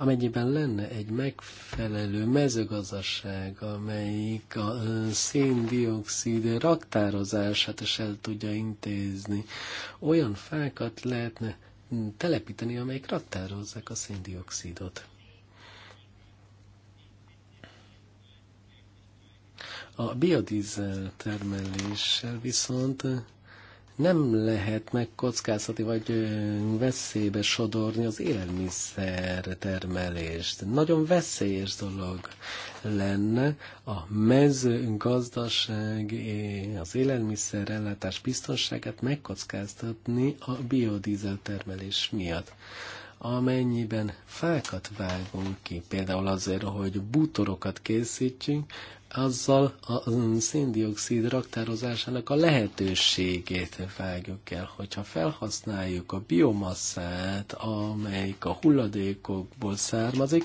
amennyiben lenne egy megfelelő mezőgazdaság, amelyik a széndiokszid raktározását is el tudja intézni, olyan fákat lehetne telepíteni, amelyek raktározzák a széndiokszidot. A biodízel termeléssel viszont nem lehet megkockáztatni vagy veszélybe sodorni az élelmiszer termelést. Nagyon veszélyes dolog lenne a mezőgazdaság, az élelmiszer ellátás biztonságát megkockáztatni a biodízel termelés miatt amennyiben fákat vágunk ki, például azért, hogy bútorokat készítsünk, azzal a széndiokszid raktározásának a lehetőségét vágjuk el. Hogyha felhasználjuk a biomasszát, amelyik a hulladékokból származik,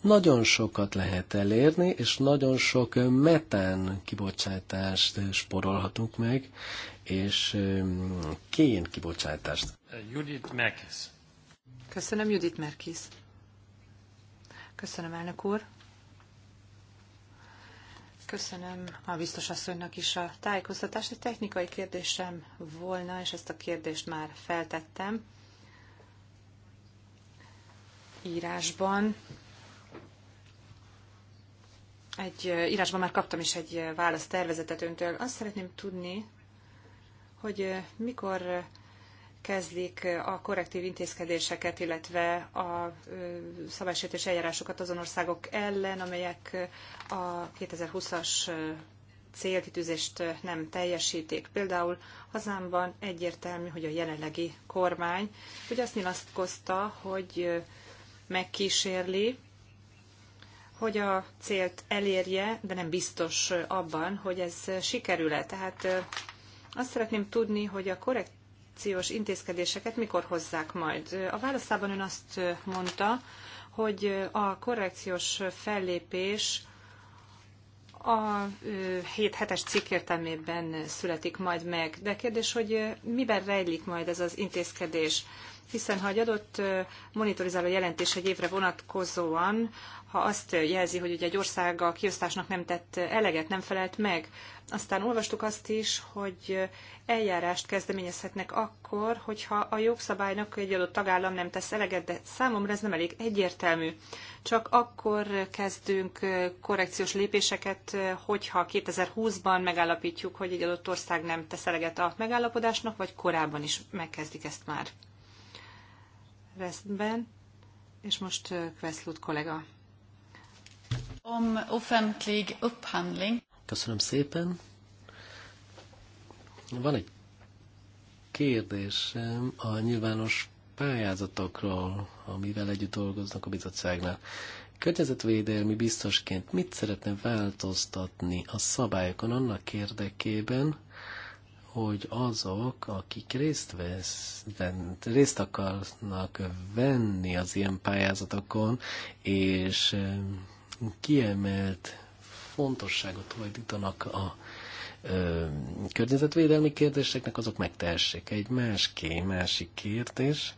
nagyon sokat lehet elérni, és nagyon sok metán kibocsátást sporolhatunk meg, és um, kén kibocsátást. Judith Merkis. Köszönöm, Judith Merkis. Köszönöm, elnök úr. Köszönöm a biztos asszonynak is a tájékoztatást. Egy technikai kérdésem volna, és ezt a kérdést már feltettem írásban. Egy írásban már kaptam is egy választ tervezetet öntől. Azt szeretném tudni, hogy eh, mikor kezdik a korrektív intézkedéseket, illetve a szabálysértés eljárásokat azon országok ellen, amelyek a 2020-as célkitűzést nem teljesítik. Például hazámban egyértelmű, hogy a jelenlegi kormány hogy azt nyilatkozta, hogy megkísérli, hogy a célt elérje, de nem biztos abban, hogy ez sikerül-e. Tehát azt szeretném tudni, hogy a korrekt szankciós intézkedéseket mikor hozzák majd? A válaszában ön azt mondta, hogy a korrekciós fellépés a 7 hetes cikk értelmében születik majd meg. De kérdés, hogy miben rejlik majd ez az intézkedés? Hiszen ha egy adott monitorizáló jelentés egy évre vonatkozóan ha azt jelzi, hogy ugye egy ország a kiosztásnak nem tett eleget, nem felelt meg. Aztán olvastuk azt is, hogy eljárást kezdeményezhetnek akkor, hogyha a jogszabálynak egy adott tagállam nem tesz eleget, de számomra ez nem elég egyértelmű. Csak akkor kezdünk korrekciós lépéseket, hogyha 2020-ban megállapítjuk, hogy egy adott ország nem tesz eleget a megállapodásnak, vagy korábban is megkezdik ezt már. Resztben. És most Kveszlut eh, kollega. Om offentlig upphandling. Köszönöm szépen. Van egy kérdésem a nyilvános pályázatokról, amivel együtt dolgoznak a bizottságnál. Környezetvédelmi biztosként mit szeretne változtatni a szabályokon annak érdekében, hogy azok, akik részt, vesz, részt akarnak venni az ilyen pályázatokon, és kiemelt fontosságot tulajdonítanak a ö, környezetvédelmi kérdéseknek, azok megtehessék. Egy máské, másik kérdés.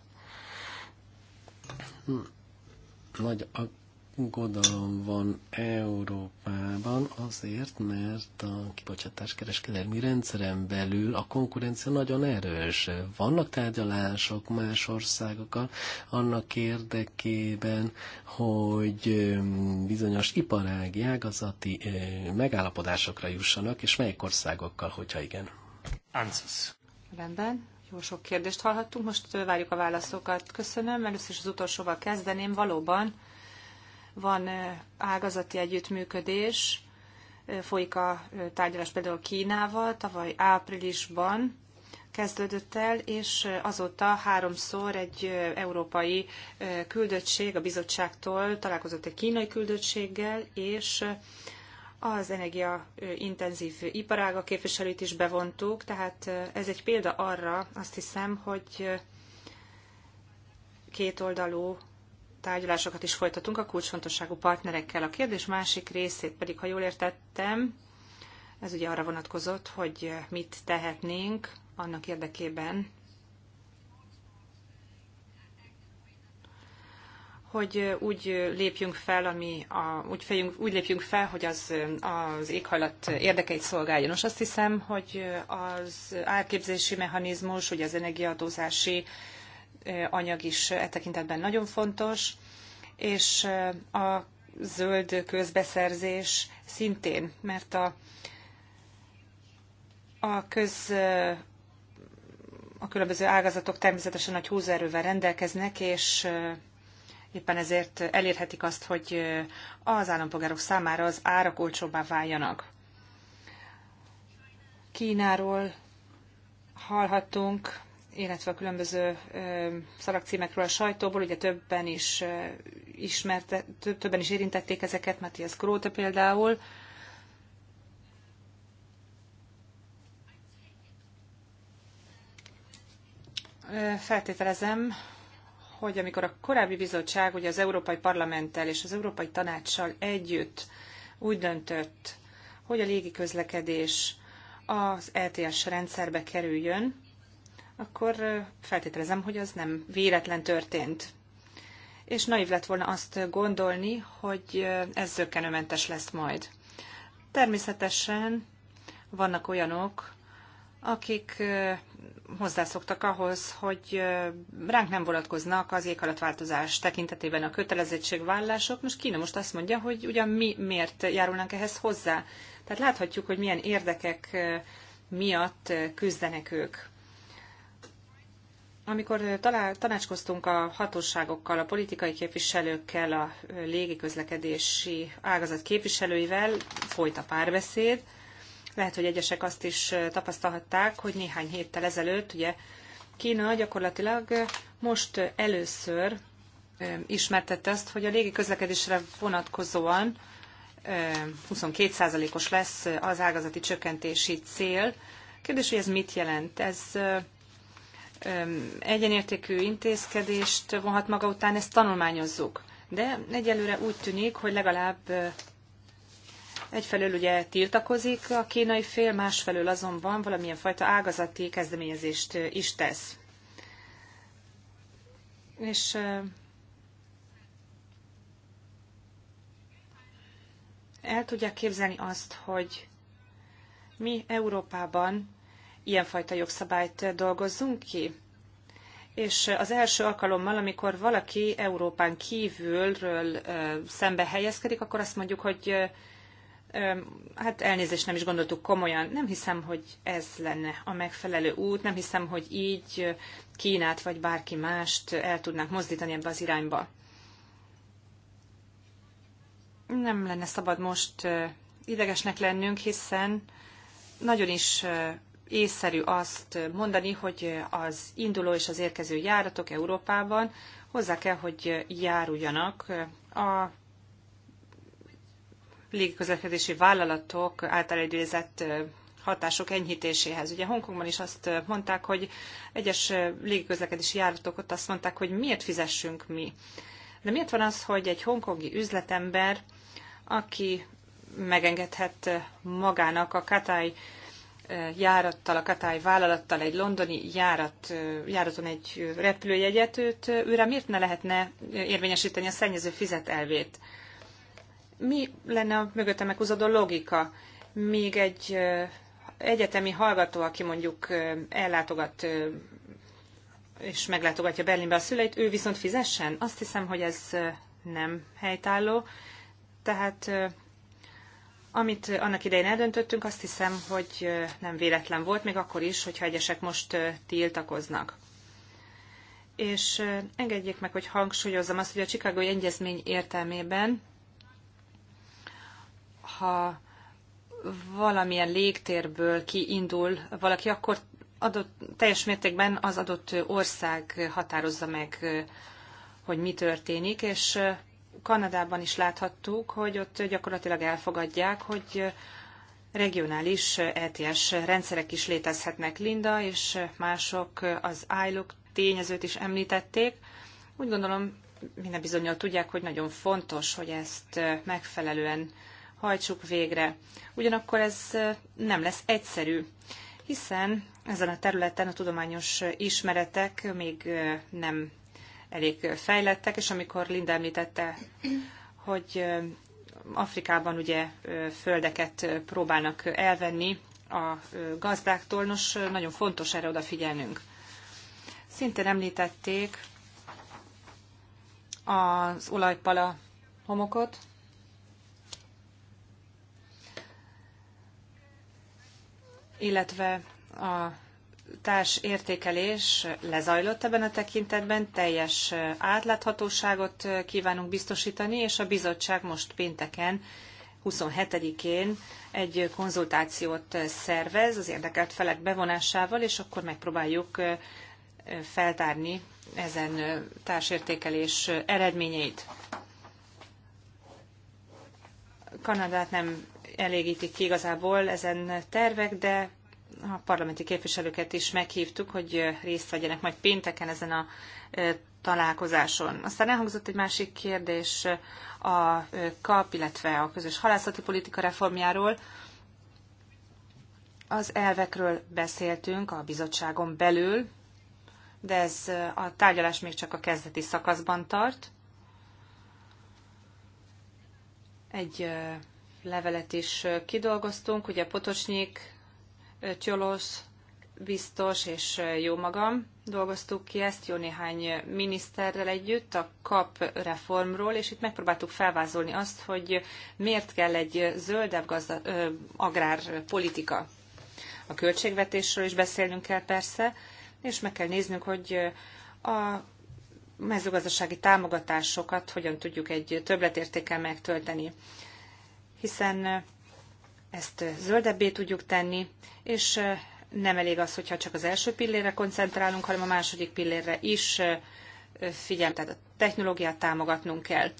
Hm. Nagy aggodalom van Európában azért, mert a kibocsátás kereskedelmi rendszeren belül a konkurencia nagyon erős. Vannak tárgyalások más országokkal annak érdekében, hogy bizonyos iparági, ágazati megállapodásokra jussanak, és melyik országokkal, hogyha igen. Answers. Rendben, jó sok kérdést hallhattunk, most várjuk a válaszokat. Köszönöm, először is az utolsóval kezdeném. Valóban van ágazati együttműködés, folyik a tárgyalás például Kínával, tavaly áprilisban kezdődött el, és azóta háromszor egy európai küldöttség a bizottságtól találkozott egy kínai küldöttséggel, és az energiaintenzív iparága képviselőt is bevontuk, tehát ez egy példa arra, azt hiszem, hogy kétoldalú tárgyalásokat is folytatunk a kulcsfontosságú partnerekkel. A kérdés másik részét pedig, ha jól értettem, ez ugye arra vonatkozott, hogy mit tehetnénk annak érdekében, hogy úgy lépjünk fel, ami a, úgy, fejünk, úgy lépjünk fel, hogy az, az éghajlat érdekeit szolgáljon. Most azt hiszem, hogy az árképzési mechanizmus, ugye az energiadózási anyag is e tekintetben nagyon fontos, és a zöld közbeszerzés szintén, mert a, a köz a különböző ágazatok természetesen nagy húzerővel rendelkeznek, és éppen ezért elérhetik azt, hogy az állampolgárok számára az árak olcsóbbá váljanak. Kínáról hallhatunk, illetve a különböző szalagcímekről a sajtóból, ugye többen is ismerte, többen is érintették ezeket, Matthias Gróte például. Feltételezem, hogy amikor a korábbi bizottság ugye az Európai Parlamenttel és az Európai Tanácssal együtt úgy döntött, hogy a légiközlekedés az ETS rendszerbe kerüljön, akkor feltételezem, hogy az nem véletlen történt. És naív lett volna azt gondolni, hogy ez zöggenőmentes lesz majd. Természetesen vannak olyanok, akik hozzászoktak ahhoz, hogy ránk nem vonatkoznak az éghajlatváltozás tekintetében a kötelezettségvállások. Most Kína most azt mondja, hogy ugyan mi miért járulnánk ehhez hozzá. Tehát láthatjuk, hogy milyen érdekek miatt küzdenek ők. Amikor talál, tanácskoztunk a hatóságokkal, a politikai képviselőkkel, a légiközlekedési ágazat képviselőivel, folyt a párbeszéd. Lehet, hogy egyesek azt is tapasztalhatták, hogy néhány héttel ezelőtt ugye Kína gyakorlatilag most először ismertette azt, hogy a légiközlekedésre vonatkozóan 22%-os lesz az ágazati csökkentési cél. Kérdés, hogy ez mit jelent? Ez egyenértékű intézkedést vonhat maga után, ezt tanulmányozzuk. De egyelőre úgy tűnik, hogy legalább egyfelől ugye tiltakozik a kínai fél, másfelől azonban valamilyen fajta ágazati kezdeményezést is tesz. És el tudják képzelni azt, hogy mi Európában ilyenfajta jogszabályt dolgozzunk ki? és az első alkalommal, amikor valaki Európán kívülről szembe helyezkedik, akkor azt mondjuk, hogy hát elnézést nem is gondoltuk komolyan. Nem hiszem, hogy ez lenne a megfelelő út, nem hiszem, hogy így Kínát vagy bárki mást el tudnánk mozdítani ebbe az irányba. Nem lenne szabad most idegesnek lennünk, hiszen nagyon is észszerű azt mondani, hogy az induló és az érkező járatok Európában hozzá kell, hogy járuljanak a légiközlekedési vállalatok által idézett hatások enyhítéséhez. Ugye Hongkongban is azt mondták, hogy egyes légiközlekedési járatok ott azt mondták, hogy miért fizessünk mi. De miért van az, hogy egy hongkongi üzletember, aki megengedhet magának a katai járattal, a Katály vállalattal, egy londoni járat, járaton egy repülőjegyet, őt, őre miért ne lehetne érvényesíteni a szennyező fizet elvét? Mi lenne a mögötte meghúzódó logika? Még egy egyetemi hallgató, aki mondjuk ellátogat és meglátogatja Berlinbe a szüleit, ő viszont fizessen? Azt hiszem, hogy ez nem helytálló. Tehát amit eh, annak idején eldöntöttünk, azt hiszem, hogy eh, nem véletlen volt, még akkor is, hogyha egyesek most eh, tiltakoznak. És engedjék meg, hogy hangsúlyozzam azt, hogy a Csikágoi Egyezmény értelmében, ha valamilyen légtérből kiindul valaki, akkor adott, teljes mértékben az adott ország határozza meg, hogy mi történik, és Kanadában is láthattuk, hogy ott gyakorlatilag elfogadják, hogy regionális ETS rendszerek is létezhetnek. Linda és mások az ILOC tényezőt is említették. Úgy gondolom, minden bizonyal tudják, hogy nagyon fontos, hogy ezt megfelelően hajtsuk végre. Ugyanakkor ez nem lesz egyszerű, hiszen ezen a területen a tudományos ismeretek még nem elég fejlettek, és amikor Linda említette, hogy Afrikában ugye földeket próbálnak elvenni a gazdáktól, nos, nagyon fontos erre odafigyelnünk. Szintén említették az olajpala homokot, illetve a társ értékelés lezajlott ebben a tekintetben, teljes átláthatóságot kívánunk biztosítani, és a bizottság most pénteken 27-én egy konzultációt szervez az érdekelt felek bevonásával, és akkor megpróbáljuk feltárni ezen társértékelés eredményeit. Kanadát nem elégítik ki igazából ezen tervek, de a parlamenti képviselőket is meghívtuk, hogy részt vegyenek majd pénteken ezen a találkozáson. Aztán elhangzott egy másik kérdés a KAP, illetve a közös halászati politika reformjáról. Az elvekről beszéltünk a bizottságon belül, de ez a tárgyalás még csak a kezdeti szakaszban tart. Egy levelet is kidolgoztunk, ugye Potocsnyik Csolosz biztos és jó magam dolgoztuk ki ezt jó néhány miniszterrel együtt a KAP reformról, és itt megpróbáltuk felvázolni azt, hogy miért kell egy zöldebb gazda, ö, agrárpolitika. A költségvetésről is beszélnünk kell persze, és meg kell néznünk, hogy a mezőgazdasági támogatásokat hogyan tudjuk egy többletértékkel megtölteni. Hiszen ezt zöldebbé tudjuk tenni, és nem elég az, hogyha csak az első pillérre koncentrálunk, hanem a második pillérre is figyelmet, tehát a technológiát támogatnunk kell.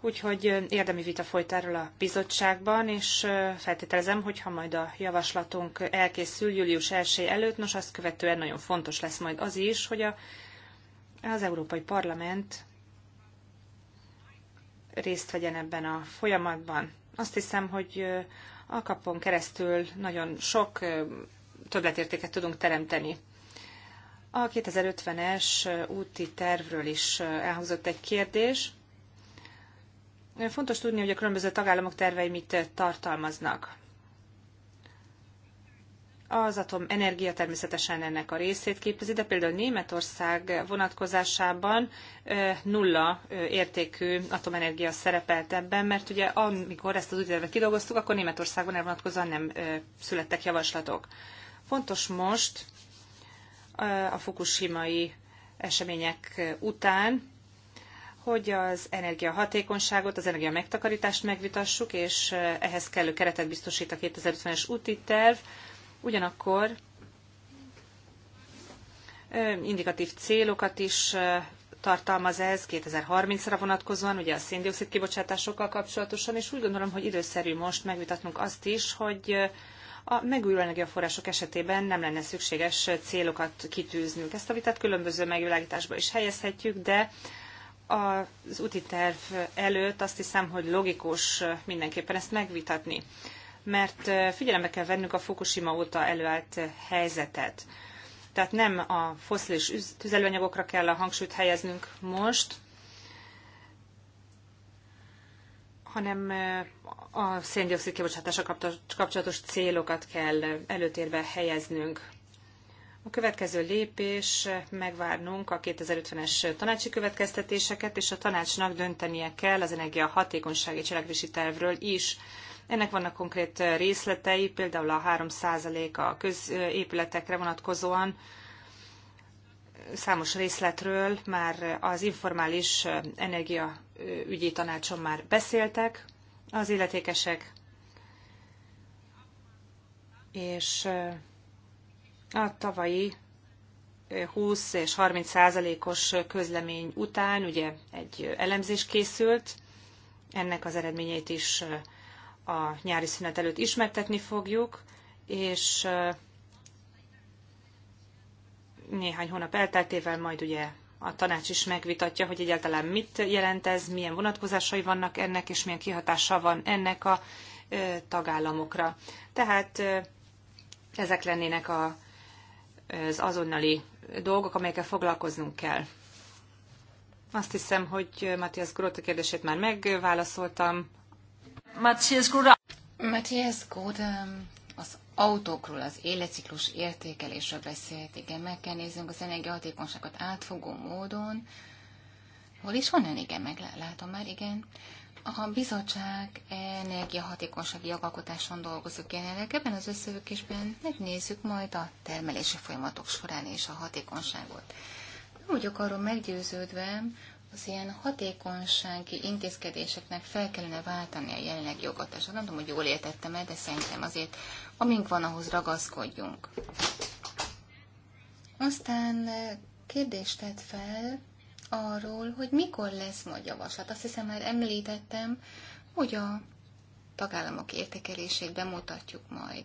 Úgyhogy érdemi vita folyt erről a bizottságban, és feltételezem, hogy ha majd a javaslatunk elkészül július 1 előtt, nos azt követően nagyon fontos lesz majd az is, hogy a, az Európai Parlament részt vegyen ebben a folyamatban. Azt hiszem, hogy a kapon keresztül nagyon sok többletértéket tudunk teremteni. A 2050-es úti tervről is elhangzott egy kérdés. Fontos tudni, hogy a különböző tagállamok tervei mit tartalmaznak. Az atomenergia természetesen ennek a részét képezi, de például Németország vonatkozásában nulla értékű atomenergia szerepelt ebben, mert ugye amikor ezt az úgynevezett kidolgoztuk, akkor Németországban erre vonatkozóan nem születtek javaslatok. Fontos most a fukushimai események után, hogy az energiahatékonyságot, az energia megtakarítást megvitassuk, és ehhez kellő keretet biztosít a 2050-es úti terv, Ugyanakkor indikatív célokat is tartalmaz ez 2030-ra vonatkozóan, ugye a széndiokszid kibocsátásokkal kapcsolatosan, és úgy gondolom, hogy időszerű most megvitatnunk azt is, hogy a megújuló energiaforrások esetében nem lenne szükséges célokat kitűznünk. Ezt a vitát különböző megvilágításba is helyezhetjük, de az úti terv előtt azt hiszem, hogy logikus mindenképpen ezt megvitatni mert figyelembe kell vennünk a Fukushima óta előállt helyzetet. Tehát nem a foszilis tüzelőanyagokra kell a hangsúlyt helyeznünk most, hanem a széndiokszid kibocsátása kapcsolatos célokat kell előtérbe helyeznünk. A következő lépés megvárnunk a 2050-es tanácsi következtetéseket, és a tanácsnak döntenie kell az energiahatékonysági cselekvési tervről is. Ennek vannak konkrét részletei, például a 3% a középületekre vonatkozóan, számos részletről már az informális energiaügyi tanácson már beszéltek az illetékesek, és a tavalyi 20 és 30 százalékos közlemény után ugye egy elemzés készült, ennek az eredményeit is a nyári szünet előtt ismertetni fogjuk, és néhány hónap elteltével majd ugye a tanács is megvitatja, hogy egyáltalán mit jelent ez, milyen vonatkozásai vannak ennek, és milyen kihatása van ennek a tagállamokra. Tehát ezek lennének az azonnali dolgok, amelyekkel foglalkoznunk kell. Azt hiszem, hogy Matthias Grote kérdését már megválaszoltam, Matthias Gruda. Matthias Gruda az autókról, az életciklus értékelésről beszélt. Igen, meg kell néznünk az energiahatékonyságot átfogó módon. Hol is honnan? Igen, meglátom már, igen. A bizottság energiahatékonysági jogalkotáson dolgozik jelenleg. Ebben az összefüggésben megnézzük majd a termelési folyamatok során és a hatékonyságot. Nem vagyok arról meggyőződve, az ilyen hatékonysági intézkedéseknek fel kellene váltani a jelenleg jogot. És nem tudom, hogy jól értettem el, de szerintem azért, amink van, ahhoz ragaszkodjunk. Aztán eh, kérdést tett fel arról, hogy mikor lesz majd javaslat. Azt hiszem már említettem, hogy a tagállamok értékelését bemutatjuk majd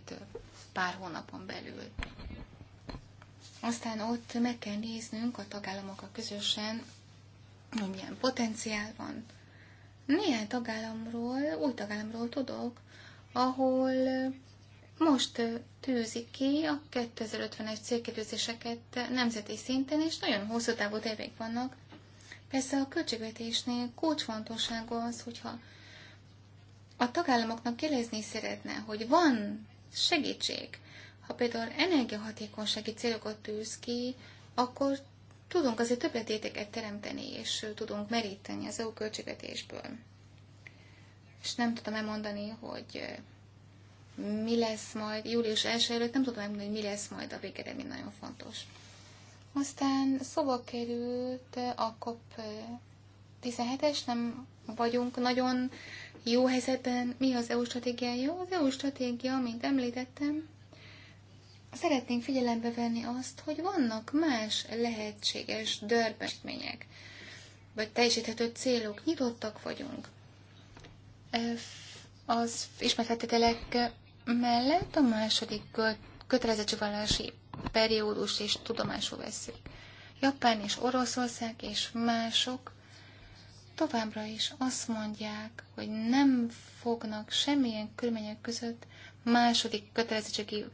pár hónapon belül. Aztán ott meg kell néznünk a tagállamokkal közösen hogy milyen potenciál van. Néhány tagállamról, új tagállamról tudok, ahol most tűzik ki a 2051 célkérdőzéseket nemzeti szinten, és nagyon hosszú távú tervek vannak. Persze a költségvetésnél kulcsfontosságú az, hogyha a tagállamoknak kérdezni szeretne, hogy van segítség, ha például energiahatékonysági célokat tűz ki, akkor Tudunk azért többletéteket teremteni, és tudunk meríteni az EU költségvetésből. És nem tudom elmondani, hogy mi lesz majd, július 1 előtt nem tudom elmondani, hogy mi lesz majd a végeredmény, nagyon fontos. Aztán szóba került a COP 17-es, nem vagyunk nagyon jó helyzetben. Mi az EU stratégiája? Az EU stratégia, mint említettem, szeretnénk figyelembe venni azt, hogy vannak más lehetséges dörbesítmények, vagy teljesíthető célok, nyitottak vagyunk. Az ismertetetelek mellett a második kötelezettségvállalási periódus és tudomású veszük. Japán és Oroszország és mások továbbra is azt mondják, hogy nem fognak semmilyen körülmények között második kötelezettségi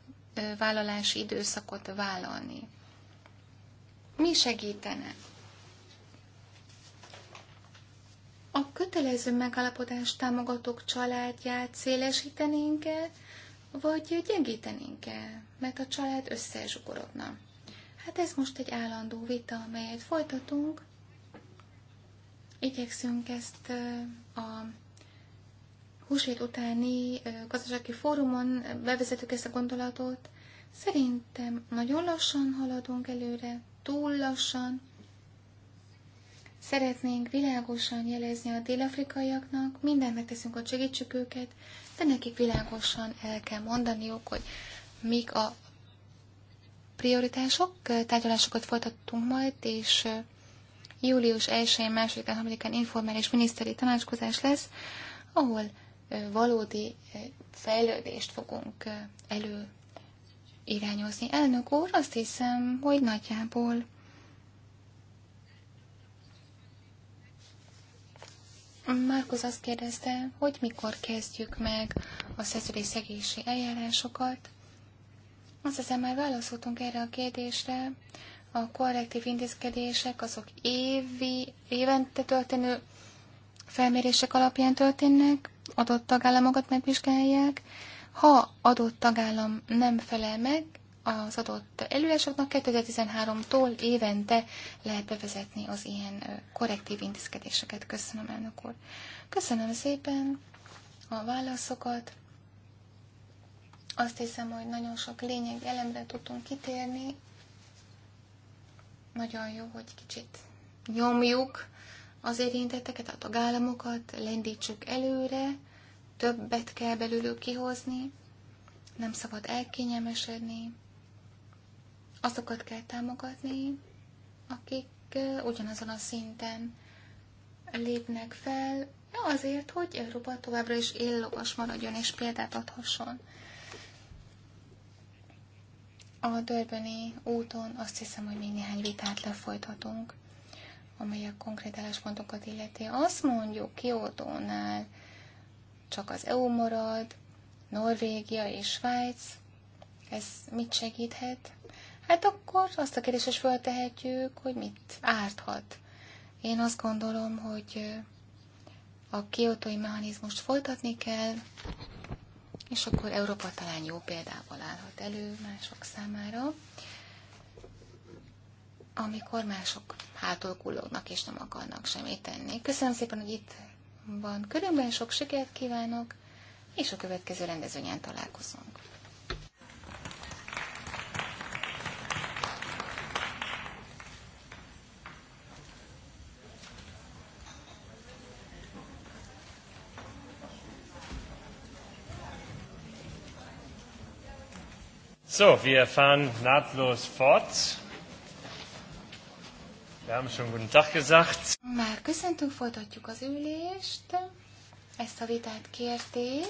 vállalási időszakot vállalni. Mi segítene? A kötelező megalapodás támogatók családját szélesítenénk el, vagy gyengítenénk el, mert a család összezsugorodna. Hát ez most egy állandó vita, amelyet folytatunk. Igyekszünk ezt a húsvét utáni gazdasági fórumon bevezetük ezt a gondolatot. Szerintem nagyon lassan haladunk előre, túl lassan. Szeretnénk világosan jelezni a délafrikaiaknak, mindent megteszünk, hogy segítsük őket, de nekik világosan el kell mondaniuk, hogy mik a prioritások. Tárgyalásokat folytattunk majd, és július 1-én, 2-án, 3-án informális miniszteri tanácskozás lesz, ahol valódi fejlődést fogunk elő irányozni. Elnök úr, azt hiszem, hogy nagyjából Márkusz azt kérdezte, hogy mikor kezdjük meg a szegési eljárásokat. Azt hiszem, már válaszoltunk erre a kérdésre. A korrektív intézkedések azok évi, évente történő felmérések alapján történnek, adott tagállamokat megvizsgálják. Ha adott tagállam nem felel meg az adott előírásoknak, 2013-tól évente lehet bevezetni az ilyen korrektív intézkedéseket. Köszönöm, elnök úr. Köszönöm szépen a válaszokat. Azt hiszem, hogy nagyon sok lényeg elemre tudtunk kitérni. Nagyon jó, hogy kicsit nyomjuk az érintetteket, a tagállamokat, lendítsük előre, többet kell belőlük kihozni, nem szabad elkényelmesedni, azokat kell támogatni, akik ugyanazon a szinten lépnek fel, azért, hogy Európa továbbra is éllovas maradjon és példát adhasson. A Dörbeni úton azt hiszem, hogy még néhány vitát lefolytatunk amely a konkrét álláspontokat illeti. Azt mondjuk Kiotónál csak az EU marad, Norvégia és Svájc, ez mit segíthet? Hát akkor azt a kérdést is feltehetjük, hogy mit árthat. Én azt gondolom, hogy a kiotói mechanizmust folytatni kell, és akkor Európa talán jó példával állhat elő mások számára amikor mások hátul kullognak és nem akarnak semmit tenni. Köszönöm szépen, hogy itt van. Körülbelül sok sikert kívánok, és a következő rendezvényen találkozunk. So, wir fahren nahtlos fort. Wir haben schon guten Tag gesagt. Már köszöntünk, folytatjuk az ülést. Ezt a vitát kérték,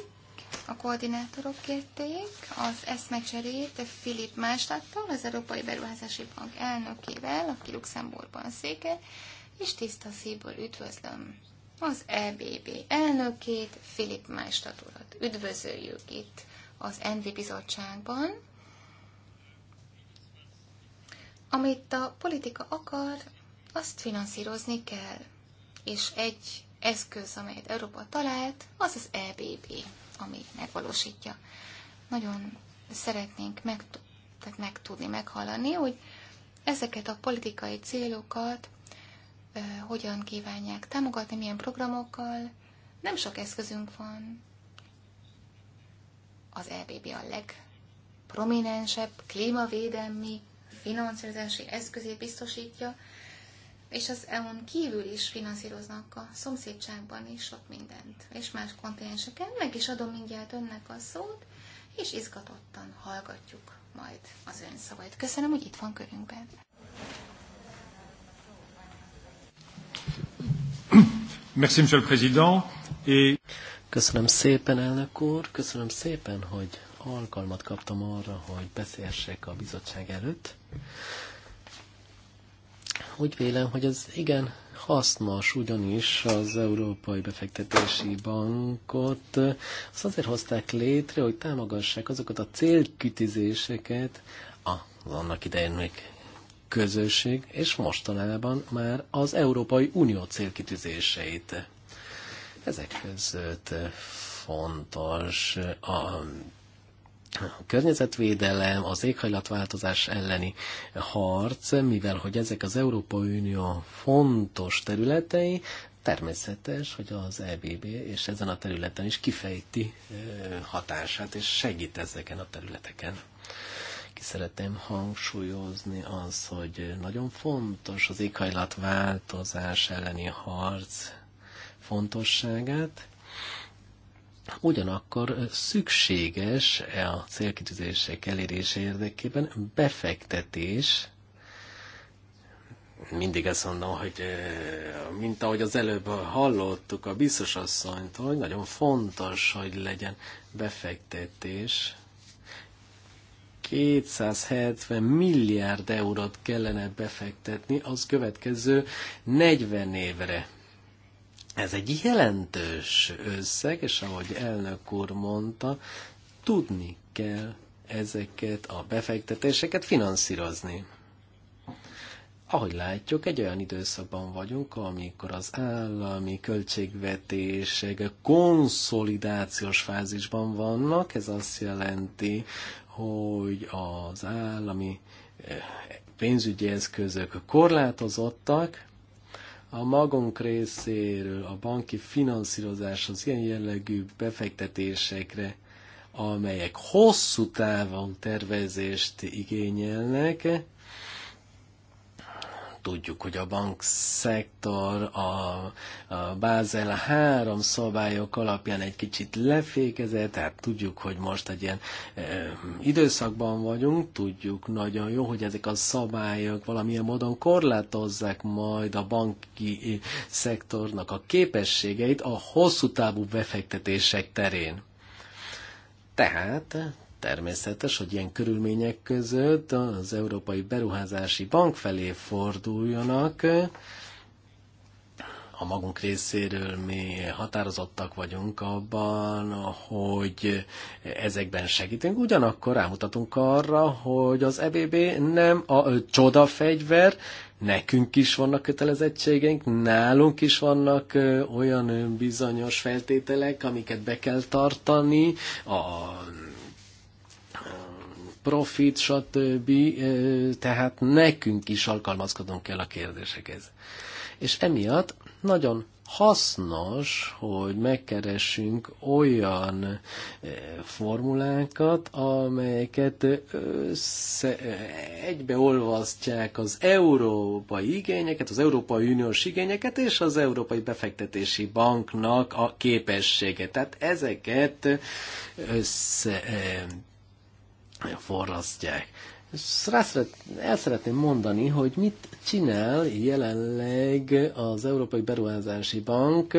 a koordinátorok kérték, az eszmecserét Filip Mástattal, az Európai Beruházási Bank elnökével, aki Luxemburgban széke, és tiszta szívből üdvözlöm az EBB elnökét, Filip Mástat urat. Üdvözöljük itt az NV bizottságban. Amit a politika akar, azt finanszírozni kell. És egy eszköz, amelyet Európa talált, az az EBB, ami megvalósítja. Nagyon szeretnénk meg, tehát megtudni, meghallani, hogy ezeket a politikai célokat hogyan kívánják támogatni, milyen programokkal. Nem sok eszközünk van. Az EBB a legprominensebb klímavédelmi finanszírozási eszközét biztosítja, és az EU-n kívül is finanszíroznak a szomszédságban is sok mindent, és más kontinenseken. Meg is adom mindjárt önnek a szót, és izgatottan hallgatjuk majd az ön szavait. Köszönöm, hogy itt van körünkben. Merci, Monsieur le Président. Et... Köszönöm szépen, elnök úr, köszönöm szépen, hogy alkalmat kaptam arra, hogy beszélhessek a bizottság előtt úgy vélem, hogy ez igen hasznos, ugyanis az Európai Befektetési Bankot azt azért hozták létre, hogy támogassák azokat a célkütizéseket, az annak idején még közösség, és mostanában már az Európai Unió célkitűzéseit. Ezek között fontos a a környezetvédelem, az éghajlatváltozás elleni harc, mivel hogy ezek az Európai Unió fontos területei, természetes, hogy az EBB és ezen a területen is kifejti hatását, és segít ezeken a területeken. Ki szeretném hangsúlyozni az, hogy nagyon fontos az éghajlatváltozás elleni harc fontosságát, Ugyanakkor szükséges e a célkitűzések elérése érdekében befektetés, mindig azt mondom, hogy mint ahogy az előbb hallottuk a biztos asszonytól, hogy nagyon fontos, hogy legyen befektetés. 270 milliárd eurót kellene befektetni az következő 40 évre. Ez egy jelentős összeg, és ahogy elnök úr mondta, tudni kell ezeket a befektetéseket finanszírozni. Ahogy látjuk, egy olyan időszakban vagyunk, amikor az állami költségvetések konszolidációs fázisban vannak. Ez azt jelenti, hogy az állami eh, pénzügyi eszközök korlátozottak, a magunk részéről a banki finanszírozás az ilyen jellegű befektetésekre, amelyek hosszú távon tervezést igényelnek, tudjuk, hogy a bankszektor a, a Bázel 3 szabályok alapján egy kicsit lefékezett, tehát tudjuk, hogy most egy ilyen e, időszakban vagyunk, tudjuk nagyon jó, hogy ezek a szabályok valamilyen módon korlátozzák majd a banki eh, szektornak a képességeit a hosszú távú befektetések terén. Tehát Természetes, hogy ilyen körülmények között az Európai Beruházási Bank felé forduljanak. A magunk részéről mi határozottak vagyunk abban, hogy ezekben segítünk. Ugyanakkor rámutatunk arra, hogy az EBB nem a csodafegyver, nekünk is vannak kötelezettségeink, nálunk is vannak olyan bizonyos feltételek, amiket be kell tartani, a profit, stb. Tehát nekünk is alkalmazkodunk kell a kérdésekhez. És emiatt nagyon hasznos, hogy megkeressünk olyan formulákat, amelyeket össze, egybeolvasztják az európai igényeket, az Európai Uniós igényeket és az Európai Befektetési Banknak a képességet. Tehát ezeket össze forrasztják. És rá szeret, el szeretném mondani, hogy mit csinál jelenleg az Európai Beruházási Bank,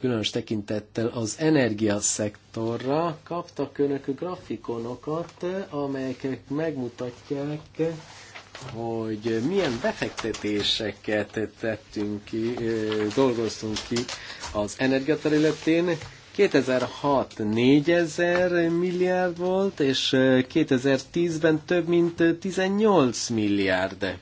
különös tekintettel az energiaszektorra. Kaptak önök grafikonokat, amelyek megmutatják, hogy milyen befektetéseket tettünk ki, dolgoztunk ki az energiaterületén, 2006 4000 milliárd volt, és 2010-ben több mint 18 milliárd.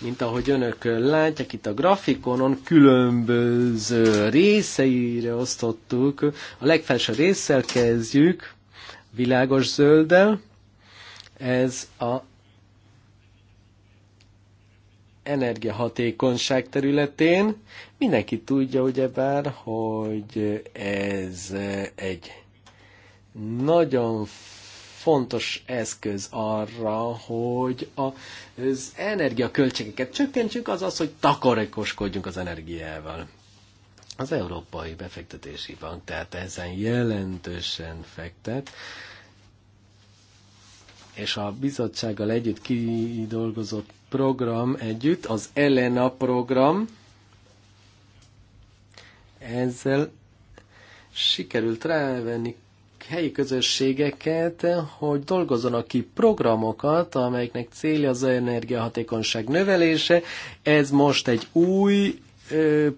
Mint ahogy önök látják itt a grafikonon, különböző részeire osztottuk. A legfelső résszel kezdjük, világos zölddel. Ez a energiahatékonyság területén. Mindenki tudja ugyebár, hogy ez egy nagyon fontos eszköz arra, hogy az energiaköltségeket csökkentsük, az az, hogy takarékoskodjunk az energiával. Az Európai Befektetési Bank tehát ezen jelentősen fektet, és a bizottsággal együtt kidolgozott program együtt, az Elena program, ezzel sikerült rávenni helyi közösségeket, hogy dolgozzanak ki programokat, amelyeknek célja az energiahatékonyság növelése. Ez most egy új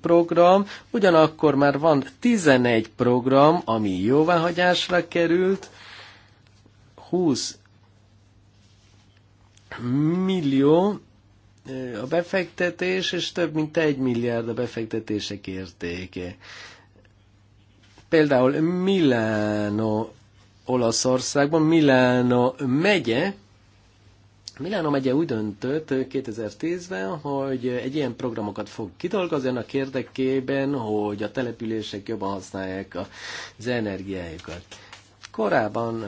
program, ugyanakkor már van 11 program, ami jóváhagyásra került, 20 millió a befektetés, és több mint egy milliárd a befektetések értéke. Például Milano Olaszországban, Milano megye, Milano megye úgy döntött 2010-ben, hogy egy ilyen programokat fog kidolgozni annak érdekében, hogy a települések jobban használják az energiájukat. Korábban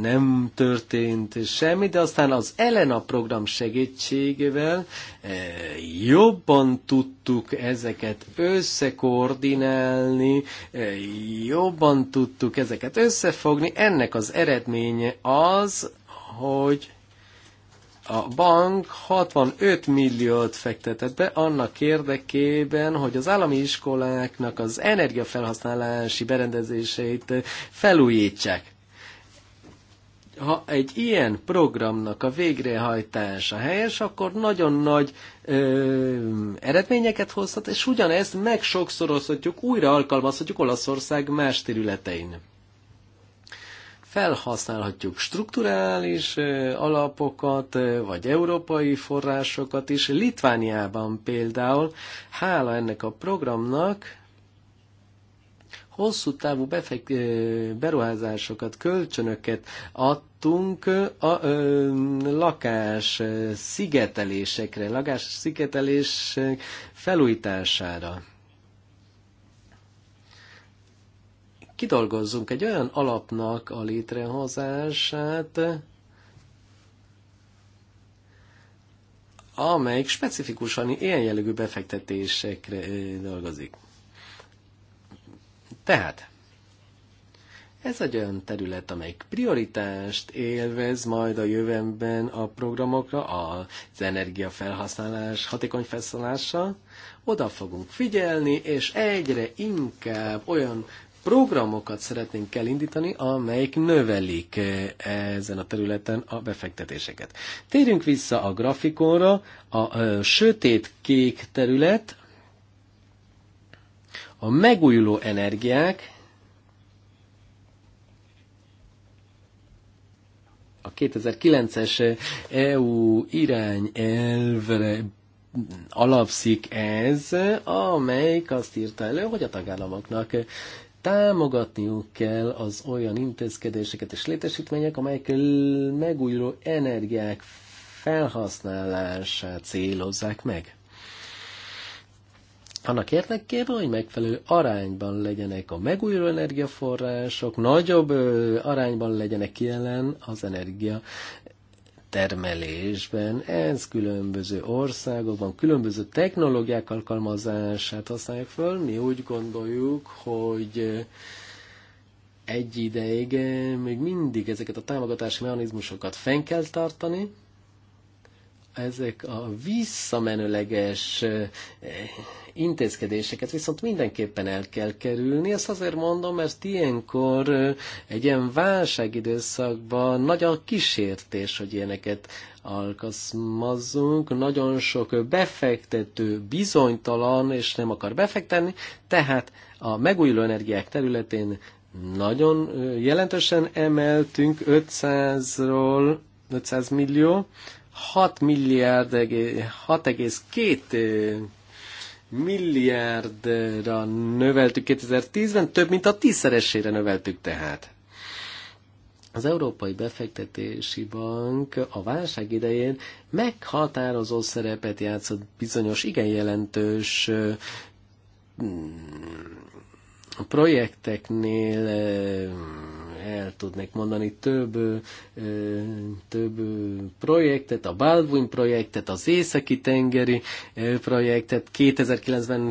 nem történt semmi, de aztán az Elena program segítségével jobban tudtuk ezeket összekoordinálni, jobban tudtuk ezeket összefogni. Ennek az eredménye az, hogy a bank 65 milliót fektetett be annak érdekében, hogy az állami iskoláknak az energiafelhasználási berendezéseit felújítsák. Ha egy ilyen programnak a végrehajtása helyes, akkor nagyon nagy ö, eredményeket hozhat, és ugyanezt meg sokszorozhatjuk, újra alkalmazhatjuk Olaszország más területein felhasználhatjuk strukturális alapokat, vagy európai forrásokat is. Litvániában például, hála ennek a programnak, hosszú távú befek, beruházásokat, kölcsönöket adtunk a a lakás szigetelésekre, lakás szigetelés felújítására. kidolgozzunk egy olyan alapnak a létrehozását, amelyik specifikusan ilyen jellegű befektetésekre dolgozik. Tehát, ez egy olyan terület, amelyik prioritást élvez majd a jövőben a programokra, az energiafelhasználás hatékony felszállása. Oda fogunk figyelni, és egyre inkább olyan programokat szeretnénk elindítani, amelyik növelik eh, ezen a területen a befektetéseket. Térjünk vissza a grafikonra, a eh, sötét kék terület, a megújuló energiák, a 2009-es eh, EU irányelvre alapszik ez, amelyik azt írta elő, hogy a tagállamoknak támogatniuk kell az olyan intézkedéseket és létesítmények, amelyek megújuló energiák felhasználását célozzák meg. Annak érdekében, hogy megfelelő arányban legyenek a megújuló energiaforrások, nagyobb arányban legyenek jelen az energia termelésben, ez különböző országokban, különböző technológiák alkalmazását használják föl. Mi úgy gondoljuk, hogy egy ideig még mindig ezeket a támogatási mechanizmusokat fenn kell tartani, ezek a visszamenőleges eh, intézkedéseket viszont mindenképpen el kell kerülni. Ezt azért mondom, mert ilyenkor egy ilyen válságidőszakban nagy a kísértés, hogy ilyeneket alkalmazzunk. Nagyon sok befektető bizonytalan és nem akar befektetni, tehát a megújuló energiák területén nagyon jelentősen emeltünk 500-ról 500 millió 6 milliárd, 6,2 milliárdra növeltük 2010-ben, több mint a tízszeresére növeltük tehát. Az Európai Befektetési Bank a válság idején meghatározó szerepet játszott bizonyos igen jelentős a projekteknél el tudnék mondani több, több projektet, a Baldwin projektet, az északi tengeri projektet. 2009-ben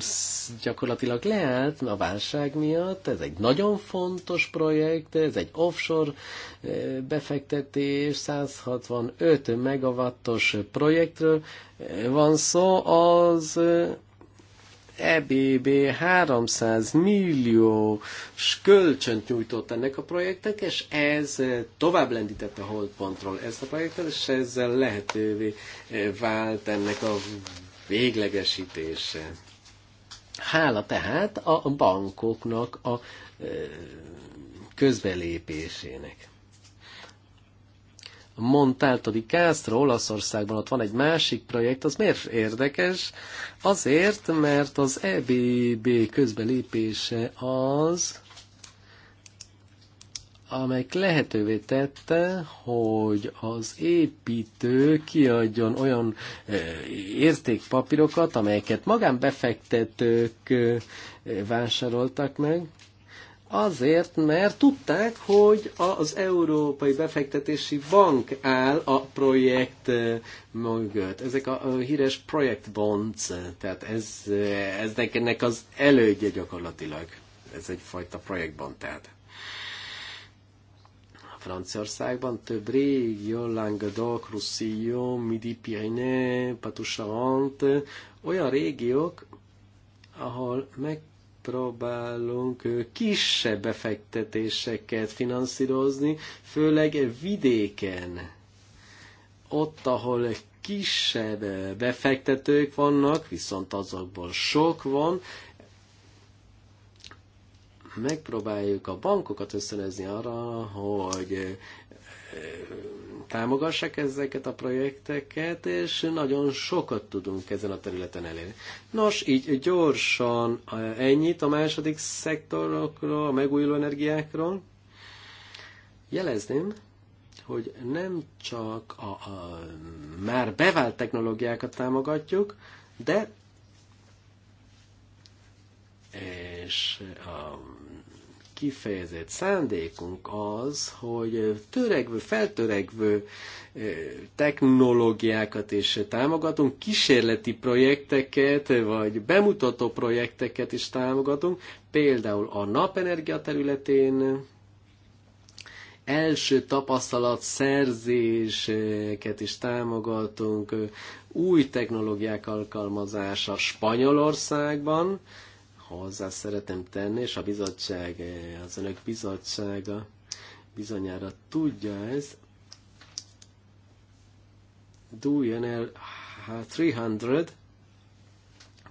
gyakorlatilag leállt a válság miatt. Ez egy nagyon fontos projekt, ez egy offshore befektetés, 165 megawattos projektről van szó. Az EBB 300 millió kölcsönt nyújtott ennek a projektnek, és ez eh, tovább lendítette Holdpontról ezt a projektet, és ezzel lehetővé eh, vált ennek a véglegesítése. Hála tehát a bankoknak a eh, közbelépésének. Montalto di Castro, Olaszországban ott van egy másik projekt, az miért érdekes? Azért, mert az EBB közbelépése az, amely lehetővé tette, hogy az építő kiadjon olyan eh, értékpapírokat, amelyeket magánbefektetők eh, vásároltak meg, Azért, mert tudták, hogy az Európai Befektetési Bank áll a projekt eh, mögött. Ezek a híres projekt bonds, eh, tehát ez, eh, ez ennek az elődje gyakorlatilag. Ez egyfajta bond, tehát. Franciaországban több régió, Languedoc, Roussillon, Midi-Pyrénées, patou olyan régiók, ahol meg próbálunk kisebb befektetéseket finanszírozni, főleg vidéken. Ott, ahol kisebb befektetők vannak, viszont azokból sok van, megpróbáljuk a bankokat összenezni arra, hogy támogassák ezeket a projekteket, és nagyon sokat tudunk ezen a területen elérni. Nos, így gyorsan ennyit a második szektorokról, a megújuló energiákról. Jelezném, hogy nem csak a, a már bevált technológiákat támogatjuk, de és a kifejezett szándékunk az, hogy törekvő, feltörekvő eh, technológiákat is támogatunk, kísérleti projekteket, vagy bemutató projekteket is támogatunk, például a napenergia területén, első tapasztalat szerzéseket is támogatunk, új technológiák alkalmazása Spanyolországban, hozzá szeretem tenni, és a bizottság, az önök bizottsága bizonyára tudja ez. Dújjon el 300 hát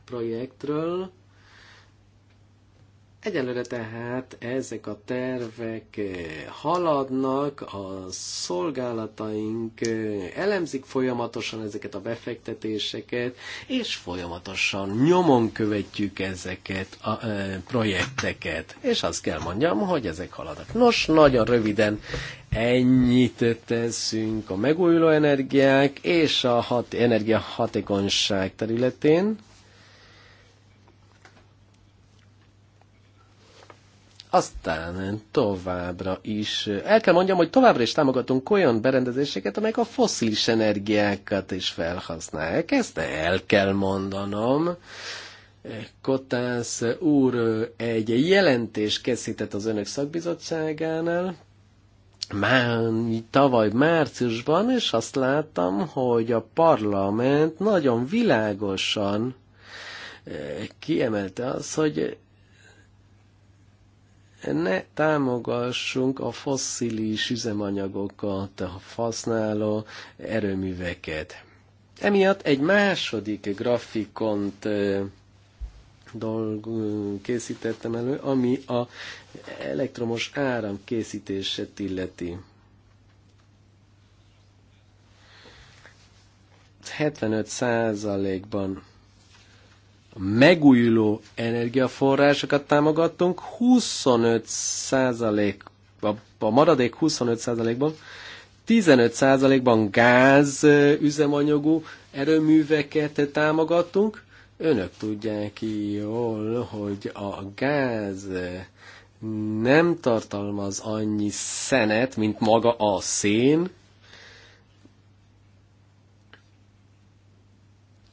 projektről, Egyelőre tehát ezek a tervek eh, haladnak, a szolgálataink eh, elemzik folyamatosan ezeket a befektetéseket, és folyamatosan nyomon követjük ezeket a eh, projekteket. És azt kell mondjam, hogy ezek haladnak. Nos, nagyon röviden ennyit teszünk a megújuló energiák és a hat, energiahatékonyság területén. Aztán továbbra is, el kell mondjam, hogy továbbra is támogatunk olyan berendezéseket, amelyek a foszilis energiákat is felhasználják. Ezt el kell mondanom. Kotász úr egy jelentés készített az önök szakbizottságánál, már tavaly márciusban, és azt láttam, hogy a parlament nagyon világosan eh, kiemelte azt, hogy ne támogassunk a fosszilis üzemanyagokat a használó erőműveket. Emiatt egy második grafikont készítettem elő, ami a elektromos áram készítését illeti. 75%-ban megújuló energiaforrásokat támogattunk, 25 százalék, a maradék 25 százalékban, 15 százalékban gáz üzemanyagú erőműveket támogattunk. Önök tudják jól, hogy a gáz nem tartalmaz annyi szenet, mint maga a szén,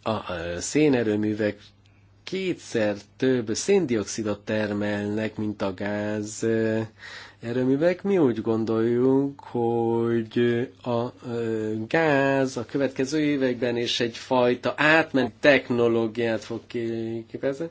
a szénerőművek kétszer több széndiokszidot termelnek, mint a gáz eh, erőművek. Mi úgy gondoljuk, hogy eh, a eh, gáz a következő években is egyfajta átment technológiát fog képezni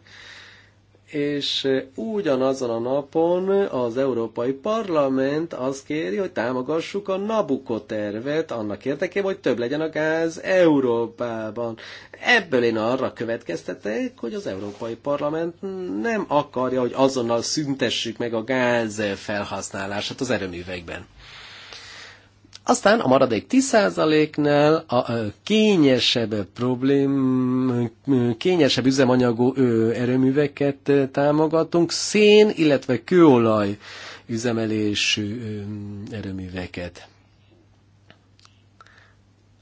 és ugyanazon a napon az Európai Parlament azt kéri, hogy támogassuk a Nabuko tervet annak érdekében, hogy több legyen a gáz Európában. Ebből én arra következtetek, hogy az Európai Parlament nem akarja, hogy azonnal szüntessük meg a gáz felhasználását az erőművekben. Aztán a maradék 10%-nál a kényesebb problém, kényesebb üzemanyagú erőműveket támogatunk, szén, illetve kőolaj üzemelésű erőműveket.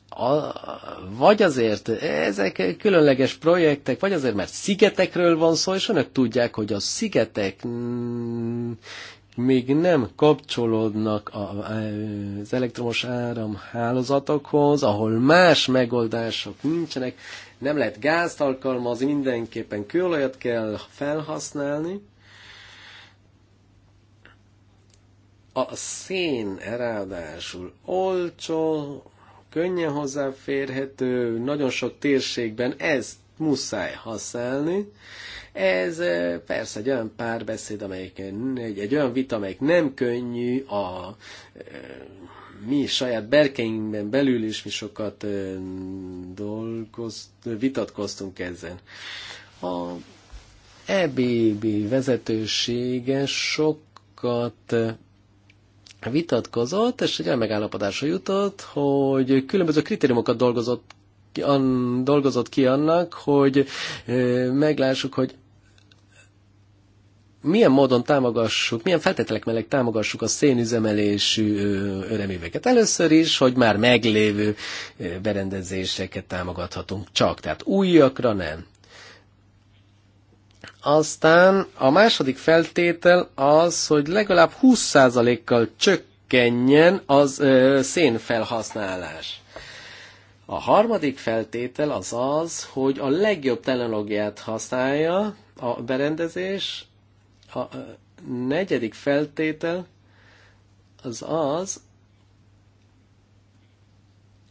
A, vagy azért ezek különleges projektek, vagy azért mert szigetekről van szó, és önök tudják, hogy a szigetek mm, még nem kapcsolódnak az elektromos áram hálózatokhoz, ahol más megoldások nincsenek, nem lehet gázt alkalmazni, mindenképpen kőolajat kell felhasználni. A szén ráadásul olcsó, könnyen hozzáférhető, nagyon sok térségben ezt muszáj használni, ez persze egy olyan párbeszéd, amelyik, egy, egy olyan vita, amelyik nem könnyű a mi saját berkeinkben belül is mi sokat dolgozt, vitatkoztunk ezen. A EBB vezetősége sokat vitatkozott, és egy olyan megállapodásra jutott, hogy különböző kritériumokat dolgozott, an, dolgozott ki annak, hogy ö, meglássuk, hogy milyen módon támogassuk, milyen feltételek mellett támogassuk a szénüzemelésű öreműveket. Először is, hogy már meglévő berendezéseket támogathatunk csak, tehát újakra nem. Aztán a második feltétel az, hogy legalább 20%-kal csökkenjen az ö, szénfelhasználás. A harmadik feltétel az az, hogy a legjobb technológiát használja a berendezés, a negyedik feltétel az az,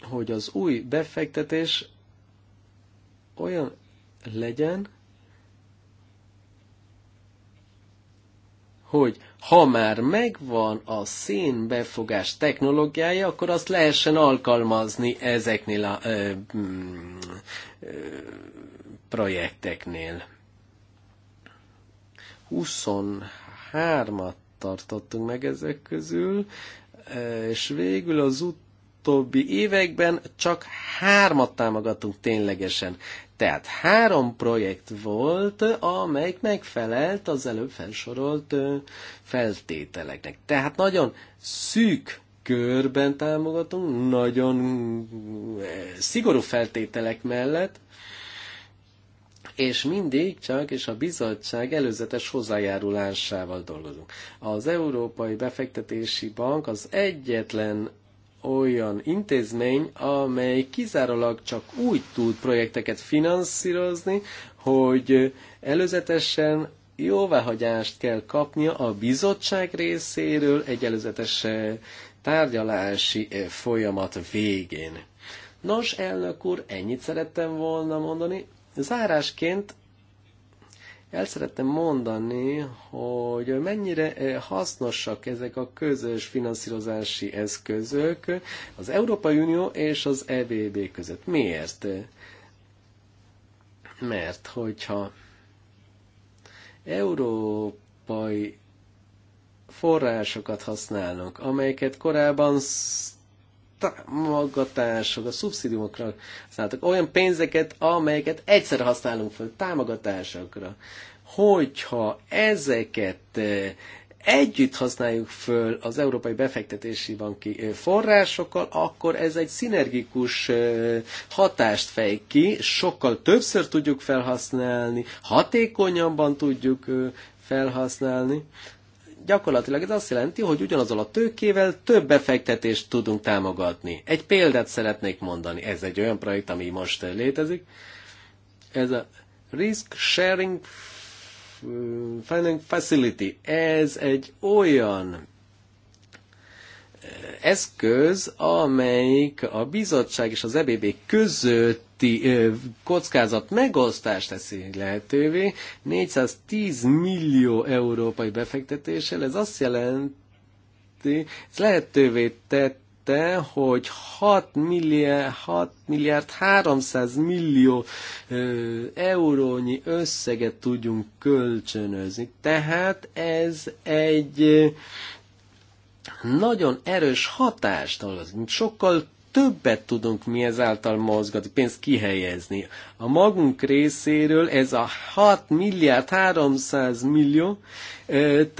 hogy az új befektetés olyan legyen, hogy ha már megvan a színbefogás technológiája, akkor azt lehessen alkalmazni ezeknél a ö, mm, ö, projekteknél. 23-at tartottunk meg ezek közül, és végül az utóbbi években csak hármat támogatunk ténylegesen. Tehát három projekt volt, amelyik megfelelt az előbb felsorolt feltételeknek. Tehát nagyon szűk körben támogatunk, nagyon szigorú feltételek mellett, és mindig csak és a bizottság előzetes hozzájárulásával dolgozunk. Az Európai Befektetési Bank az egyetlen olyan intézmény, amely kizárólag csak úgy tud projekteket finanszírozni, hogy előzetesen jóváhagyást kell kapnia a bizottság részéről egy előzetes eh, tárgyalási eh, folyamat végén. Nos, elnök úr, ennyit szerettem volna mondani. Zárásként el szeretném mondani, hogy mennyire eh, hasznosak ezek a közös finanszírozási eszközök az Európai Unió és az EBB között. Miért? Mert hogyha európai forrásokat használunk, amelyeket korábban támogatások, a szubszidiumokra szálltak, olyan pénzeket, amelyeket egyszer használunk fel támogatásokra. Hogyha ezeket eh, együtt használjuk föl az Európai Befektetési Banki eh, forrásokkal, akkor ez egy szinergikus eh, hatást fej ki, sokkal többször tudjuk felhasználni, hatékonyabban tudjuk felhasználni gyakorlatilag ez azt jelenti, hogy ugyanazzal a tőkével több befektetést tudunk támogatni. Egy példát szeretnék mondani. Ez egy olyan projekt, ami most létezik. Ez a Risk Sharing Finance Facility. Ez egy olyan eh, eszköz, amelyik a bizottság és az EBB között közötti kockázat megosztást teszi lehetővé 410 millió európai befektetéssel. Ez azt jelenti, ez lehetővé tette, hogy 6 milliárd, 6 milliárd 300 millió ö, eurónyi összeget tudjunk kölcsönözni. Tehát ez egy nagyon erős hatást, sokkal többet tudunk mi ezáltal mozgatni, pénzt kihelyezni. A magunk részéről ez a 6 milliárd 300 millió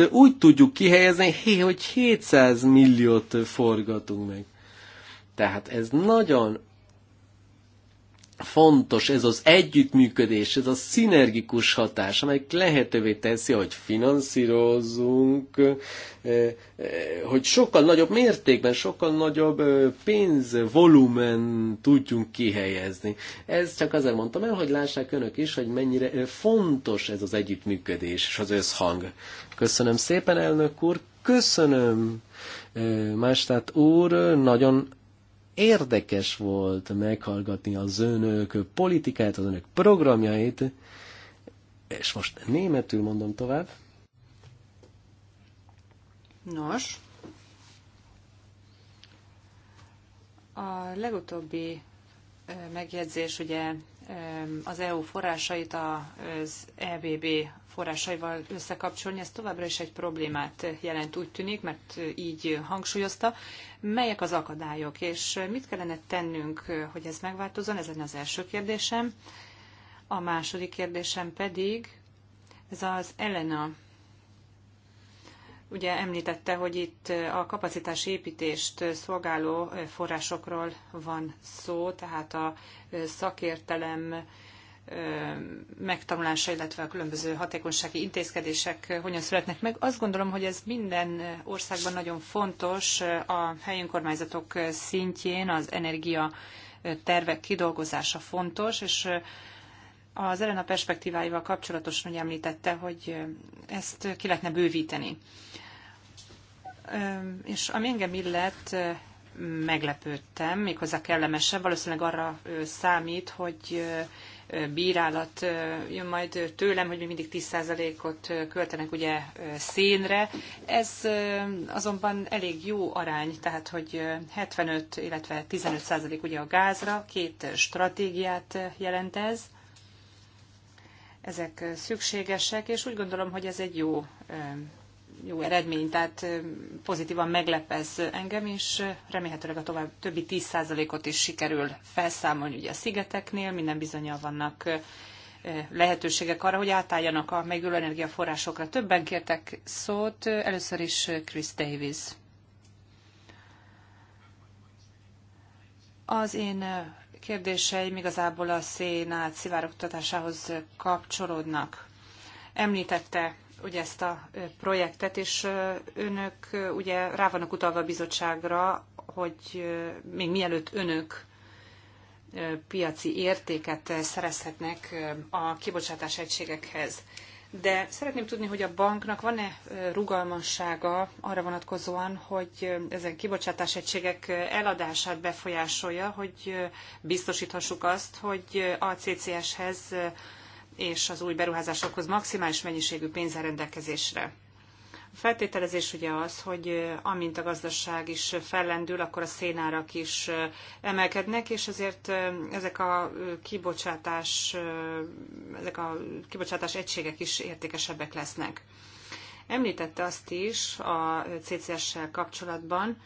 úgy tudjuk kihelyezni, hogy 700 milliót forgatunk meg. Tehát ez nagyon fontos ez az együttműködés, ez a szinergikus hatás, amely lehetővé teszi, hogy finanszírozunk, hogy sokkal nagyobb mértékben, sokkal nagyobb pénzvolumen tudjunk kihelyezni. Ez csak azért mondtam el, hogy lássák önök is, hogy mennyire fontos ez az együttműködés és az összhang. Köszönöm szépen, elnök úr, köszönöm Mástát úr, nagyon érdekes volt meghallgatni az önök politikáját, az önök programjait, és most németül mondom tovább. Nos, a legutóbbi megjegyzés ugye az EU forrásait az EBB forrásaival összekapcsolni, ez továbbra is egy problémát jelent, úgy tűnik, mert így hangsúlyozta. Melyek az akadályok, és mit kellene tennünk, hogy ez megváltozzon? Ez lenne az első kérdésem. A második kérdésem pedig, ez az Elena. Ugye említette, hogy itt a kapacitási építést szolgáló forrásokról van szó, tehát a szakértelem megtanulása, illetve a különböző hatékonysági intézkedések hogyan születnek meg. Azt gondolom, hogy ez minden országban nagyon fontos a helyi önkormányzatok szintjén az energia tervek kidolgozása fontos, és az Elena perspektíváival kapcsolatosan úgy említette, hogy ezt ki lehetne bővíteni. És ami engem illet, meglepődtem, méghozzá kellemesen, valószínűleg arra számít, hogy bírálat jön majd tőlem, hogy még mindig 10%-ot költenek ugye szénre. Ez azonban elég jó arány, tehát hogy 75, illetve 15% ugye a gázra, két stratégiát jelent ez. Ezek szükségesek, és úgy gondolom, hogy ez egy jó jó eredmény, tehát pozitívan meglepez engem is. Remélhetőleg a tovább többi 10%-ot is sikerül felszámolni ugye a szigeteknél, minden bizonyal vannak lehetőségek arra, hogy átálljanak a megülő energiaforrásokra. Többen kértek szót, először is Chris Davis. Az én kérdéseim igazából a szén átszivárogtatásához kapcsolódnak. Említette ugye ezt a projektet, és önök ugye rá vannak utalva a bizottságra, hogy még mielőtt önök piaci értéket szerezhetnek a kibocsátás egységekhez. De szeretném tudni, hogy a banknak van-e rugalmassága arra vonatkozóan, hogy ezen kibocsátás egységek eladását befolyásolja, hogy biztosíthassuk azt, hogy a CCS-hez és az új beruházásokhoz maximális mennyiségű pénz rendelkezésre. A feltételezés ugye az, hogy amint a gazdaság is fellendül, akkor a szénárak is emelkednek, és ezért ezek a kibocsátás, ezek a kibocsátás egységek is értékesebbek lesznek. Említette azt is a CCS-sel kapcsolatban,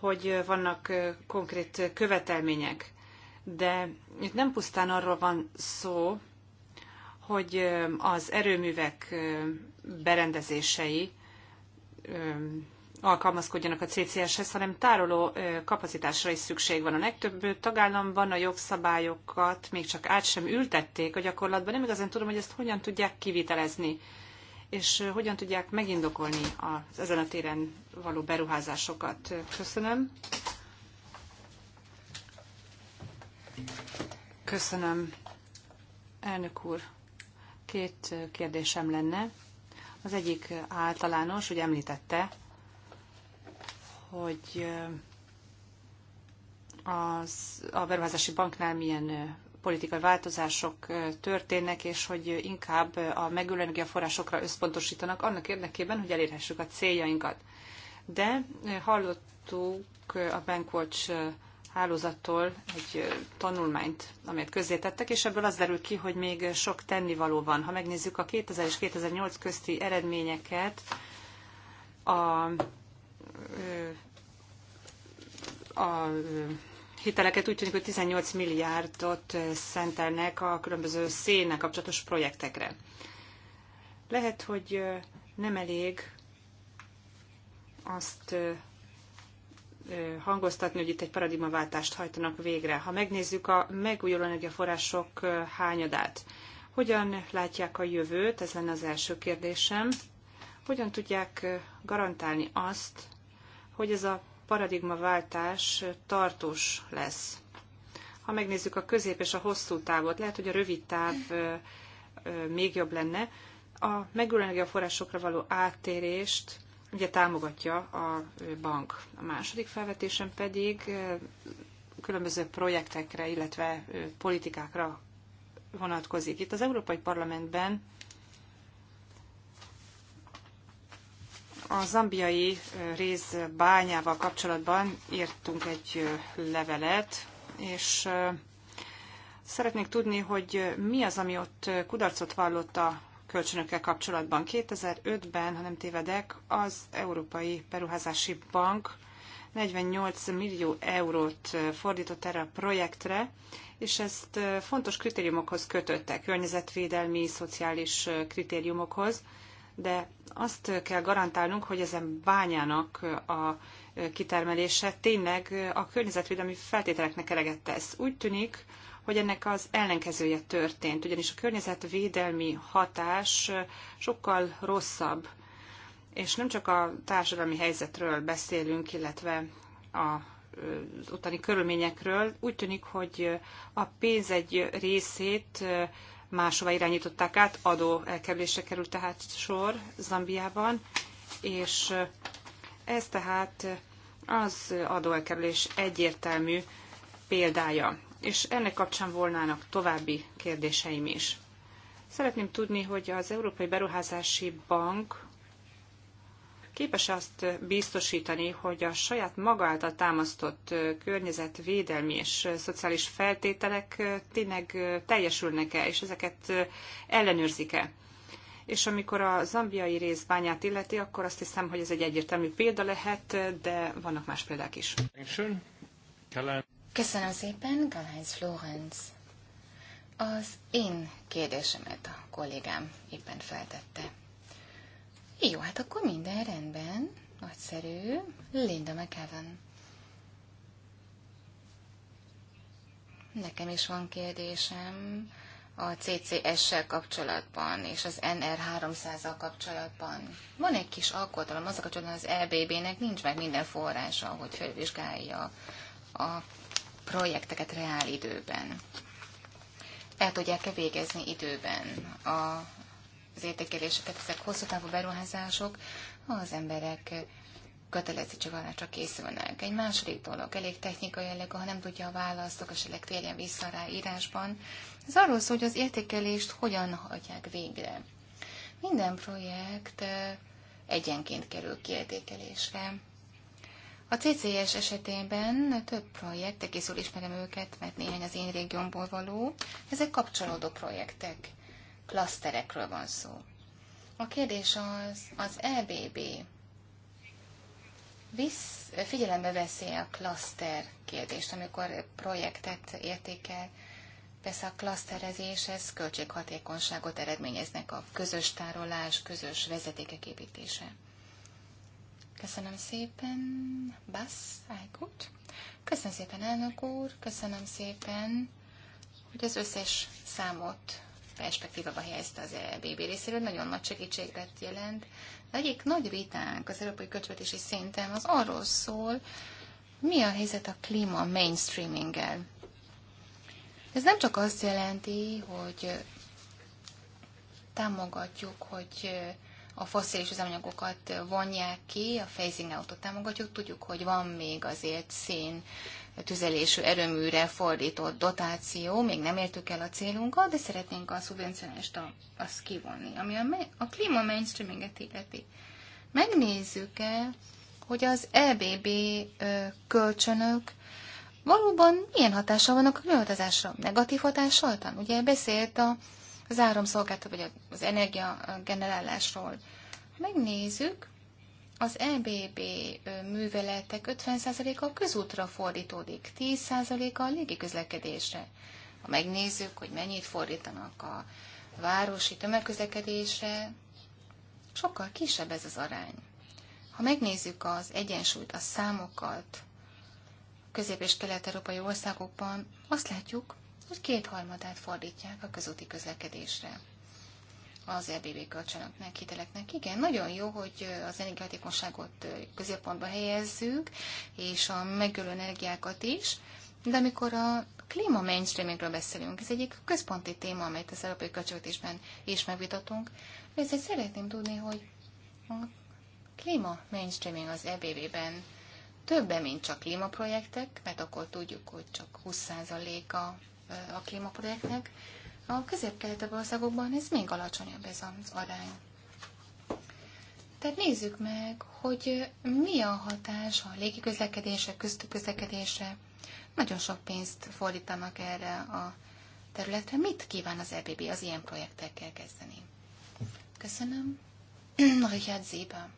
hogy vannak konkrét követelmények, de itt nem pusztán arról van szó, hogy az erőművek berendezései alkalmazkodjanak a CCS-hez, hanem tároló kapacitásra is szükség van. A legtöbb tagállamban a jogszabályokat még csak át sem ültették a gyakorlatban. Nem igazán tudom, hogy ezt hogyan tudják kivitelezni, és hogyan tudják megindokolni az ezen a téren való beruházásokat. Köszönöm. Köszönöm, elnök úr. Két kérdésem lenne. Az egyik általános, hogy említette, hogy az, a beruházási banknál milyen politikai változások történnek, és hogy inkább a megülő energiaforrásokra összpontosítanak annak érdekében, hogy elérhessük a céljainkat. De hallottuk a Bankwatch hálózattól egy tanulmányt, amelyet közzétettek, és ebből az derül ki, hogy még sok tennivaló van. Ha megnézzük a 2000 és 2008 közti eredményeket, a, a hiteleket úgy tűnik, hogy 18 milliárdot szentelnek a különböző szénnek kapcsolatos projektekre. Lehet, hogy nem elég azt hangoztatni, hogy itt egy paradigmaváltást hajtanak végre. Ha megnézzük a megújuló energiaforrások hányadát, hogyan látják a jövőt, ez lenne az első kérdésem, hogyan tudják garantálni azt, hogy ez a paradigmaváltás tartós lesz? Ha megnézzük a közép és a hosszú távot, lehet, hogy a rövid táv még jobb lenne. A megújuló energiaforrásokra való áttérést ugye támogatja a bank. A második felvetésem pedig különböző projektekre, illetve politikákra vonatkozik. Itt az Európai Parlamentben a zambiai rész bányával kapcsolatban írtunk egy levelet, és szeretnék tudni, hogy mi az, ami ott kudarcot vallott a kölcsönökkel kapcsolatban. 2005-ben, ha nem tévedek, az Európai Beruházási Bank 48 millió eurót fordított erre a projektre, és ezt fontos kritériumokhoz kötöttek, környezetvédelmi, szociális kritériumokhoz, de azt kell garantálnunk, hogy ezen bányának a kitermelése tényleg a környezetvédelmi feltételeknek eleget tesz. Úgy tűnik, hogy ennek az ellenkezője történt, ugyanis a környezetvédelmi hatás sokkal rosszabb, és nem csak a társadalmi helyzetről beszélünk, illetve a az utáni körülményekről. Úgy tűnik, hogy a pénz egy részét máshova irányították át, adó elkerülésre került tehát sor Zambiában, és ez tehát az adóelkerülés egyértelmű példája és ennek kapcsán volnának további kérdéseim is. Szeretném tudni, hogy az Európai Beruházási Bank képes azt biztosítani, hogy a saját maga által támasztott környezetvédelmi és szociális feltételek tényleg teljesülnek-e, és ezeket ellenőrzik-e. És amikor a zambiai részbányát illeti, akkor azt hiszem, hogy ez egy egyértelmű példa lehet, de vannak más példák is. Köszönöm szépen, Galheinz Florence. Az én kérdésemet a kollégám éppen feltette. Jó, hát akkor minden rendben. Nagyszerű. Linda McEwan. Nekem is van kérdésem a CCS-sel kapcsolatban és az NR300-al kapcsolatban. Van egy kis alkotalom, az a kapcsolatban az EBB-nek nincs meg minden forrása, hogy felvizsgálja a projekteket reál időben. El tudják-e végezni időben a, az értékeléseket, ezek hosszú távú beruházások, az emberek csak készülnek. Egy második dolog, elég technikai jellegű, ha nem tudja a választ, akkor esetleg térjen vissza rá írásban. Ez arról szól, hogy az értékelést hogyan hagyják végre. Minden projekt eh, egyenként kerül kiértékelésre. A CCS esetében több projekt, egészül ismerem őket, mert néhány az én régiómból való, ezek kapcsolódó projektek, klaszterekről van szó. A kérdés az, az EBB visz, figyelembe veszi a klaszter kérdést, amikor projektet értékel, persze a klaszterezéshez költséghatékonyságot eredményeznek a közös tárolás, közös vezetékek építése. Köszönöm szépen, Bass Ájkut. Köszönöm szépen, elnök úr. Köszönöm szépen, hogy az összes számot perspektívába helyezte az EBB részéről. Nagyon nagy segítséget jelent. De egyik nagy vitánk az európai költségvetési szinten az arról szól, mi a helyzet a klíma mainstreaminggel. Ez nem csak azt jelenti, hogy támogatjuk, hogy a fosszilis üzemanyagokat vonják ki, a phasing out támogatjuk. Tudjuk, hogy van még azért szén tüzelésű erőműre fordított dotáció, még nem értük el a célunkat, de szeretnénk a szubvencionást azt kivonni, ami a, a klíma mainstreaminget illeti. Megnézzük-e, hogy az EBB kölcsönök valóban milyen hatással vannak a klímahatásra? Negatív hatással? Ugye beszélt a az áramszolgáltató, vagy az energiagenerálásról. Ha megnézzük, az EBB műveletek 50%-a közútra fordítódik, 10%-a a légiközlekedésre. Ha megnézzük, hogy mennyit fordítanak a városi tömegközlekedésre, sokkal kisebb ez az arány. Ha megnézzük az egyensúlyt, a számokat közép- és kelet-európai országokban, azt látjuk, hogy kétharmadát fordítják a közúti közlekedésre az EBB kölcsönöknek, hiteleknek. Igen, nagyon jó, hogy az energiahatékonyságot középpontba helyezzük, és a megölő energiákat is, de amikor a klíma mainstreamingről beszélünk, ez egyik központi téma, amelyet az európai költségvetésben is megvitatunk, ezért szeretném tudni, hogy a klíma mainstreaming az EBB-ben többen, mint csak klímaprojektek, mert akkor tudjuk, hogy csak 20%-a a klímaprojektnek. A közép országokban ez még alacsonyabb ez az arány. Tehát nézzük meg, hogy mi a hatás a légiközlekedésre, közlekedése. Nagyon sok pénzt fordítanak erre a területre. Mit kíván az EBB az ilyen projektekkel kezdeni? Köszönöm. Richard Zéba.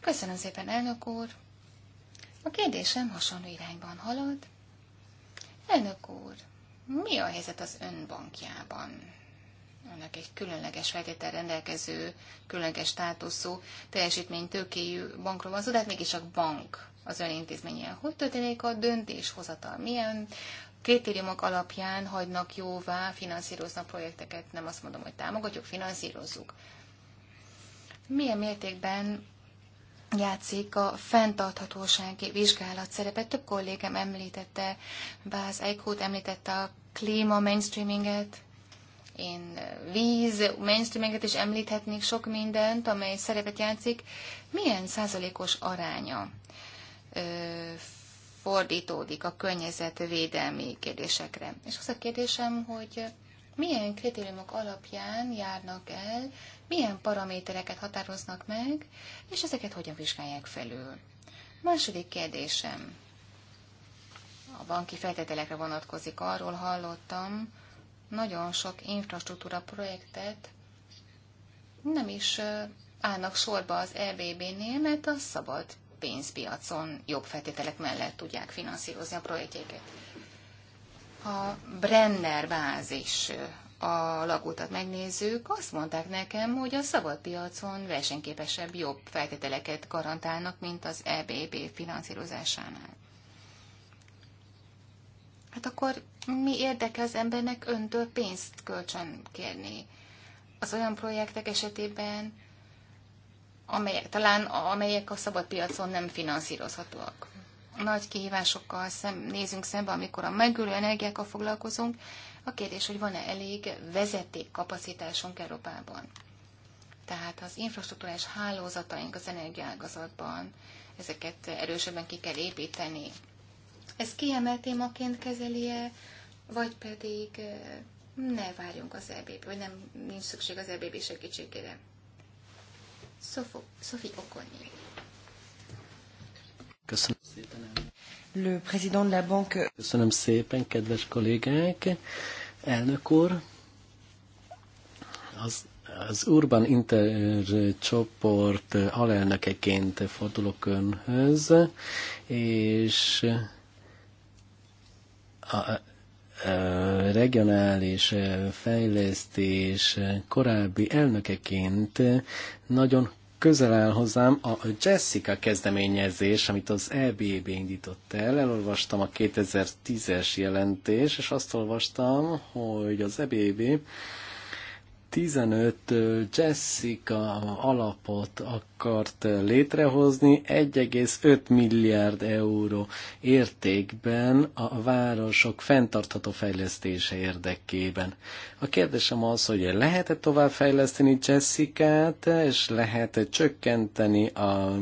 Köszönöm szépen, elnök úr. A kérdésem hasonló irányban halad. Elnök úr, mi a helyzet az ön bankjában? Önök egy különleges feltétel rendelkező, különleges státuszú, teljesítménytőkéjű bankról van szó, de hát mégis a bank az ön intézménye. Hogy történik a döntéshozatal? Milyen kritériumok alapján hagynak jóvá, finanszíroznak projekteket? Nem azt mondom, hogy támogatjuk, finanszírozzuk. Milyen mértékben játszik a fenntarthatósági vizsgálat szerepet. Több kollégám említette, Báz Eichhut említette a klíma mainstreaminget, én víz mainstreaminget is említhetnék, sok mindent, amely szerepet játszik. Milyen százalékos aránya ö, fordítódik a környezetvédelmi kérdésekre? És az a kérdésem, hogy milyen kritériumok alapján járnak el, milyen paramétereket határoznak meg, és ezeket hogyan vizsgálják felül. Második kérdésem. A banki feltételekre vonatkozik, arról hallottam, nagyon sok infrastruktúra projektet nem is állnak sorba az EBB-nél, mert a szabad pénzpiacon jobb feltételek mellett tudják finanszírozni a projektjéket. A Brenner bázis a lakótat megnézők azt mondták nekem, hogy a szabad piacon versenyképesebb, jobb feltételeket garantálnak, mint az EBB finanszírozásánál. Hát akkor mi érdekel az embernek öntől pénzt kölcsön kérni? Az olyan projektek esetében, amelyek, talán amelyek a szabad piacon nem finanszírozhatóak. Nagy kihívásokkal szem, nézünk szembe, amikor a megülő energiákkal foglalkozunk, a kérdés, hogy van-e elég vezeték kapacitásunk Európában. Tehát az infrastruktúrás hálózataink az energiágazatban, ezeket erősebben ki kell építeni. Ez kiemelt témaként kezelie, vagy pedig ne várjunk az EBB, vagy nem nincs szükség az EBB segítségére. Sophie Okonyi. Köszönöm szépen le président de la banque. Köszönöm szépen, kedves kollégák! Elnök úr, az, az Urban Inter csoport alelnökeként fordulok önhöz, és a, regionális fejlesztés korábbi elnökeként nagyon közel áll hozzám a Jessica kezdeményezés, amit az EBB indított el. Elolvastam a 2010-es jelentés, és azt olvastam, hogy az EBB 15 Jessica alapot akart létrehozni 1,5 milliárd euró értékben a városok fenntartható fejlesztése érdekében. A kérdésem az, hogy lehet-e továbbfejleszteni Jessica-t, és lehet-e csökkenteni a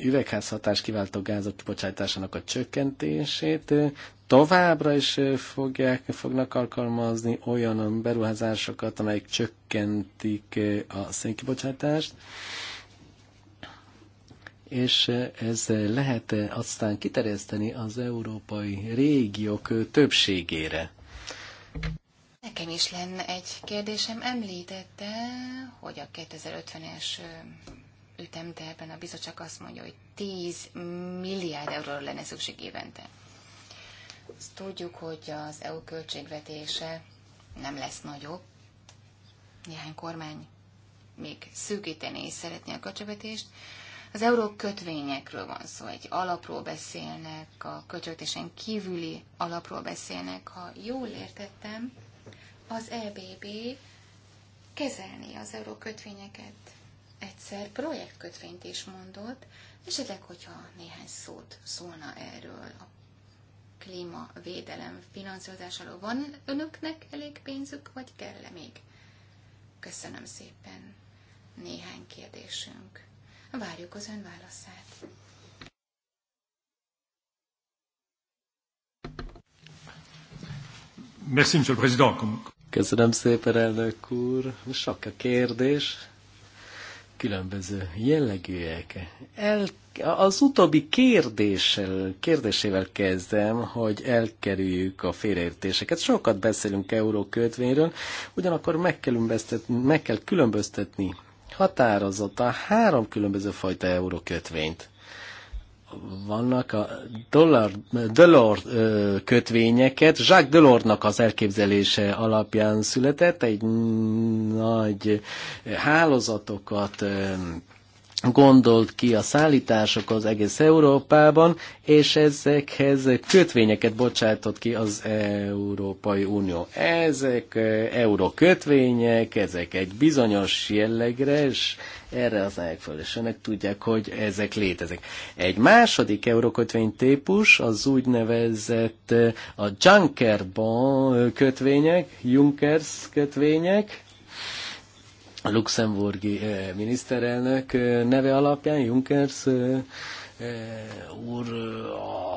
üvegházhatás kiváltó gázok kibocsátásának a csökkentését, továbbra is fogják, fognak alkalmazni olyan beruházásokat, amelyek csökkentik a szénkibocsátást, és ez lehet aztán kiterjeszteni az európai régiók többségére. Nekem is lenne egy kérdésem. Említette, hogy a 2050-es ütemterben a bizottság azt mondja, hogy 10 milliárd euróra lenne szükség évente. Azt tudjuk, hogy az EU költségvetése nem lesz nagyobb. Néhány kormány még szűkíteni is szeretné a költségvetést. Az euró kötvényekről van szó, egy alapról beszélnek, a költségvetésen kívüli alapról beszélnek. Ha jól értettem, az EBB kezelni az euró kötvényeket. Egyszer projektkötvényt is mondott, esetleg, hogyha néhány szót szólna erről a klímavédelem finanszírozásáról. Van önöknek elég pénzük, vagy kell -e még? Köszönöm szépen. Néhány kérdésünk. Várjuk az ön válaszát. Köszönöm szépen, elnök úr. Sok a kérdés különböző jellegűek. El, az utóbbi kérdéssel, kérdésével kezdem, hogy elkerüljük a félreértéseket. Sokat beszélünk eurókötvényről, ugyanakkor meg kell, meg kell különböztetni határozott a három különböző fajta eurókötvényt vannak a dollar, Delors kötvényeket. Jacques Delorsnak az elképzelése alapján született, egy nagy hálózatokat gondolt ki a szállítások az egész Európában, és ezekhez kötvényeket bocsátott ki az Európai Unió. Ezek kötvények, ezek egy bizonyos jellegre, és erre az föl, tudják, hogy ezek léteznek. Egy második eurókötvény típus az úgynevezett a Junker kötvények, Junkers kötvények, a luxemburgi eh, miniszterelnök eh, neve alapján Junkers eh, úr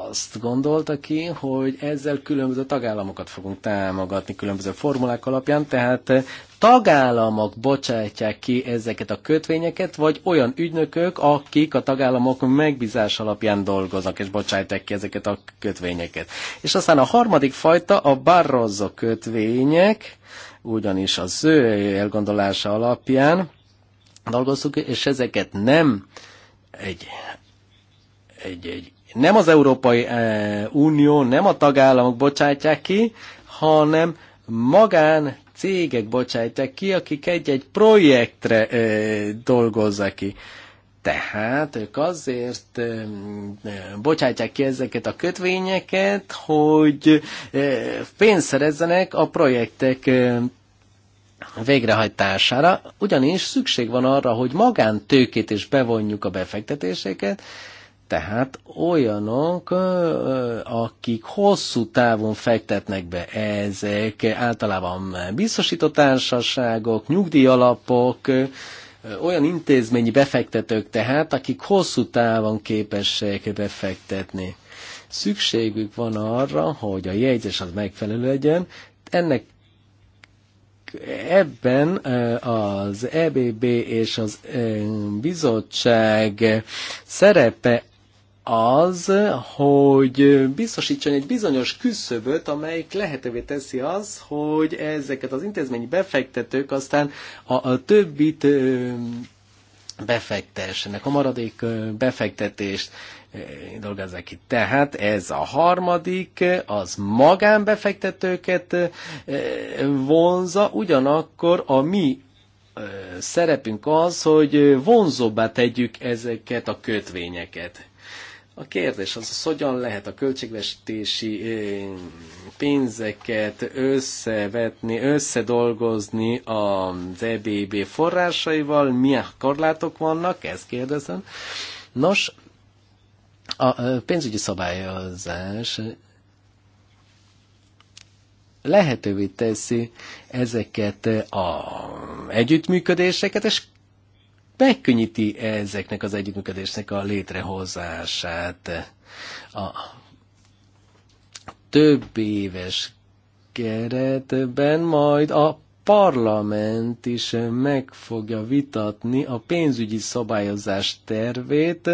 azt gondolta ki, hogy ezzel különböző tagállamokat fogunk támogatni különböző formulák alapján, tehát tagállamok bocsátják ki ezeket a kötvényeket, vagy olyan ügynökök, akik a tagállamok megbízás alapján dolgoznak, és bocsátják ki ezeket a kötvényeket. És aztán a harmadik fajta a Barroso kötvények, ugyanis az ő elgondolása alapján dolgoztuk, és ezeket nem egy, egy, egy nem az Európai eh, Unió, nem a tagállamok bocsátják ki, hanem magán cégek bocsátják ki, akik egy-egy projektre eh, dolgozzák ki. Tehát ők azért eh, bocsátják ki ezeket a kötvényeket, hogy eh, pénzt szerezzenek a projektek eh, végrehajtására, ugyanis szükség van arra, hogy magántőkét is bevonjuk a befektetéseket, tehát olyanok, akik hosszú távon fektetnek be, ezek általában biztosított társaságok, nyugdíjalapok, olyan intézményi befektetők tehát, akik hosszú távon képesek befektetni. Szükségük van arra, hogy a jegyzés az megfelelő legyen, ennek ebben az EBB és az bizottság szerepe az, hogy biztosítson egy bizonyos küszöböt, amelyik lehetővé teszi az, hogy ezeket az intézményi befektetők aztán a, a többit befektessenek, a maradék befektetést dolgozzák itt. Tehát ez a harmadik, az magánbefektetőket vonza, ugyanakkor a mi szerepünk az, hogy vonzóbbá tegyük ezeket a kötvényeket. A kérdés az, hogy hogyan lehet a költségvetési pénzeket összevetni, összedolgozni az EBB forrásaival, milyen korlátok vannak, ezt kérdezem. Nos, a pénzügyi szabályozás lehetővé teszi ezeket a együttműködéseket, és megkönnyíti ezeknek az együttműködésnek a létrehozását. A több éves keretben majd a parlament is meg fogja vitatni a pénzügyi szabályozás tervét,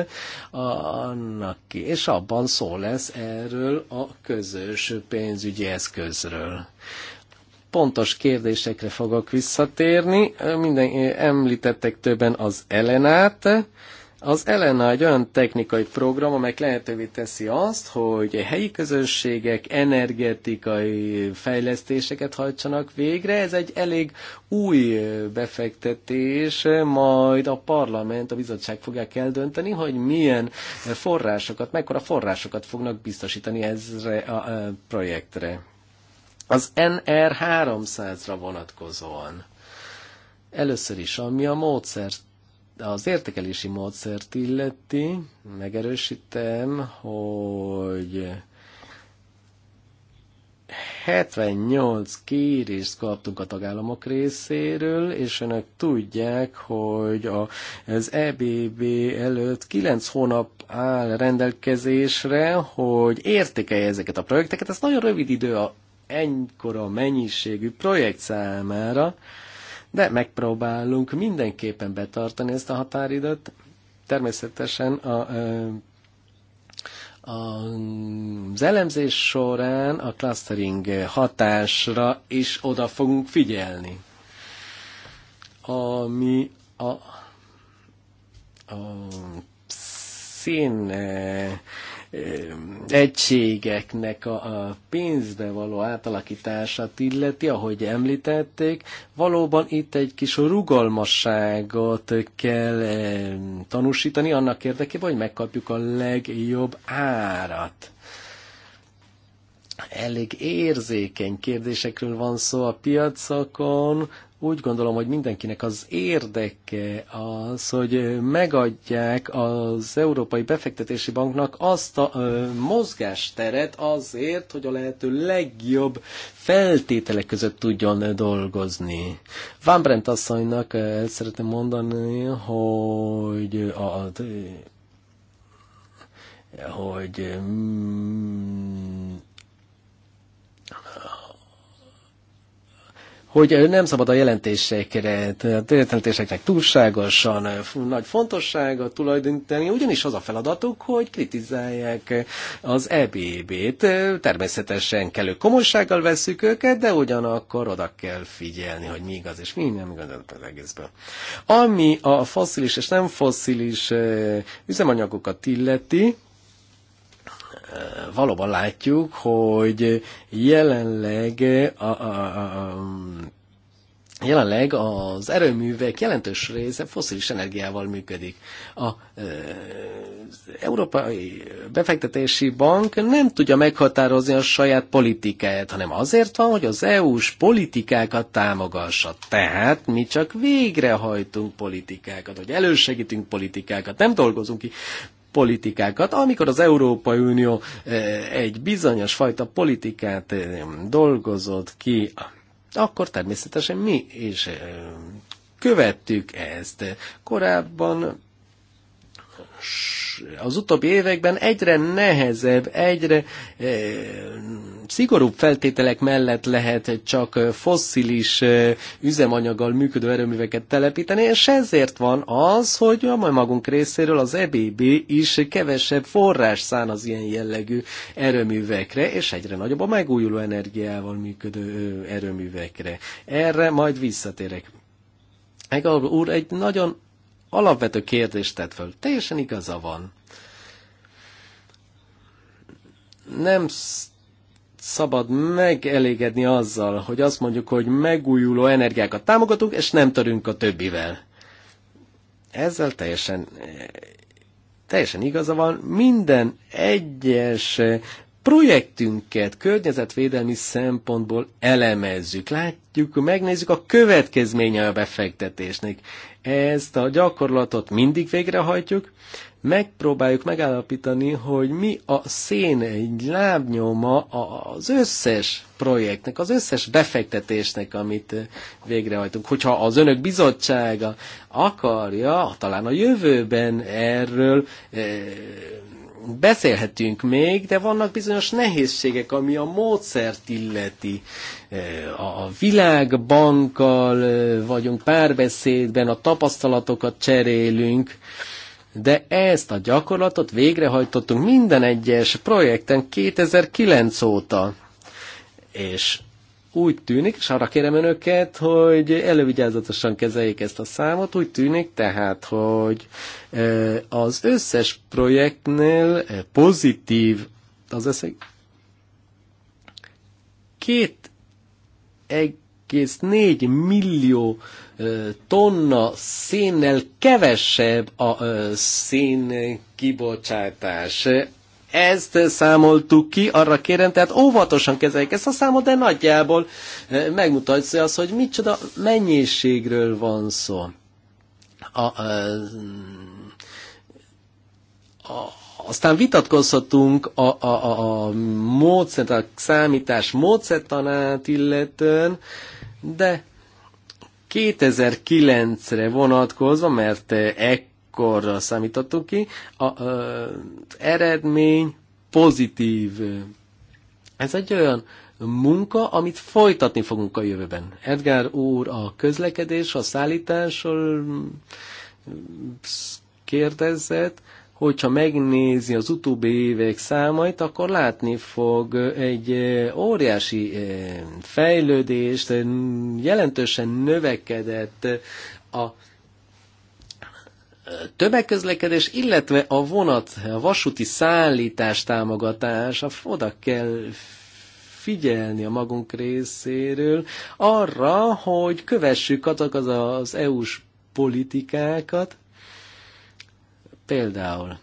annak, és abban szó lesz erről a közös pénzügyi eszközről pontos kérdésekre fogok visszatérni. Minden, említettek többen az Elenát. Az Elena egy olyan technikai program, amely lehetővé teszi azt, hogy helyi közösségek energetikai fejlesztéseket hajtsanak végre. Ez egy elég új befektetés, majd a parlament, a bizottság fogják eldönteni, hogy milyen forrásokat, mekkora forrásokat fognak biztosítani ezre a projektre. Az NR 300-ra vonatkozóan. Először is, ami a módszer, az értékelési módszert illeti, megerősítem, hogy 78 kérést kaptunk a tagállamok részéről, és önök tudják, hogy az EBB előtt 9 hónap áll rendelkezésre, hogy értékelje ezeket a projekteket. Ez nagyon rövid idő a ennykora mennyiségű projekt számára, de megpróbálunk mindenképpen betartani ezt a határidőt. Természetesen a, a, az elemzés során a clustering hatásra is oda fogunk figyelni. Ami a, a szín egységeknek a, pénzbe való átalakítását illeti, ahogy említették, valóban itt egy kis rugalmasságot kell eh, tanúsítani annak érdekében, hogy megkapjuk a legjobb árat elég érzékeny kérdésekről van szó a piacokon, úgy gondolom, hogy mindenkinek az érdeke az, hogy megadják az Európai Befektetési Banknak azt a ö, mozgásteret azért, hogy a lehető legjobb feltételek között tudjon dolgozni. Van Brent asszonynak el szeretném mondani, hogy a, hogy mm, hogy nem szabad a jelentésekre, a jelentéseknek túlságosan nagy fontossága tulajdonítani, ugyanis az a feladatuk, hogy kritizálják az EBB-t. Természetesen kellő komolysággal veszük őket, de ugyanakkor oda kell figyelni, hogy mi igaz és mi nem igaz az egészben. Ami a fosszilis és nem fosszilis üzemanyagokat illeti, valóban látjuk, hogy jelenleg a, a, a, jelenleg az erőművek jelentős része foszilis energiával működik. A e, Európai Befektetési Bank nem tudja meghatározni a saját politikáját, hanem azért van, hogy az EU-s politikákat támogassa. Tehát mi csak végrehajtunk politikákat, vagy elősegítünk politikákat, nem dolgozunk ki politikákat. Amikor az Európai Unió eh, egy bizonyos fajta politikát eh, dolgozott ki, akkor természetesen mi is eh, követtük ezt. Korábban az utóbbi években egyre nehezebb, egyre e, szigorúbb feltételek mellett lehet csak eh, fosszilis e, üzemanyaggal működő erőműveket telepíteni, és ezért van az, hogy a magunk részéről az EBB is kevesebb forrás szán az ilyen jellegű erőművekre, és egyre nagyobb a megújuló energiával működő erőművekre. Erre majd visszatérek. Egal úr egy nagyon alapvető kérdést tett föl. Teljesen igaza van. Nem szabad megelégedni azzal, hogy azt mondjuk, hogy megújuló energiákat támogatunk, és nem törünk a többivel. Ezzel teljesen, teljesen igaza van. Minden egyes projektünket környezetvédelmi szempontból elemezzük, látjuk, megnézzük a következménye a befektetésnek ezt a gyakorlatot mindig végrehajtjuk, megpróbáljuk megállapítani, hogy mi a szén egy lábnyoma az összes projektnek, az összes befektetésnek, amit végrehajtunk. Hogyha az önök bizottsága akarja, talán a jövőben erről eh, beszélhetünk még, de vannak bizonyos nehézségek, ami a módszert illeti. E, a világbankkal e, vagyunk párbeszédben, a tapasztalatokat cserélünk, de ezt a gyakorlatot végrehajtottunk minden egyes projekten 2009 óta. És úgy tűnik, és arra kérem önöket, hogy elővigyázatosan kezeljék ezt a számot, úgy tűnik tehát, hogy e, az összes projektnél e, pozitív az összeg két millió e, tonna szénnel kevesebb a szén kibocsátás ezt számoltuk ki, arra kérem, tehát óvatosan kezeljük ezt a számot, de nagyjából eh, megmutatja azt, hogy micsoda mennyiségről van szó. A, a, eh, a, aztán vitatkozhatunk a, a, a, a módszert, a számítás módszertanát illetően, de 2009-re vonatkozva, mert ekkor eh, akkor számítottunk ki. A, ö, eredmény pozitív. Ez egy olyan munka, amit folytatni fogunk a jövőben. Edgar úr a közlekedés, a szállításról kérdezett, hogyha megnézi az utóbbi évek számait, akkor látni fog egy óriási fejlődést, jelentősen növekedett a tömegközlekedés, illetve a vonat, a vasúti szállítás a oda kell figyelni a magunk részéről arra, hogy kövessük azok az, az EU-s politikákat, például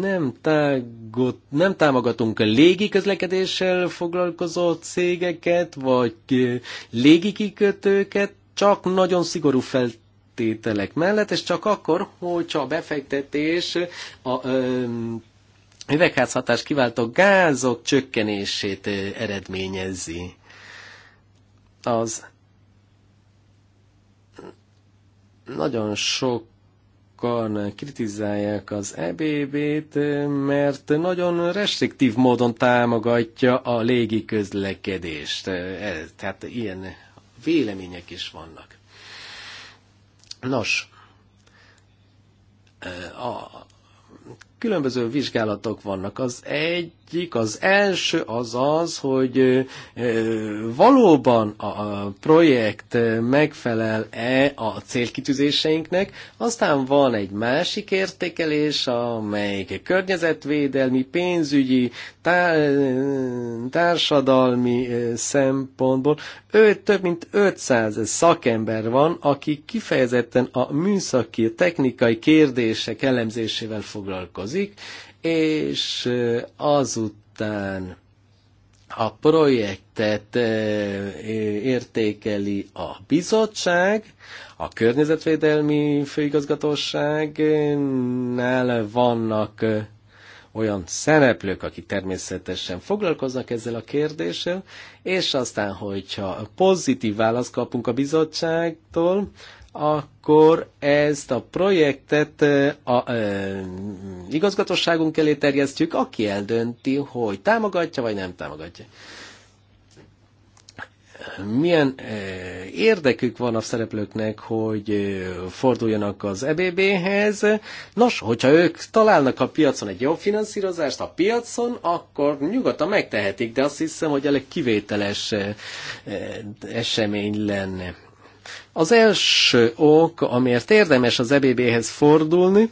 nem, tágot, nem támogatunk a légi közlekedéssel foglalkozó cégeket, vagy eh, légi kikötőket, csak nagyon szigorú feltételek mellett, és csak akkor, hogyha a befektetés a üvegházhatás kiváltó gázok csökkenését eredményezi. Az nagyon sok sokan kritizálják az EBB-t, mert nagyon restriktív módon támogatja a légi közlekedést. Tehát ilyen vélemények is vannak. Nos, a, különböző vizsgálatok vannak. Az egyik, az első az az, hogy valóban a projekt megfelel-e a célkitűzéseinknek, aztán van egy másik értékelés, amelyik környezetvédelmi, pénzügyi, társadalmi szempontból. Ő, több mint 500 szakember van, aki kifejezetten a műszaki, technikai kérdések elemzésével foglalkozik foglalkozik, és azután a projektet értékeli a bizottság, a környezetvédelmi főigazgatóságnál vannak olyan szereplők, akik természetesen foglalkoznak ezzel a kérdéssel, és aztán, hogyha pozitív választ kapunk a bizottságtól, akkor ezt a projektet a e, igazgatóságunk elé terjesztjük, aki eldönti, hogy támogatja vagy nem támogatja. Milyen e, érdekük van a szereplőknek, hogy e, forduljanak az EBB-hez? Nos, hogyha ők találnak a piacon egy jó finanszírozást a piacon, akkor nyugodtan megtehetik, de azt hiszem, hogy elég kivételes e, esemény lenne az első ok, amiért érdemes az EBB-hez fordulni,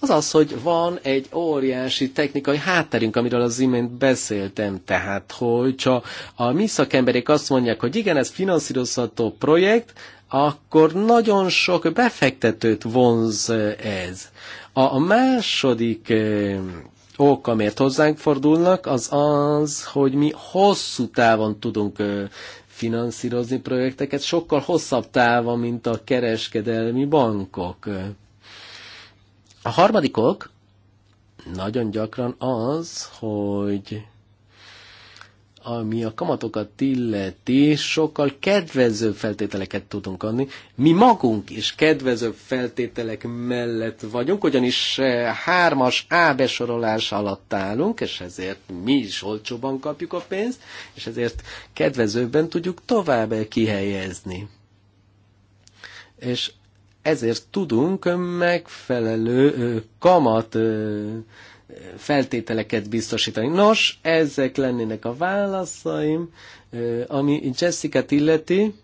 az az, hogy van egy óriási technikai hátterünk, amiről az imént beszéltem. Tehát, hogyha a mi szakemberek azt mondják, hogy igen, ez finanszírozható projekt, akkor nagyon sok befektetőt vonz ez. A második eh, ok, amért hozzánk fordulnak, az az, hogy mi hosszú távon tudunk eh, finanszírozni projekteket sokkal hosszabb távon, mint a kereskedelmi bankok. A harmadik ok nagyon gyakran az, hogy ami a kamatokat illeti, sokkal kedvezőbb feltételeket tudunk adni. Mi magunk is kedvezőbb feltételek mellett vagyunk, ugyanis eh, hármas A besorolás alatt állunk, és ezért mi is olcsóban kapjuk a pénzt, és ezért kedvezőbben tudjuk tovább kihelyezni. És ezért tudunk megfelelő kamat feltételeket biztosítani. Nos, ezek lennének a válaszaim, ami Jessica illeti.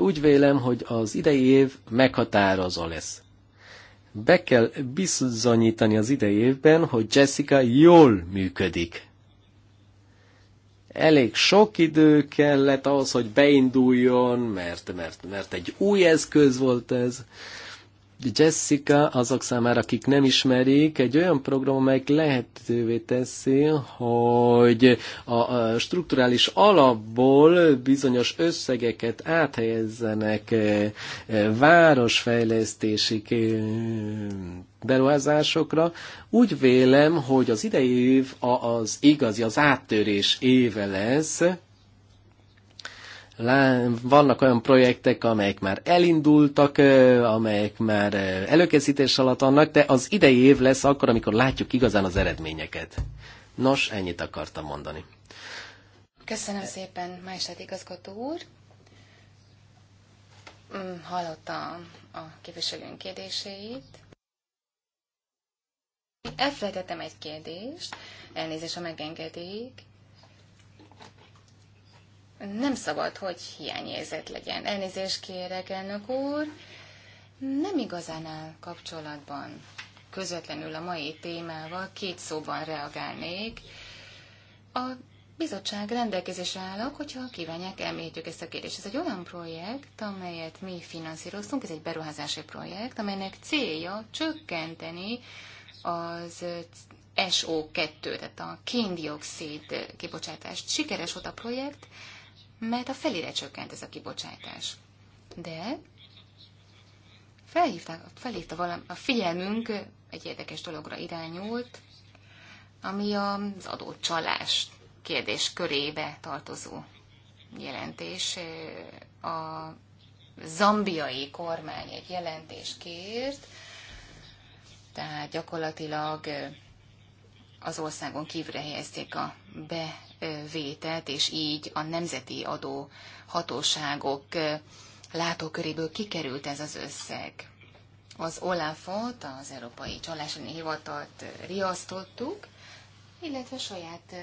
Úgy vélem, hogy az idei év meghatározó lesz. Be kell bizonyítani az idei évben, hogy Jessica jól működik. Elég sok idő kellett ahhoz, hogy beinduljon, mert, mert, mert egy új eszköz volt ez Jessica azok számára, akik nem ismerik, egy olyan program, amelyik lehetővé teszi, hogy a strukturális alapból bizonyos összegeket áthelyezzenek e, e, városfejlesztési e, beruházásokra. Úgy vélem, hogy az idei év az igazi, az áttörés éve lesz, vannak olyan projektek, amelyek már elindultak, amelyek már előkészítés alatt vannak, de az idei év lesz akkor, amikor látjuk igazán az eredményeket. Nos, ennyit akartam mondani. Köszönöm szépen, Májsát igazgató úr. Mm, Hallottam a képviselőnk kérdéseit. Elfelejtettem egy kérdést, elnézést, ha megengedik nem szabad, hogy hiányérzet legyen. Elnézést kérek, elnök úr, nem igazán áll kapcsolatban közvetlenül a mai témával két szóban reagálnék. A bizottság rendelkezésre állok, hogyha kívánják, elmélyítjük ezt a kérdést. Ez egy olyan projekt, amelyet mi finanszíroztunk, ez egy beruházási projekt, amelynek célja csökkenteni az SO2, tehát a kén kén-dioxid kibocsátást. Sikeres volt a projekt, mert a felére csökkent ez a kibocsátás. De felhívta, felhívta valam, a figyelmünk egy érdekes dologra irányult, ami az adócsalás kérdés körébe tartozó jelentés. A zambiai kormány egy jelentést kért, tehát gyakorlatilag az országon kívülre helyezték a be vételt, és így a nemzeti adó hatóságok látóköréből kikerült ez az összeg. Az Olafot, az Európai Csalásani Hivatalt riasztottuk, illetve saját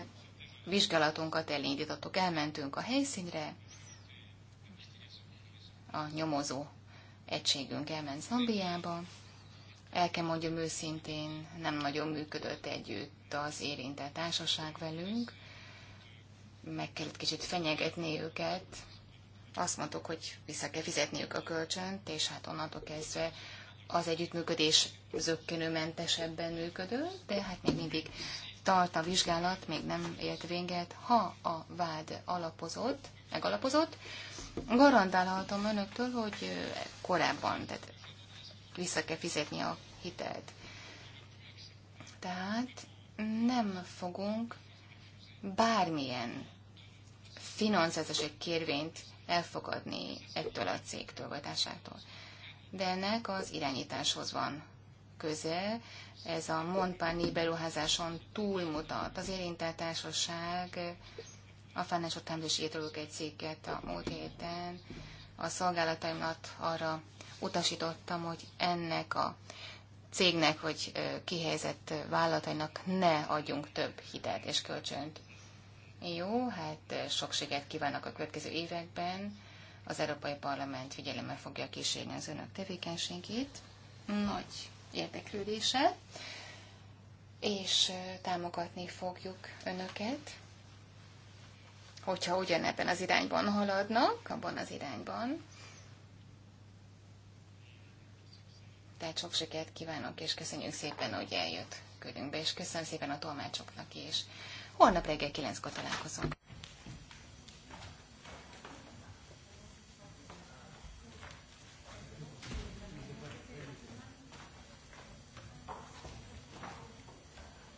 vizsgálatunkat elindítottuk, elmentünk a helyszínre, a nyomozó egységünk elment Zambiába. El kell mondjam őszintén, nem nagyon működött együtt az érintett társaság velünk meg kellett kicsit fenyegetni őket. Azt mondtuk, hogy vissza kell fizetniük a kölcsönt, és hát onnantól kezdve az együttműködés zöggenőmentesebben működő, de hát még mindig tart a vizsgálat, még nem ért véget. Ha a vád alapozott, megalapozott, garantálhatom önöktől, hogy korábban, tehát vissza kell fizetni a hitelt. Tehát nem fogunk bármilyen finanszírozási kérvényt elfogadni ettől a cégtől vagy társágtól. De ennek az irányításhoz van köze, ez a Montpani beruházáson túlmutat. Az érintett társaság a Financial Times is írtuk egy cikket a múlt héten. A szolgálataimat arra utasítottam, hogy ennek a cégnek vagy kihelyezett vállalatainak ne adjunk több hitelt és kölcsönt. Jó, hát eh, sok sikert kívánok a következő években. Az Európai Parlament figyelemmel fogja kísérni az önök tevékenységét. Nagy érdeklődése. És eh, támogatni fogjuk önöket, hogyha ugyanebben az irányban haladnak, abban az irányban. Tehát sok sikert kívánok, és köszönjük szépen, hogy eljött körünkbe, és köszönöm szépen a tolmácsoknak is. Holnap reggel kilenckor találkozunk.